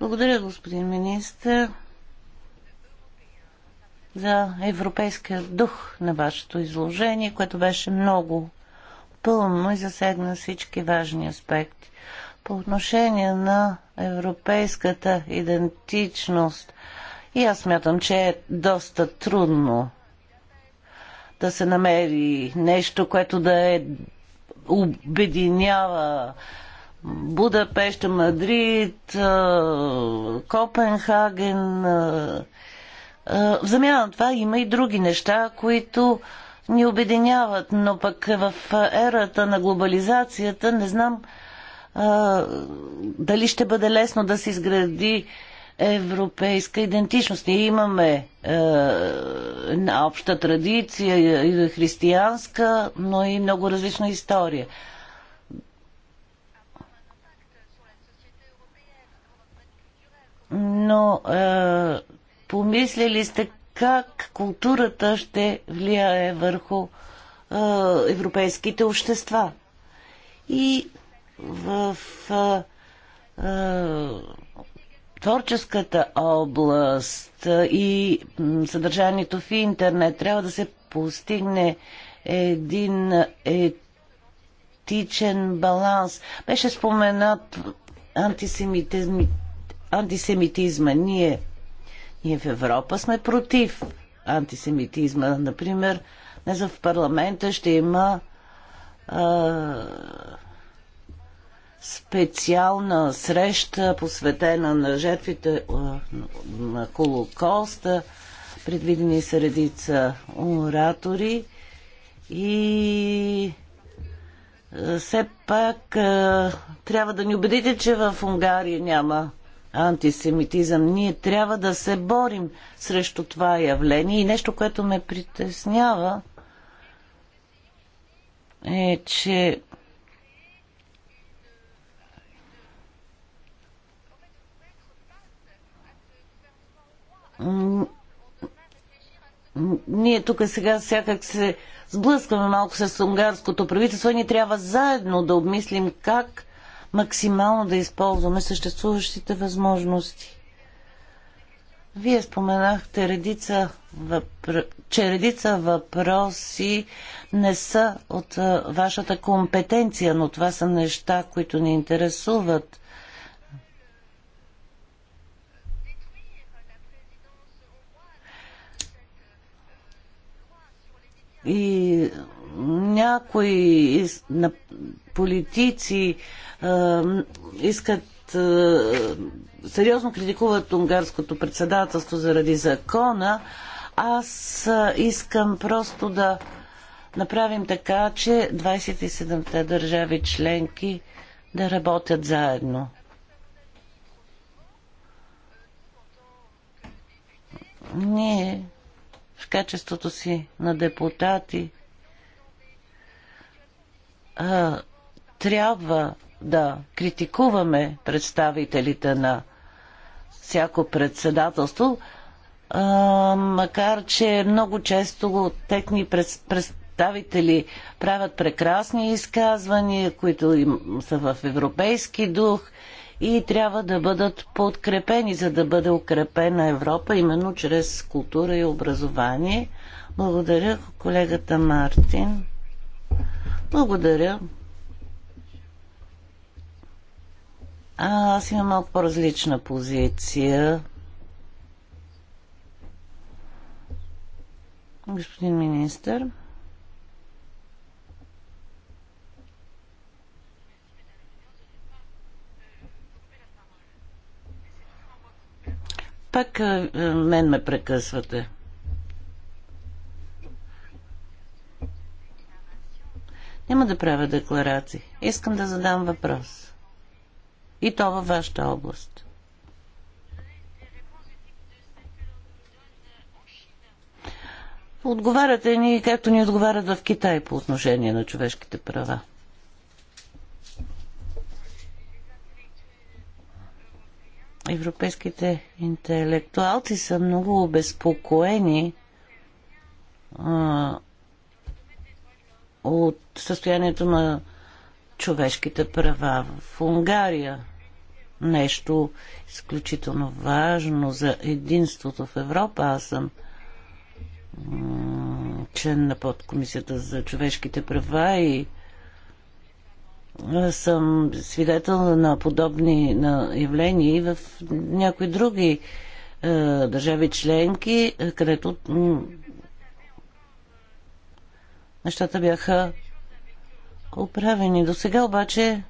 Благодаря, господин министр, за европейския дух на вашето изложение, което беше много пълно и засегна всички важни аспекти. По отношение на европейската идентичност, и аз мятам, че е доста трудно да се намери нещо, което да е обединява Будапешта, Мадрид, Копенхаген. В замяна на това има и други неща, които ни обединяват, но пък в ерата на глобализацията не знам дали ще бъде лесно да се изгради европейска идентичност. Ние имаме е, една обща традиция, християнска, но и много различна история. но е, помислили сте как културата ще влияе върху е, европейските общества. И в е, е, творческата област е, и съдържанието в интернет трябва да се постигне един етичен баланс. Беше споменат антисемитизмите антисемитизма. Ние, ние в Европа сме против антисемитизма. Например, за в парламента ще има а, специална среща, посветена на жертвите а, на Холокоста. Предвидени са редица оратори и все пак трябва да ни убедите, че в Унгария няма антисемитизъм. Ние трябва да се борим срещу това явление и нещо, което ме притеснява е, че ние тук сега сякак се сблъскваме малко с унгарското правителство и ние трябва заедно да обмислим как максимално да използваме съществуващите възможности. Вие споменахте, редица въпр... че редица въпроси не са от вашата компетенция, но това са неща, които ни интересуват. И някои политици искат сериозно критикуват унгарското председателство заради закона, аз искам просто да направим така, че 27-те държави членки да работят заедно. Ние в качеството си на депутати а, трябва да критикуваме представителите на всяко председателство, а, макар че много често техни представители правят прекрасни изказвания, които им са в европейски дух и трябва да бъдат подкрепени, за да бъде укрепена Европа, именно чрез култура и образование. Благодаря, колегата Мартин. Благодаря. А, аз имам малко по-различна позиция. Господин министър. Пак мен ме прекъсвате. Няма да правя декларации. Искам да задам въпрос. И то във вашата област. Отговаряте ни, както ни отговарят в Китай по отношение на човешките права. Европейските интелектуалци са много обезпокоени а, от състоянието на човешките права в Унгария. Нещо изключително важно за единството в Европа. Аз съм член на подкомисията за човешките права и съм свидетел на подобни на явления и в някои други е, държави членки, където нещата бяха оправени до сега, обаче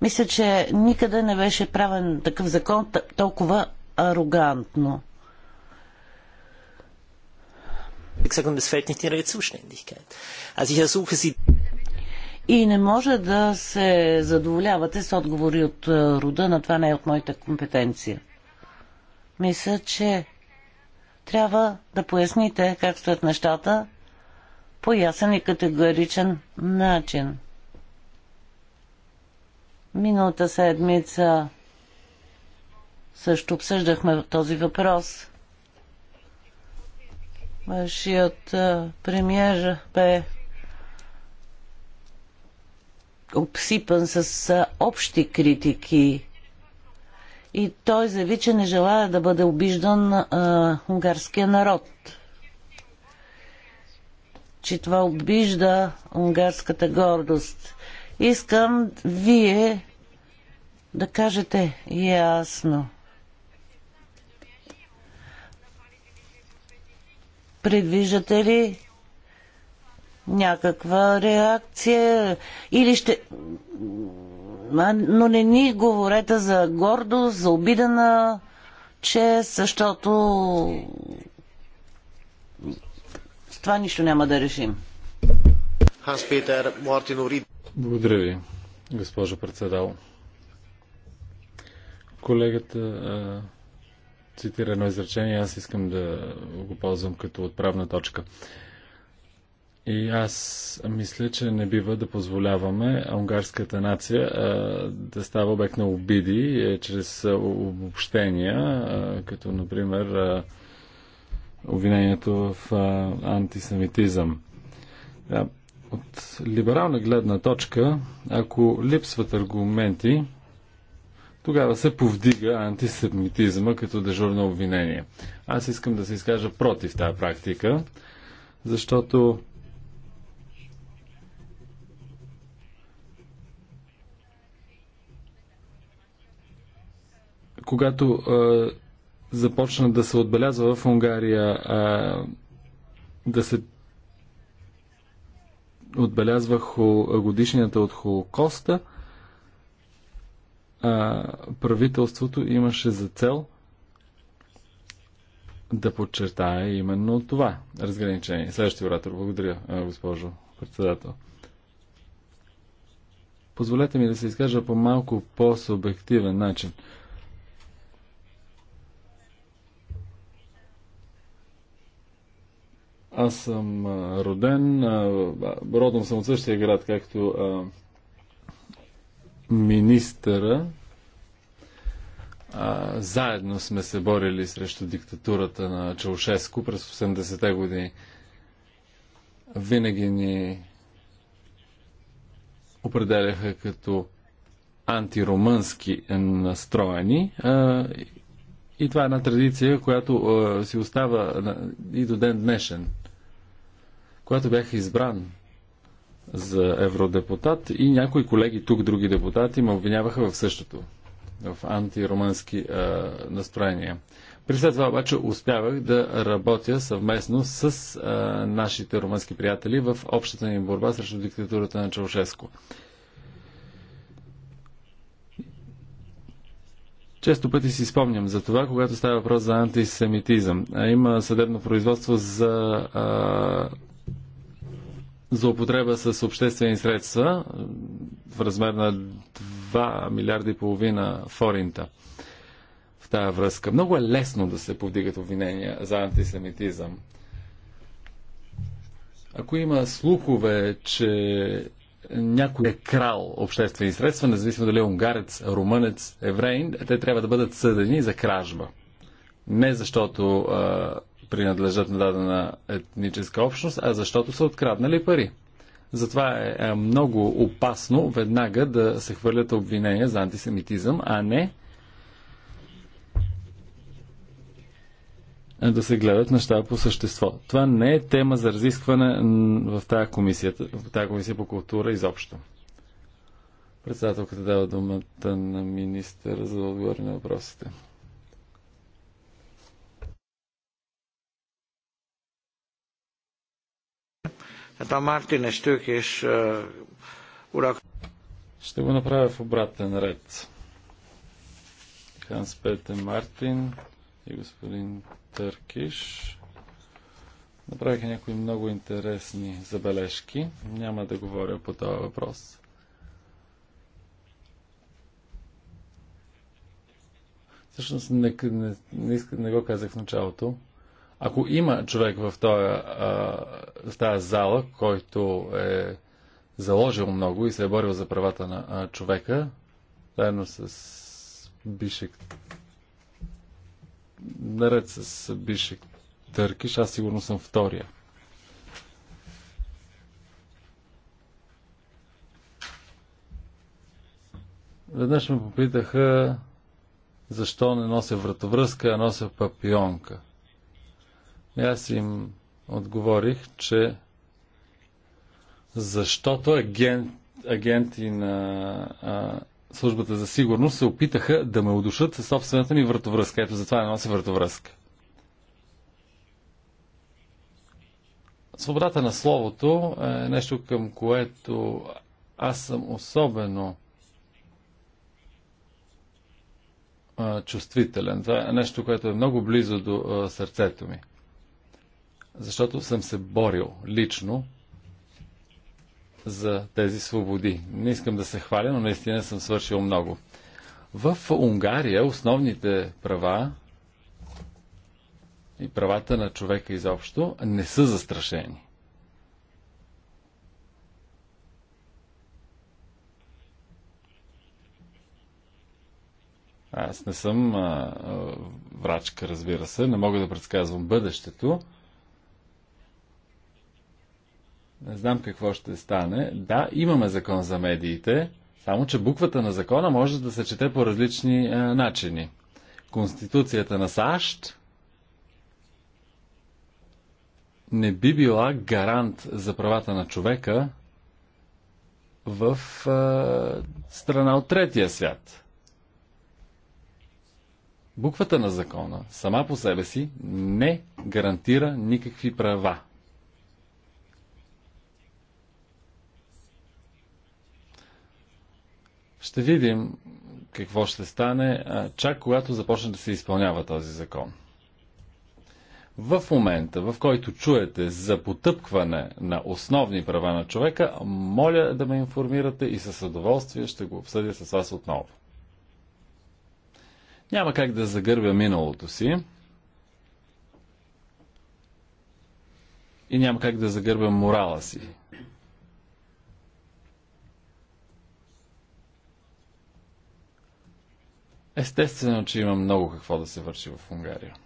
мисля, че никъде не беше правен такъв закон толкова арогантно. И не може да се задоволявате с отговори от е, рода, на това не е от моята компетенция. Мисля, че трябва да поясните как стоят нещата по ясен и категоричен начин. Миналата седмица също обсъждахме този въпрос. Вашият премьер бе обсипан с общи критики и той заяви, че не желая да бъде обиждан а, унгарския народ че това обижда унгарската гордост. Искам вие да кажете ясно. Предвиждате ли някаква реакция или ще... Но не ни говорете за гордост, за обида на чест, защото това нищо няма да решим. Благодаря ви, госпожо председател. Колегата цитира едно изречение, аз искам да го ползвам като отправна точка. И аз мисля, че не бива да позволяваме унгарската нация а, да става обект на обиди е, чрез обобщения, а, като например а, обвинението в а, антисемитизъм. от либерална гледна точка, ако липсват аргументи, тогава се повдига антисемитизма като дежурно обвинение. Аз искам да се изкажа против тази практика, защото когато започна да се отбелязва в Унгария, а, да се отбелязва хол, годишнията от Холокоста, а, правителството имаше за цел да подчертае именно това разграничение. Следващия оратор. Благодаря, госпожо председател. Позволете ми да се изкажа по малко по-субективен начин. Аз съм роден, родом съм от същия град, както министъра. Заедно сме се борили срещу диктатурата на Чаушеско през 80-те години. Винаги ни определяха като антиромански настроени. И това е една традиция, която си остава и до ден днешен когато бях избран за евродепутат и някои колеги тук, други депутати, ме обвиняваха в същото, в антирумънски а, настроения. При след това обаче успявах да работя съвместно с а, нашите румънски приятели в общата ни борба срещу диктатурата на Чаушеско. Често пъти си спомням за това, когато става въпрос за антисемитизъм. Има съдебно производство за а, за употреба с обществени средства в размер на 2 милиарда и половина форинта в тази връзка. Много е лесно да се повдигат обвинения за антисемитизъм. Ако има слухове, че някой е крал обществени средства, независимо дали е унгарец, румънец, евреин, те трябва да бъдат съдени за кражба. Не защото принадлежат на дадена етническа общност, а защото са откраднали пари. Затова е, е много опасно веднага да се хвърлят обвинения за антисемитизъм, а не да се гледат неща по същество. Това не е тема за разискване в тази комисия, в тази комисия по култура изобщо. Председателката дава думата на министъра за да отговори на въпросите. Мартинес Ще го направя в обратен ред. Ханс Петен Мартин и господин Търкиш направиха някои много интересни забележки. Няма да говоря по този въпрос. Всъщност не, не, не, не го казах в началото. Ако има човек в, този, в тази зала, който е заложил много и се е борил за правата на човека, заедно с Бишек, наред с Бишек Търкиш, аз сигурно съм втория. Веднъж ме попитаха защо не нося вратовръзка, а нося папионка – и аз им отговорих, че защото агент, агенти на а, службата за сигурност се опитаха да ме удушат със собствената ми вратовръзка. Ето затова не нося вратовръзка. Свободата на словото е нещо към което аз съм особено а, чувствителен. Това е нещо, което е много близо до а, сърцето ми защото съм се борил лично за тези свободи. Не искам да се хваля, но наистина съм свършил много. В Унгария основните права и правата на човека изобщо не са застрашени. Аз не съм а, а, врачка, разбира се, не мога да предсказвам бъдещето, не знам какво ще стане. Да, имаме закон за медиите, само че буквата на закона може да се чете по различни е, начини. Конституцията на САЩ не би била гарант за правата на човека в е, страна от третия свят. Буквата на закона сама по себе си не гарантира никакви права Ще видим какво ще стане, чак когато започне да се изпълнява този закон. В момента, в който чуете за потъпкване на основни права на човека, моля да ме информирате и със удоволствие ще го обсъдя с вас отново. Няма как да загърбя миналото си и няма как да загърбя морала си Естествено, че има много какво да се върши в Унгария.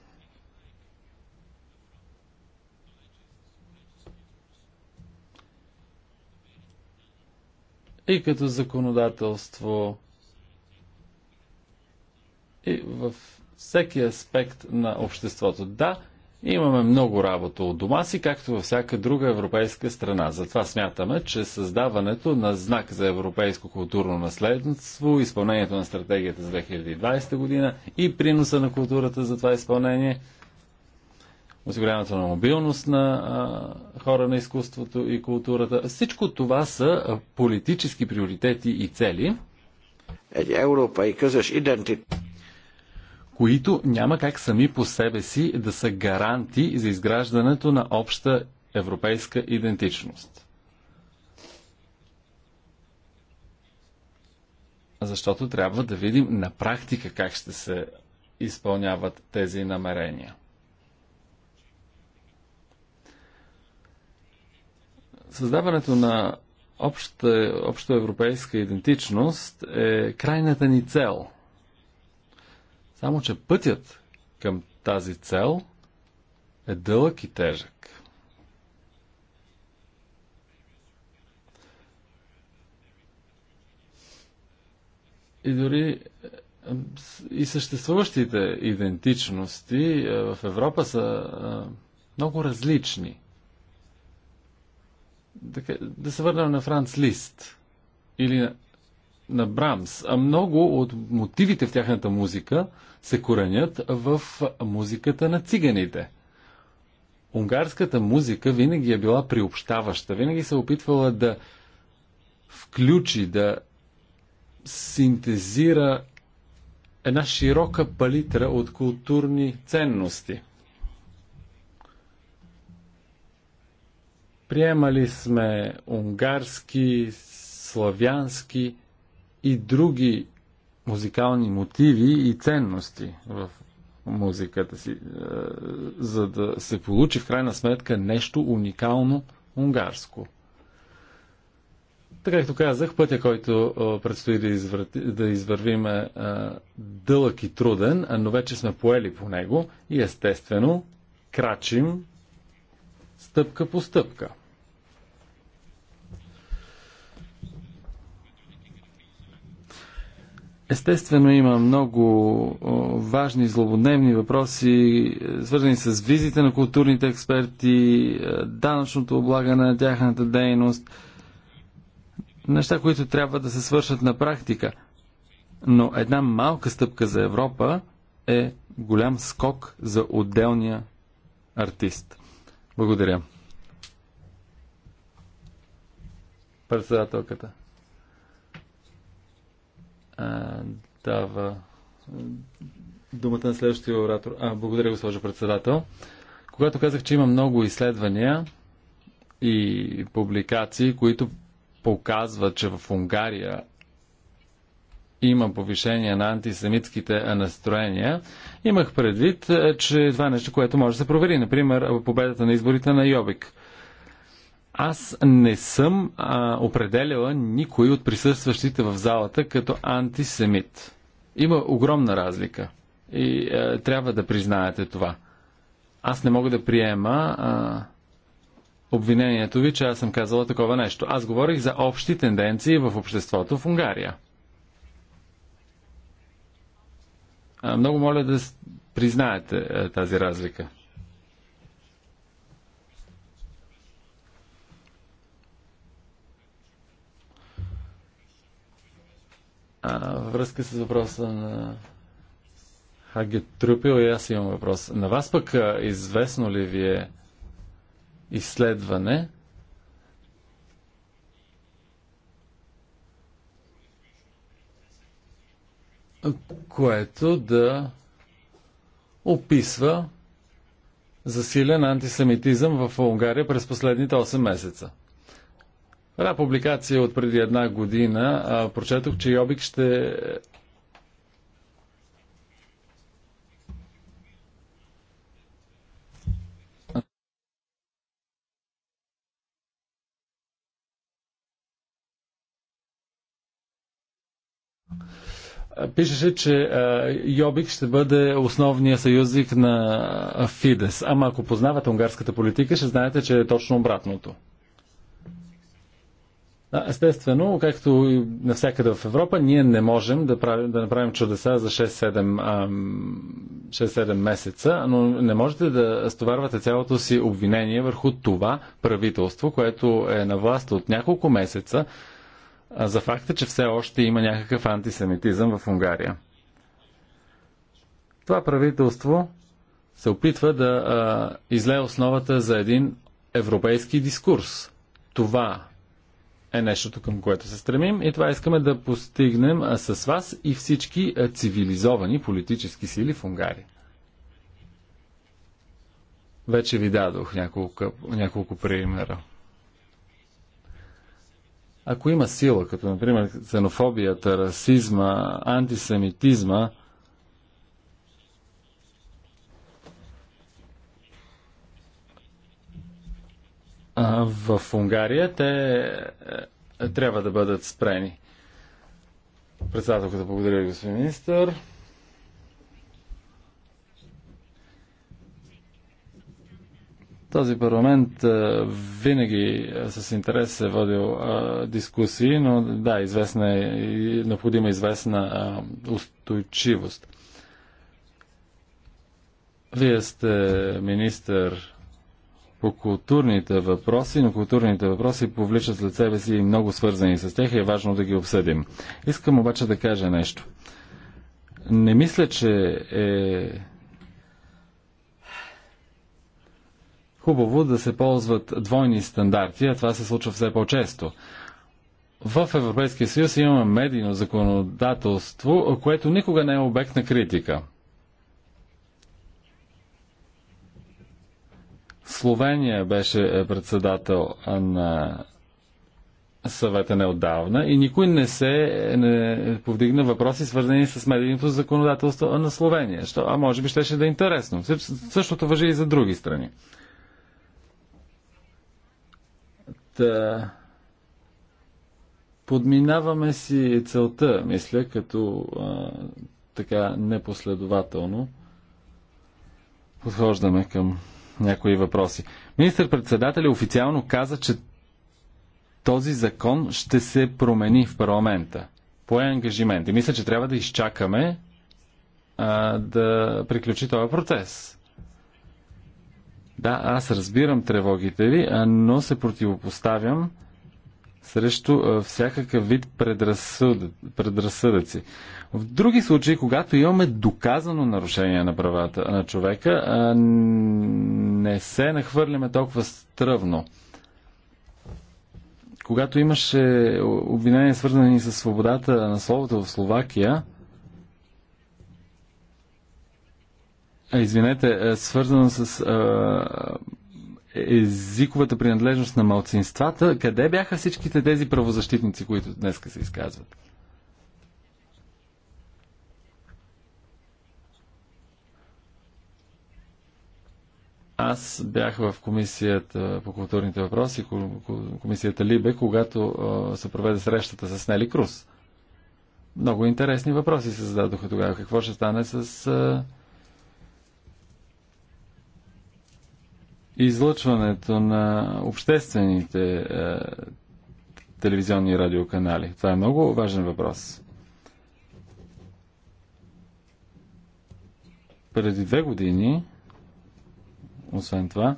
И като законодателство, и във всеки аспект на обществото. Да, Имаме много работа от дома си, както във всяка друга европейска страна. Затова смятаме, че създаването на знак за европейско културно наследство, изпълнението на стратегията за 2020 година и приноса на културата за това изпълнение, осигуряването на мобилност на а, хора на изкуството и културата, всичко това са политически приоритети и цели. Европа и идентитет които няма как сами по себе си да са гаранти за изграждането на обща европейска идентичност. Защото трябва да видим на практика как ще се изпълняват тези намерения. Създаването на обща, общоевропейска идентичност е крайната ни цел – само, че пътят към тази цел е дълъг и тежък. И дори е, и съществуващите идентичности е, в Европа са е, много различни. Да се върнем на Франц Лист или на на Брамс. Много от мотивите в тяхната музика се коренят в музиката на циганите. Унгарската музика винаги е била приобщаваща, винаги се е опитвала да включи, да синтезира една широка палитра от културни ценности. Приемали сме унгарски, славянски, и други музикални мотиви и ценности в музиката си, е, за да се получи в крайна сметка нещо уникално унгарско. Така както казах, пътя, който е, предстои да, извър... да извървим е дълъг и труден, но вече сме поели по него и естествено крачим стъпка по стъпка. Естествено има много важни злободневни въпроси, е, свързани с визите на културните експерти, е, данъчното облагане на тяхната дейност, неща, които трябва да се свършат на практика. Но една малка стъпка за Европа е голям скок за отделния артист. Благодаря. Председателката а, дава думата на следващия оратор. А, благодаря, госпожо председател. Когато казах, че има много изследвания и публикации, които показват, че в Унгария има повишение на антисемитските настроения, имах предвид, че това е нещо, което може да се провери. Например, победата на изборите на Йобик – аз не съм а, определяла никой от присъстващите в залата като антисемит. Има огромна разлика. И а, е, трябва да признаете това. Аз не мога да приема а, обвинението ви, че аз съм казала такова нещо. Аз говорих за общи тенденции в обществото в Унгария. А, много моля да признаете а, е, тази разлика. във връзка с въпроса на Хаги Трупил и аз имам въпрос. На вас пък известно ли ви е изследване, което да описва засилен антисемитизъм в Унгария през последните 8 месеца. Една публикация от преди една година а, прочетох, че Йобик ще пишеше, че Йобик ще бъде основния съюзник на Фидес. Ама ако познавате унгарската политика, ще знаете, че е точно обратното. Да, естествено, както и навсякъде в Европа, ние не можем да, правим, да направим чудеса за 6-7 месеца, но не можете да стоварвате цялото си обвинение върху това правителство, което е на власт от няколко месеца, за факта, че все още има някакъв антисемитизъм в Унгария. Това правителство се опитва да излее основата за един европейски дискурс. Това е нещото, към което се стремим и това искаме да постигнем с вас и всички цивилизовани политически сили в Унгария. Вече ви дадох няколко, няколко примера. Ако има сила, като например ксенофобията, расизма, антисемитизма, в Унгария, те е, трябва да бъдат спрени. Председателката, благодаря ви, господин министър. Този парламент е, винаги е, с интерес е водил дискусии, но да, известна е, необходима известна устойчивост. Вие сте министър по културните въпроси, но културните въпроси повличат след себе си и много свързани с тях и е важно да ги обсъдим. Искам обаче да кажа нещо. Не мисля, че е хубаво да се ползват двойни стандарти, а това се случва все по-често. В Европейския съюз имаме медийно законодателство, което никога не е обект на критика. Словения беше е, председател на съвета неотдавна и никой не се е, не повдигна въпроси, свързани с медийното законодателство на Словения. Що, а може би щеше да е интересно. Същото въжи и за други страни. Та... Подминаваме си целта, мисля, като а, така непоследователно подхождаме към някои въпроси. Министър-председателя официално каза, че този закон ще се промени в парламента. Пое ангажимент. И мисля, че трябва да изчакаме а, да приключи този процес. Да, аз разбирам тревогите ви, но се противопоставям срещу всякакъв вид предразсъд, предразсъдъци. В други случаи, когато имаме доказано нарушение на правата на човека, не се нахвърляме толкова стръвно. Когато имаше обвинения свързани с свободата на словото в Словакия, извинете, свързано с езиковата принадлежност на малцинствата, къде бяха всичките тези правозащитници, които днес се изказват? Аз бях в комисията по културните въпроси, комисията Либе, когато се проведе срещата с Нели Крус. Много интересни въпроси се зададоха тогава. Какво ще стане с излъчването на обществените телевизионни и радиоканали? Това е много важен въпрос. Преди две години освен това,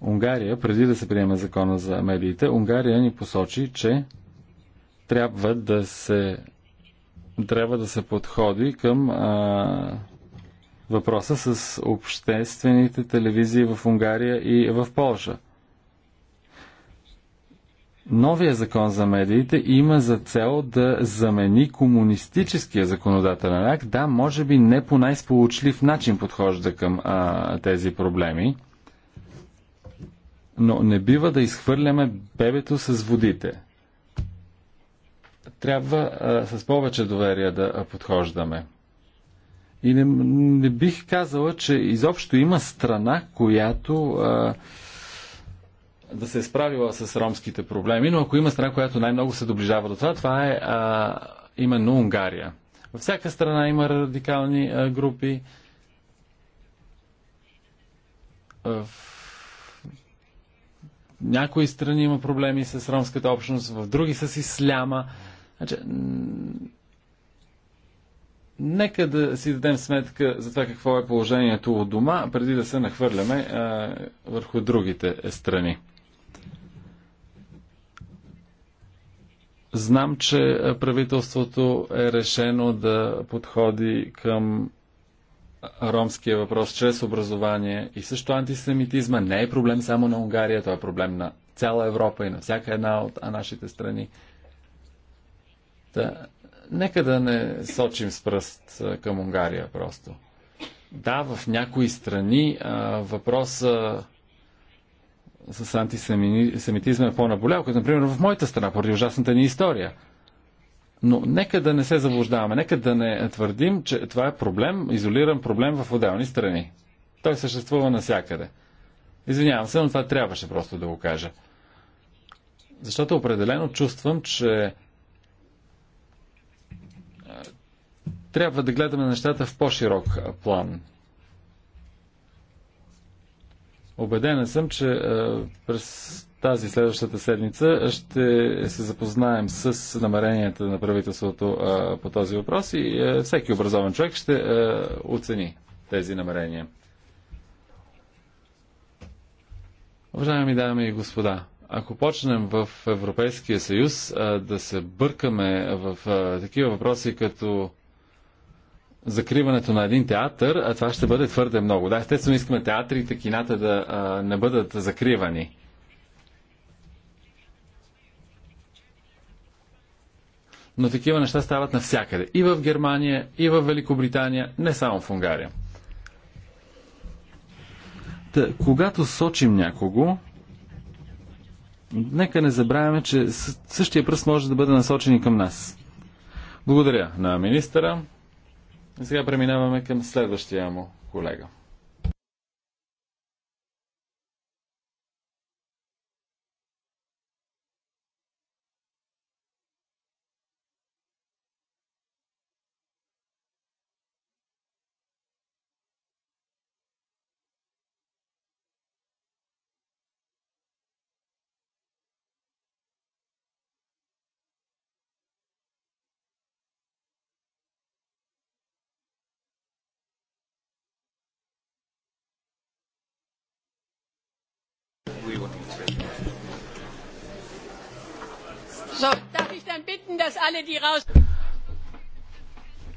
Унгария, преди да се приеме закона за медиите, Унгария ни посочи, че трябва да се трябва да се подходи към а, въпроса с обществените телевизии в Унгария и в Польша – Новия закон за медиите има за цел да замени комунистическия законодателен акт. Да, може би не по най-сполучлив начин подхожда към а, тези проблеми, но не бива да изхвърляме бебето с водите. Трябва а, с повече доверие да подхождаме. И не, не бих казала, че изобщо има страна, която. А, да се е справила с ромските проблеми, но ако има страна, която най-много се доближава до това, това е а, именно Унгария. Във всяка страна има радикални а, групи. В някои страни има проблеми с ромската общност, в други с исляма. Значи, нека да си дадем сметка за това какво е положението от дома, преди да се нахвърляме а, върху другите страни. Знам, че правителството е решено да подходи към ромския въпрос чрез образование и също антисемитизма не е проблем само на Унгария, това е проблем на цяла Европа и на всяка една от нашите страни. Та, нека да не сочим с пръст към Унгария просто. Да, в някои страни въпроса с антисемитизма е по-наболял, като например в моята страна, поради ужасната ни история. Но нека да не се заблуждаваме, нека да не твърдим, че това е проблем, изолиран проблем в отделни страни. Той съществува навсякъде. Извинявам се, но това трябваше просто да го кажа. Защото определено чувствам, че е, трябва да гледаме нещата в по-широк план. Обедена съм, че е, през тази следващата седмица ще се запознаем с намеренията на правителството е, по този въпрос и е, всеки образован човек ще оцени тези намерения. Уважаеми дами и господа, ако почнем в Европейския съюз да се бъркаме в такива въпроси като закриването на един театър, а това ще бъде твърде много. Да, естествено искаме театрите, кината да а, не бъдат закривани. Но такива неща стават навсякъде. И в Германия, и в Великобритания, не само в Унгария. Та, когато сочим някого, нека не забравяме, че същия пръст може да бъде насочен и към нас. Благодаря на министъра. Сега преминаваме към следващия му колега.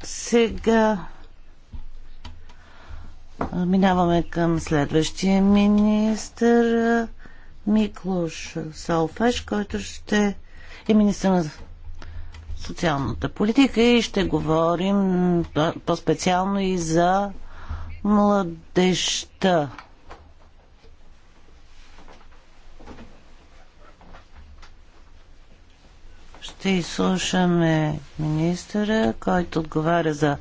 Сега минаваме към следващия министър Миклош Салфеш, който ще е министър на социалната политика и ще говорим по-специално и за младежта. Ще изслушаме министъра, който отговаря за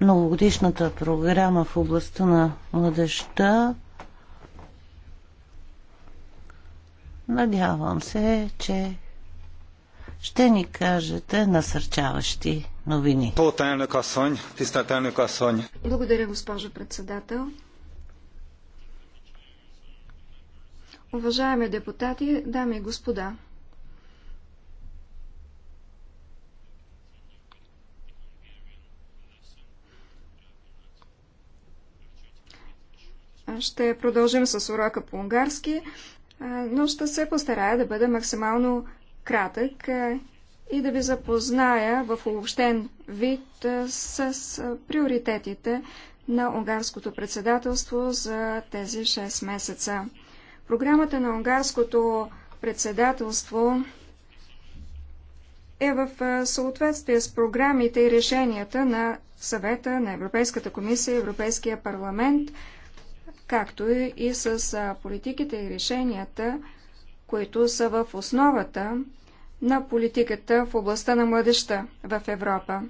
многогодишната програма в областта на младеща. Надявам се, че ще ни кажете насърчаващи новини. Благодаря, госпожо председател. Уважаеми депутати, дами и господа, Ще продължим с урока по унгарски, но ще се постарая да бъда максимално кратък и да ви запозная в обобщен вид с приоритетите на унгарското председателство за тези 6 месеца. Програмата на унгарското председателство е в съответствие с програмите и решенията на съвета на Европейската комисия и Европейския парламент – както и с политиките и решенията, които са в основата на политиката в областта на младеща в Европа.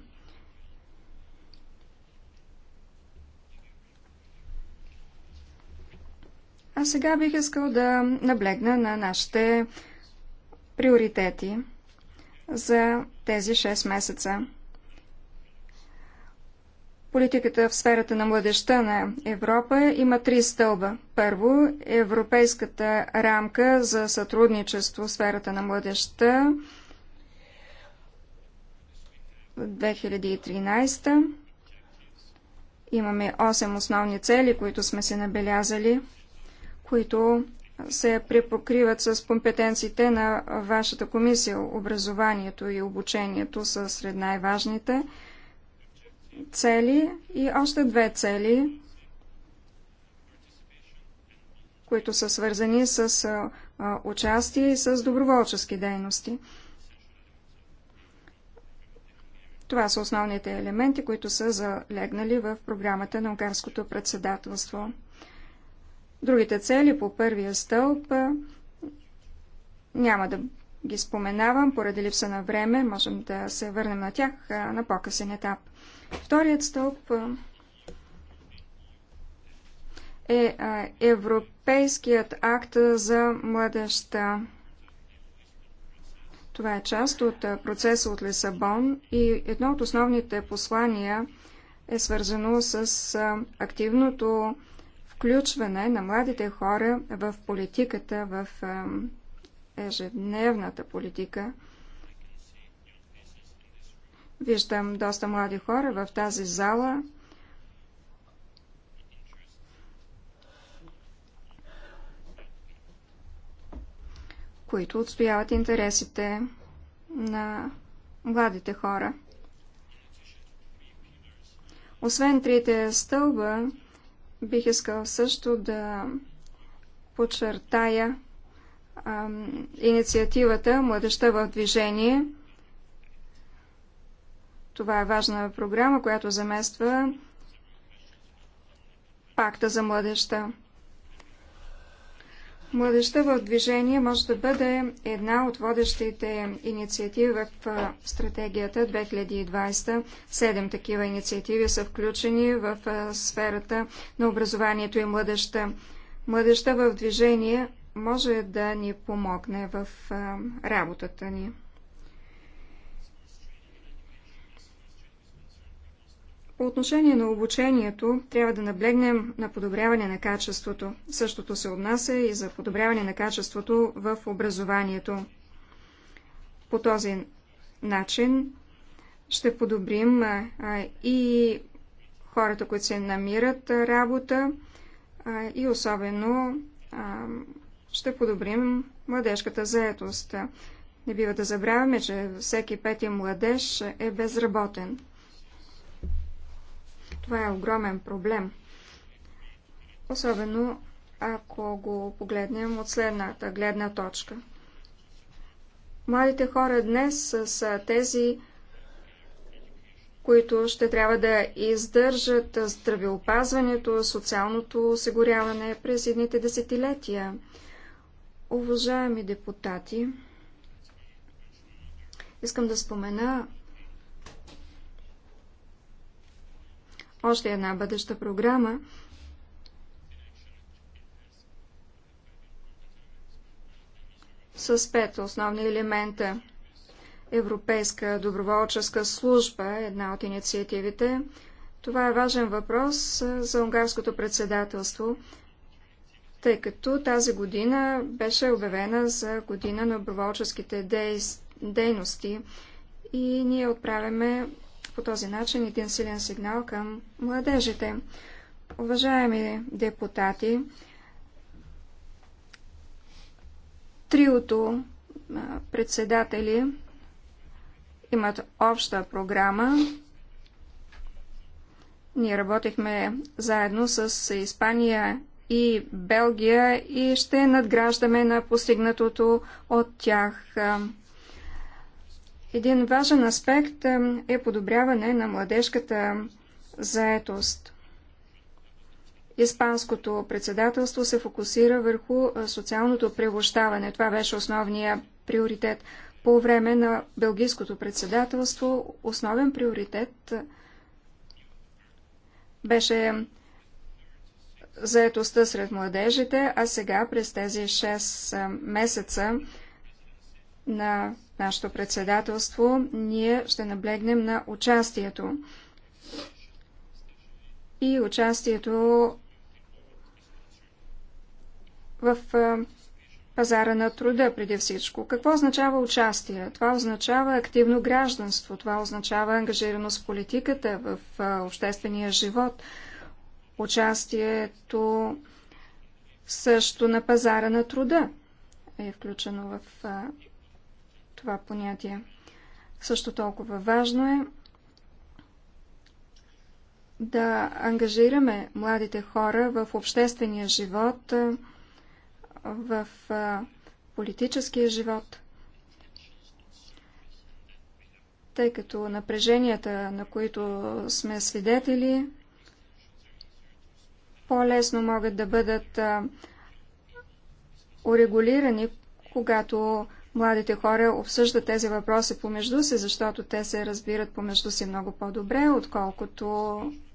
А сега бих искал да наблегна на нашите приоритети за тези 6 месеца. Политиката в сферата на младеща на Европа има три стълба. Първо, европейската рамка за сътрудничество в сферата на младеща 2013. Имаме 8 основни цели, които сме се набелязали, които се препокриват с компетенциите на вашата комисия. Образованието и обучението са сред най-важните цели и още две цели, които са свързани с участие и с доброволчески дейности. Това са основните елементи, които са залегнали в програмата на Унгарското председателство. Другите цели по първия стълб няма да ги споменавам поради липса на време. Можем да се върнем на тях на по-късен етап. Вторият стълб е Европейският акт за младеща. Това е част от процеса от Лисабон и едно от основните послания е свързано с активното включване на младите хора в политиката, в ежедневната политика. Виждам доста млади хора в тази зала. които отстояват интересите на младите хора. Освен трите стълба, бих искал също да подчертая инициативата Младеща в движение – това е важна програма, която замества пакта за младеща. Младеща в движение може да бъде една от водещите инициативи в стратегията 2020. Седем такива инициативи са включени в сферата на образованието и младеща. Младеща в движение може да ни помогне в работата ни. По отношение на обучението, трябва да наблегнем на подобряване на качеството. Същото се отнася и за подобряване на качеството в образованието. По този начин ще подобрим и хората, които се намират работа и особено ще подобрим младежката заетост. Не бива да забравяме, че всеки пети младеж е безработен. Това е огромен проблем. Особено ако го погледнем от следната гледна точка. Младите хора днес са тези, които ще трябва да издържат здравеопазването, социалното осигуряване през едните десетилетия. Уважаеми депутати, искам да спомена още една бъдеща програма, с пет основни елемента. Европейска доброволческа служба е една от инициативите. Това е важен въпрос за унгарското председателство, тъй като тази година беше обявена за година на доброволческите дейности и ние отправяме по този начин един силен сигнал към младежите. Уважаеми депутати, триото председатели имат обща програма. Ние работихме заедно с Испания и Белгия и ще надграждаме на постигнатото от тях. Един важен аспект е подобряване на младежката заетост. Испанското председателство се фокусира върху е, социалното превощаване. Това беше основния приоритет. По време на Белгийското председателство основен приоритет е, беше заетостта сред младежите, а сега през тези 6 месеца на нашето председателство, ние ще наблегнем на участието. И участието в пазара на труда преди всичко. Какво означава участие? Това означава активно гражданство, това означава ангажираност в политиката, в обществения живот, участието също на пазара на труда е включено в това понятие. Също толкова важно е да ангажираме младите хора в обществения живот, в политическия живот, тъй като напреженията, на които сме свидетели, по-лесно могат да бъдат урегулирани, когато Младите хора обсъждат тези въпроси помежду си, защото те се разбират помежду си много по-добре, отколкото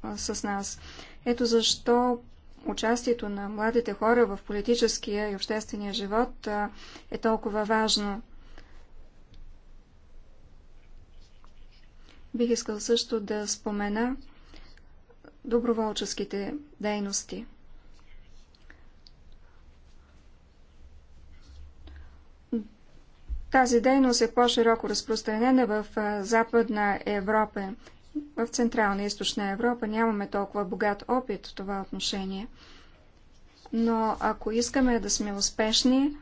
а, с нас. Ето защо участието на младите хора в политическия и обществения живот а, е толкова важно. Бих искал също да спомена доброволческите дейности – Тази дейност е по-широко разпространена в Западна Европа. В Централна и Източна Европа нямаме толкова богат опит в това отношение. Но ако искаме да сме успешни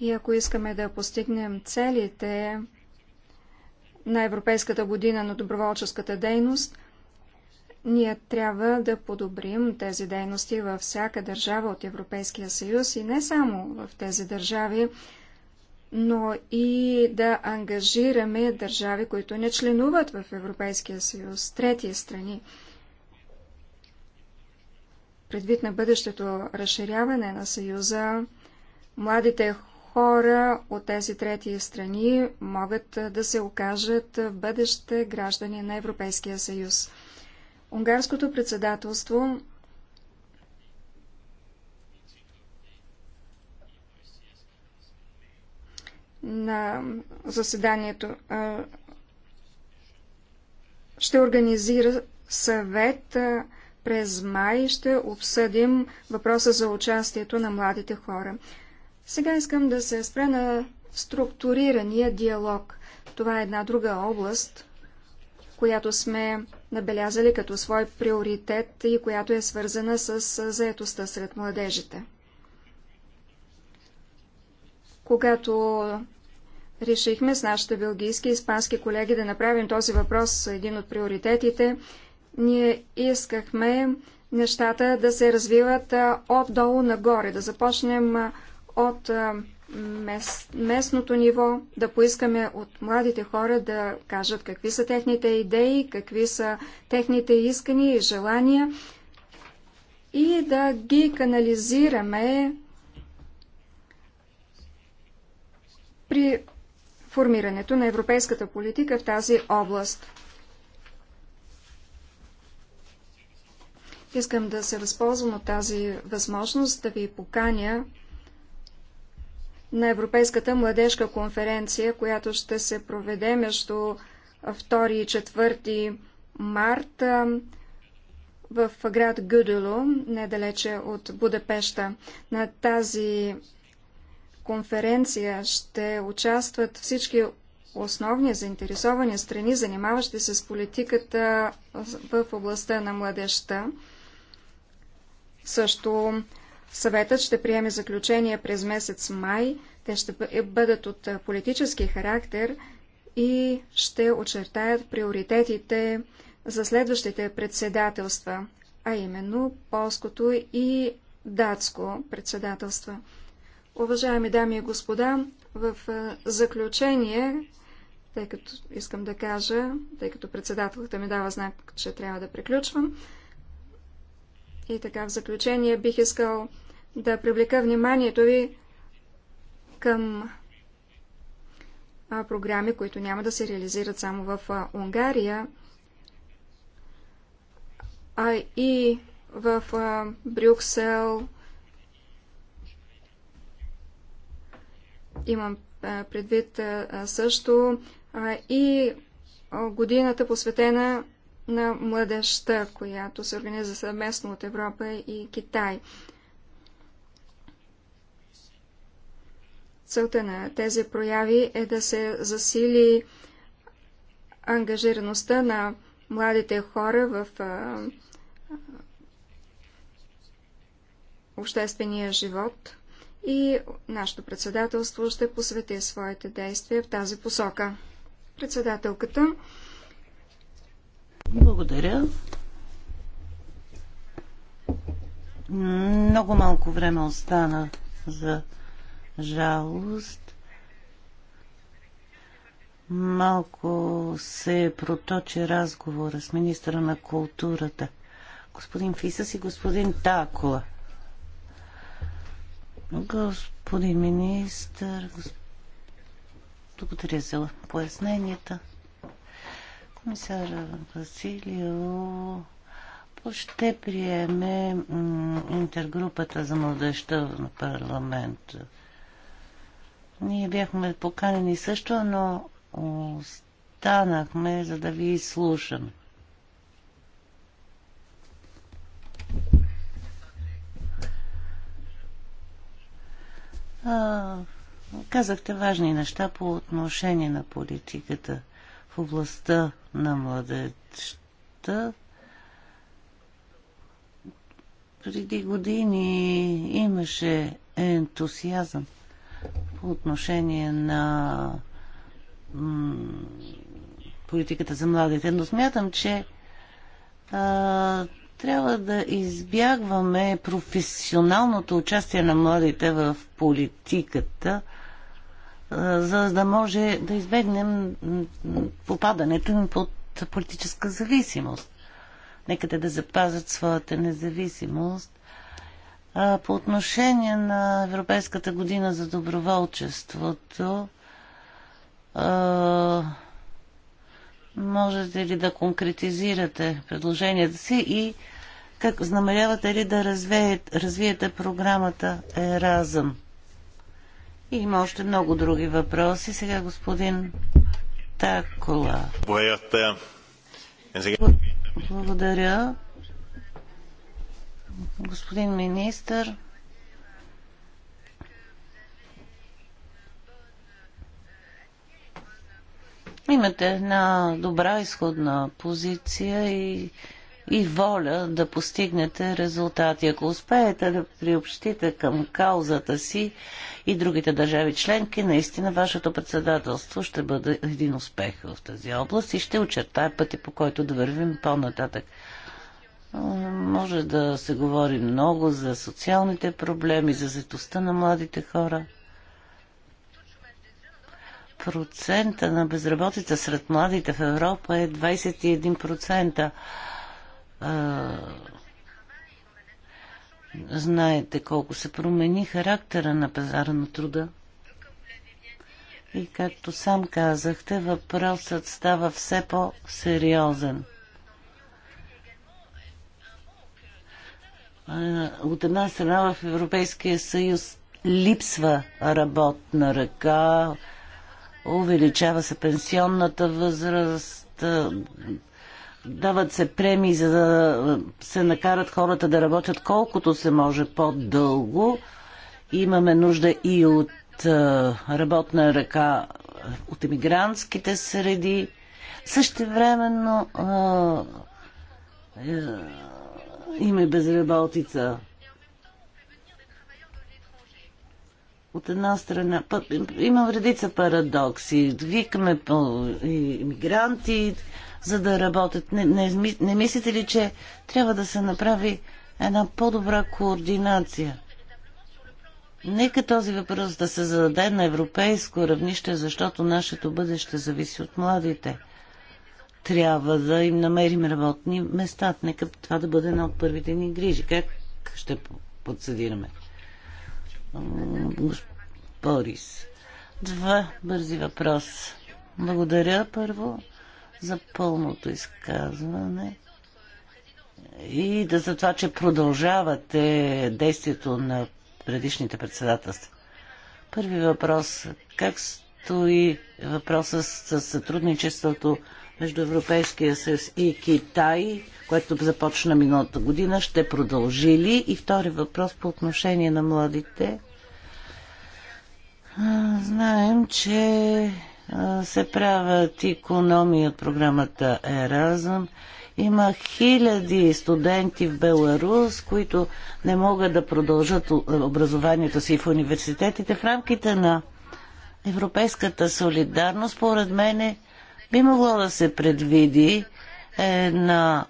и ако искаме да постигнем целите на Европейската година на доброволческата дейност, ние трябва да подобрим тези дейности във всяка държава от Европейския съюз и не само в тези държави, но и да ангажираме държави, които не членуват в Европейския съюз, трети страни. Предвид на бъдещето разширяване на съюза, младите хора от тези трети страни могат да се окажат в бъдеще граждани на Европейския съюз. Унгарското председателство на заседанието ще организира съвет през май. Ще обсъдим въпроса за участието на младите хора. Сега искам да се спре на структурирания диалог. Това е една друга област, която сме набелязали като свой приоритет и която е свързана с заетостта сред младежите. Когато решихме с нашите белгийски и испански колеги да направим този въпрос един от приоритетите, ние искахме нещата да се развиват отдолу нагоре, да започнем от местното ниво, да поискаме от младите хора да кажат какви са техните идеи, какви са техните искания и желания и да ги канализираме при формирането на европейската политика в тази област. Искам да се възползвам от тази възможност да ви поканя на Европейската младежка конференция, която ще се проведе между 2 и 4 марта в град Гюдело, недалече от Будапешта. На тази конференция ще участват всички основни заинтересовани страни, занимаващи се с политиката в областта на младежта. Също съветът ще приеме заключение през месец май. Те ще е, бъдат от политически характер и ще очертаят приоритетите за следващите председателства, а именно полското и датско председателства. Уважаеми дами и господа, в заключение, тъй като искам да кажа, тъй като председателката ми дава знак, че трябва да приключвам, и така в заключение бих искал да привлека вниманието ви към програми, които няма да се реализират само в Унгария, а и в Брюксел, Имам предвид също и годината посветена на младежта, която се организира съвместно от Европа и Китай. Целта на тези прояви е да се засили ангажираността на младите хора в обществения живот и нашето председателство ще посвети своите действия в тази посока. Председателката. Благодаря. Много малко време остана за жалост. Малко се проточи разговора с министра на културата. Господин Фисас и господин Такола. Господин министр, госп... благодаря за поясненията. Комисар Василио ще приеме интергрупата за младеща на парламент. Ние бяхме поканени също, но останахме, за да ви слушаме. А, казахте важни неща по отношение на политиката в областта на младежта. Преди години имаше ентусиазъм по отношение на политиката за младите, но смятам, че а, трябва да избягваме професионалното участие на младите в политиката, за да може да избегнем попадането им под политическа зависимост. Нека те да запазят своята независимост. По отношение на Европейската година за доброволчеството, Можете ли да конкретизирате предложенията си и как знамерявате ли да развеят, развиете програмата Еразъм? И има още много други въпроси. Сега господин Такола. Е, Благодаря. Господин министър, Имате една добра изходна позиция и, и воля да постигнете резултати. Ако успеете да приобщите към каузата си и другите държави членки, наистина вашето председателство ще бъде един успех в тази област и ще очертая пъти, по който да вървим по-нататък. Може да се говори много за социалните проблеми, за заетостта на младите хора – процента на безработица сред младите в Европа е 21%. знаете колко се промени характера на пазара на труда. И както сам казахте, въпросът става все по-сериозен. От една страна в Европейския съюз липсва работна ръка, увеличава се пенсионната възраст, дават се премии, за да се накарат хората да работят колкото се може по-дълго. Имаме нужда и от работна ръка от емигрантските среди. Също времено е, има и безработица От една страна, имам редица парадокси. Викаме иммигранти, за да работят. Не, не, не мислите ли, че трябва да се направи една по-добра координация? Нека този въпрос да се зададе на европейско равнище, защото нашето бъдеще зависи от младите. Трябва да им намерим работни места. Нека това да бъде една от първите ни грижи. Как ще подсъдираме? Борис. Два бързи въпроса. Благодаря първо за пълното изказване и да за това, че продължавате действието на предишните председателства. Първи въпрос. Как стои въпроса с сътрудничеството между Европейския съюз и Китай, което започна миналата година, ще продължи ли? И втори въпрос по отношение на младите. Знаем, че се правят економии от програмата Еразъм. Има хиляди студенти в Беларус, които не могат да продължат образованието си в университетите в рамките на европейската солидарност. Поред мен би могло да се предвиди една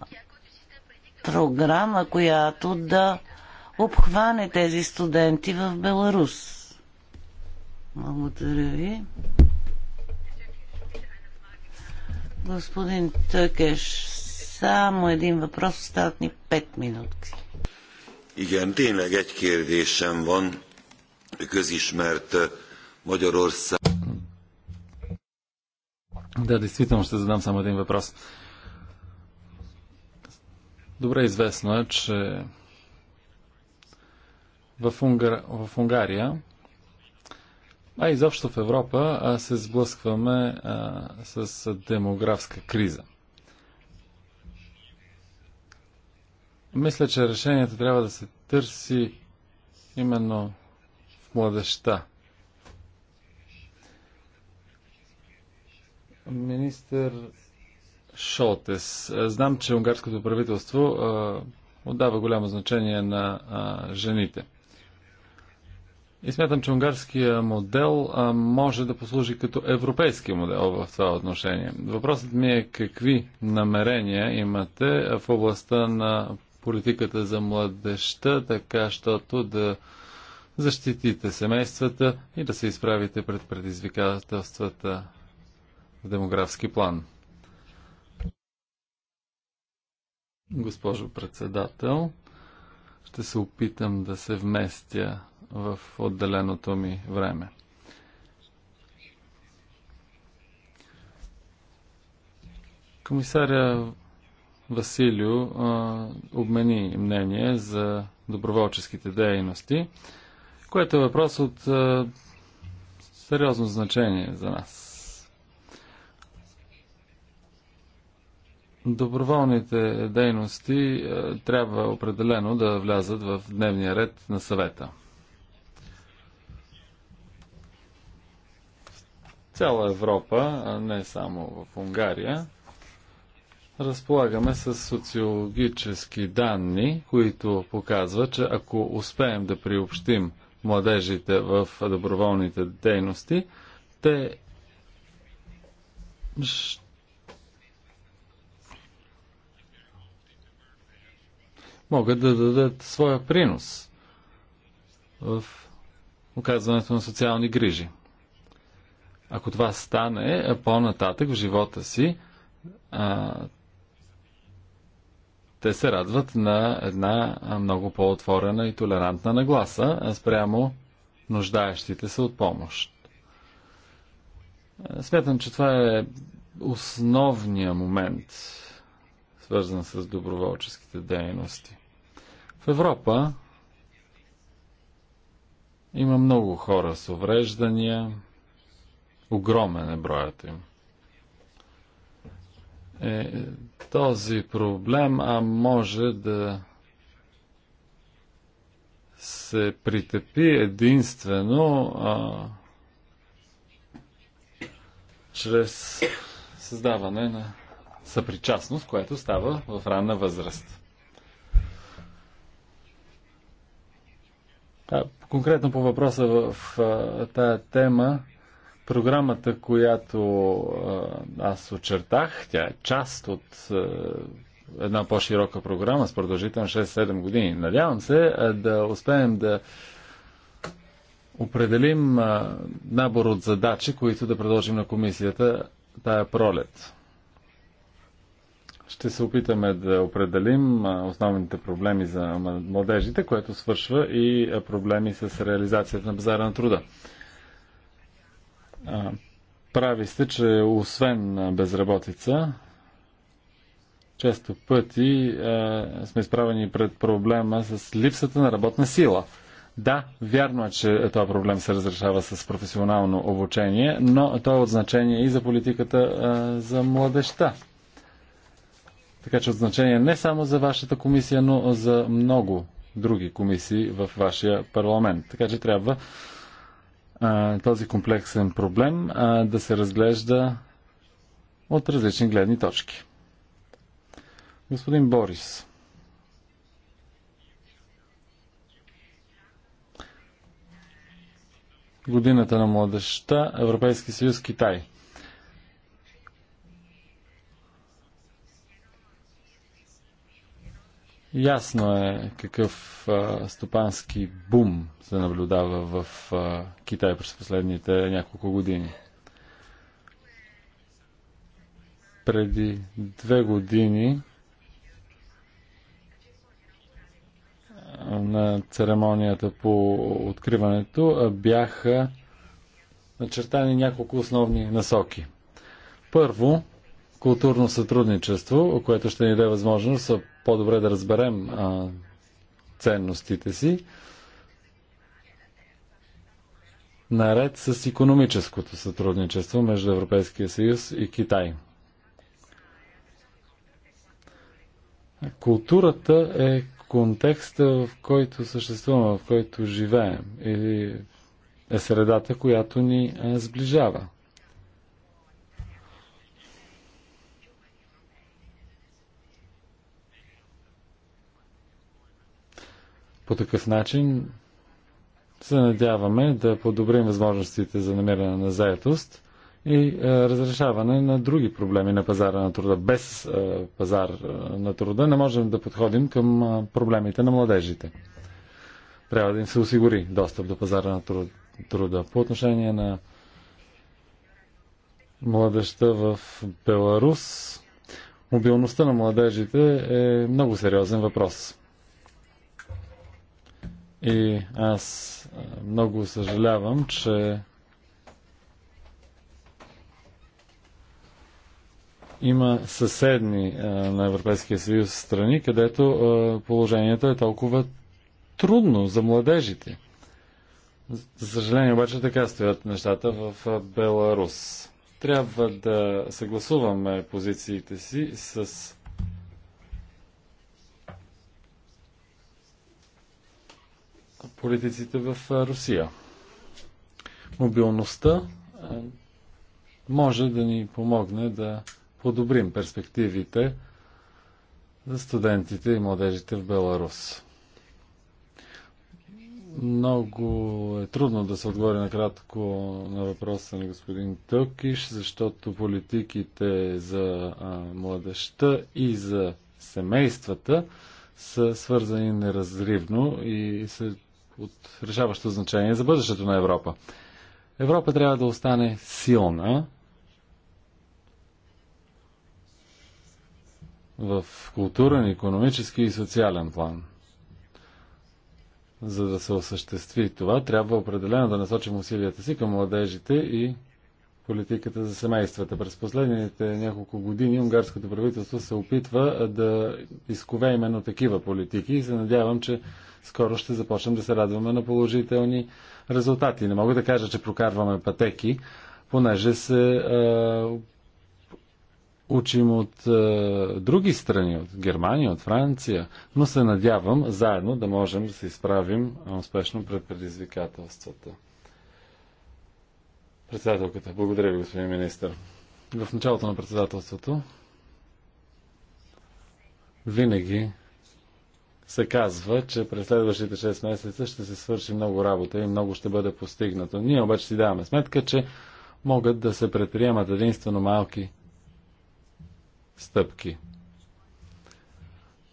програма, която да обхване тези студенти в Беларус. Благодаря ви. Господин Тъкеш, само един въпрос, остават ни 5 минутки. Igen, tényleg egy kérdésem van, közismert uh, Magyarország. Да, действително ще задам само един въпрос. Добре известно е, че в, Унгар... в Унгария, а изобщо в Европа, се сблъскваме а, с демографска криза. Мисля, че решението трябва да се търси именно в младеща. Министър Шолтес, знам, че унгарското правителство а, отдава голямо значение на а, жените. И смятам, че унгарския модел а, може да послужи като европейски модел в това отношение. Въпросът ми е какви намерения имате в областта на политиката за младеща, така щото да защитите семействата и да се изправите пред предизвикателствата в демографски план. Госпожо председател, ще се опитам да се вместя в отделеното ми време. Комисаря Василио а, обмени мнение за доброволческите дейности, което е въпрос от а, сериозно значение за нас. Доброволните дейности е, трябва определено да влязат в дневния ред на съвета. цяла Европа, а не само в Унгария, разполагаме с социологически данни, които показват, че ако успеем да приобщим младежите в доброволните дейности, те ще могат да дадат своя принос в оказването на социални грижи. Ако това стане по-нататък в живота си, а, те се радват на една много по-отворена и толерантна нагласа спрямо нуждаещите се от помощ. Смятам, че това е основният момент свързан с доброволческите дейности. В Европа има много хора с увреждания. Огромен е броят им. Е, този проблем а може да се притепи единствено а, чрез създаване на съпричастност, което става в ранна възраст. А, конкретно по въпроса в в тая тема, програмата, която аз очертах, тя е част от една по-широка програма с продължително 6-7 години. Надявам се да успеем да определим набор от задачи, които да предложим на комисията тая пролет ще се опитаме да определим основните проблеми за младежите, което свършва и проблеми с реализацията на пазара на труда. Прави сте, че освен безработица, често пъти сме изправени пред проблема с липсата на работна сила. Да, вярно е, че този проблем се разрешава с професионално обучение, но то е от значение и за политиката за младеща така че от значение не само за вашата комисия, но за много други комисии в вашия парламент. Така че трябва а, този комплексен проблем а, да се разглежда от различни гледни точки. Господин Борис. Годината на младеща Европейски съюз Китай – Ясно е какъв а, стопански бум се наблюдава в а, Китай през последните няколко години. Преди две години на церемонията по откриването бяха начертани няколко основни насоки. Първо, културно сътрудничество, което ще ни даде възможност по-добре да разберем а, ценностите си, наред с економическото сътрудничество между Европейския съюз и Китай. Културата е контекста, в който съществуваме, в който живеем и е средата, която ни сближава. По такъв начин се надяваме да подобрим възможностите за намиране на заетост и е, разрешаване на други проблеми на пазара на труда. Без е, пазар е, на труда не можем да подходим към е, проблемите на младежите. Трябва да им се осигури достъп до пазара на труда. По отношение на младеща в Беларус, мобилността на младежите е много сериозен въпрос. И аз много съжалявам, че има съседни на Европейския съюз страни, където положението е толкова трудно за младежите. За съжаление обаче така стоят нещата в Беларус. Трябва да съгласуваме позициите си с политиците в Русия. Мобилността може да ни помогне да подобрим перспективите за студентите и младежите в Беларус. Много е трудно да се отговори накратко на въпроса на господин Тълкиш, защото политиките за младеща и за семействата са свързани неразривно и са от решаващо значение за бъдещето на Европа. Европа трябва да остане силна в културен, економически и социален план. За да се осъществи това, трябва определено да насочим усилията си към младежите и политиката за семействата. През последните няколко години унгарското правителство се опитва да изкове именно такива политики и се надявам, че скоро ще започнем да се радваме на положителни резултати. Не мога да кажа, че прокарваме пътеки, понеже се е, учим от е, други страни, от Германия, от Франция, но се надявам заедно да можем да се изправим успешно пред предизвикателствата. Председателката. Благодаря ви, господин министр. В началото на председателството винаги се казва, че през следващите 6 месеца ще се свърши много работа и много ще бъде постигнато. Ние обаче си даваме сметка, че могат да се предприемат единствено малки стъпки.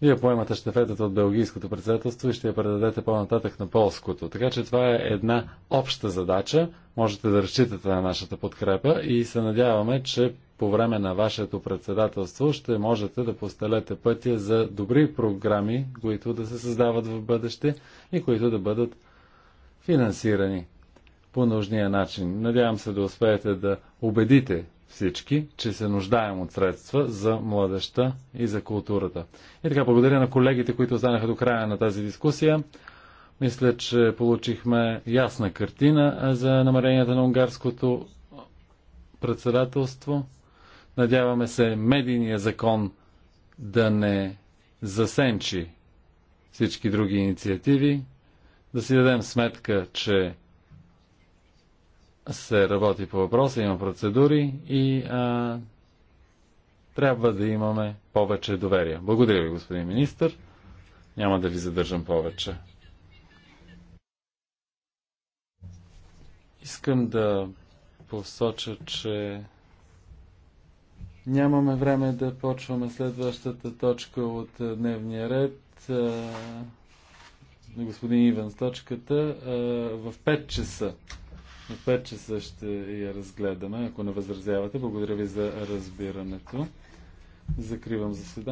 Вие поемате щафетата от Белгийското председателство и ще я предадете по-нататък на Полското. Така че това е една обща задача. Можете да разчитате на нашата подкрепа и се надяваме, че по време на вашето председателство ще можете да постелете пътя за добри програми, които да се създават в бъдеще и които да бъдат финансирани по нужния начин. Надявам се да успеете да убедите всички, че се нуждаем от средства за младеща и за културата. И така, благодаря на колегите, които останаха до края на тази дискусия. Мисля, че получихме ясна картина за намеренията на унгарското председателство. Надяваме се медийния закон да не засенчи всички други инициативи, да си дадем сметка, че се работи по въпроса, има процедури и а, трябва да имаме повече доверие. Благодаря ви, господин министр. Няма да ви задържам повече. Искам да посоча, че Нямаме време да почваме следващата точка от дневния ред на господин Иван с точката. В 5 часа. В 5 часа ще я разгледаме, ако не възразявате. Благодаря ви за разбирането. Закривам заседанието.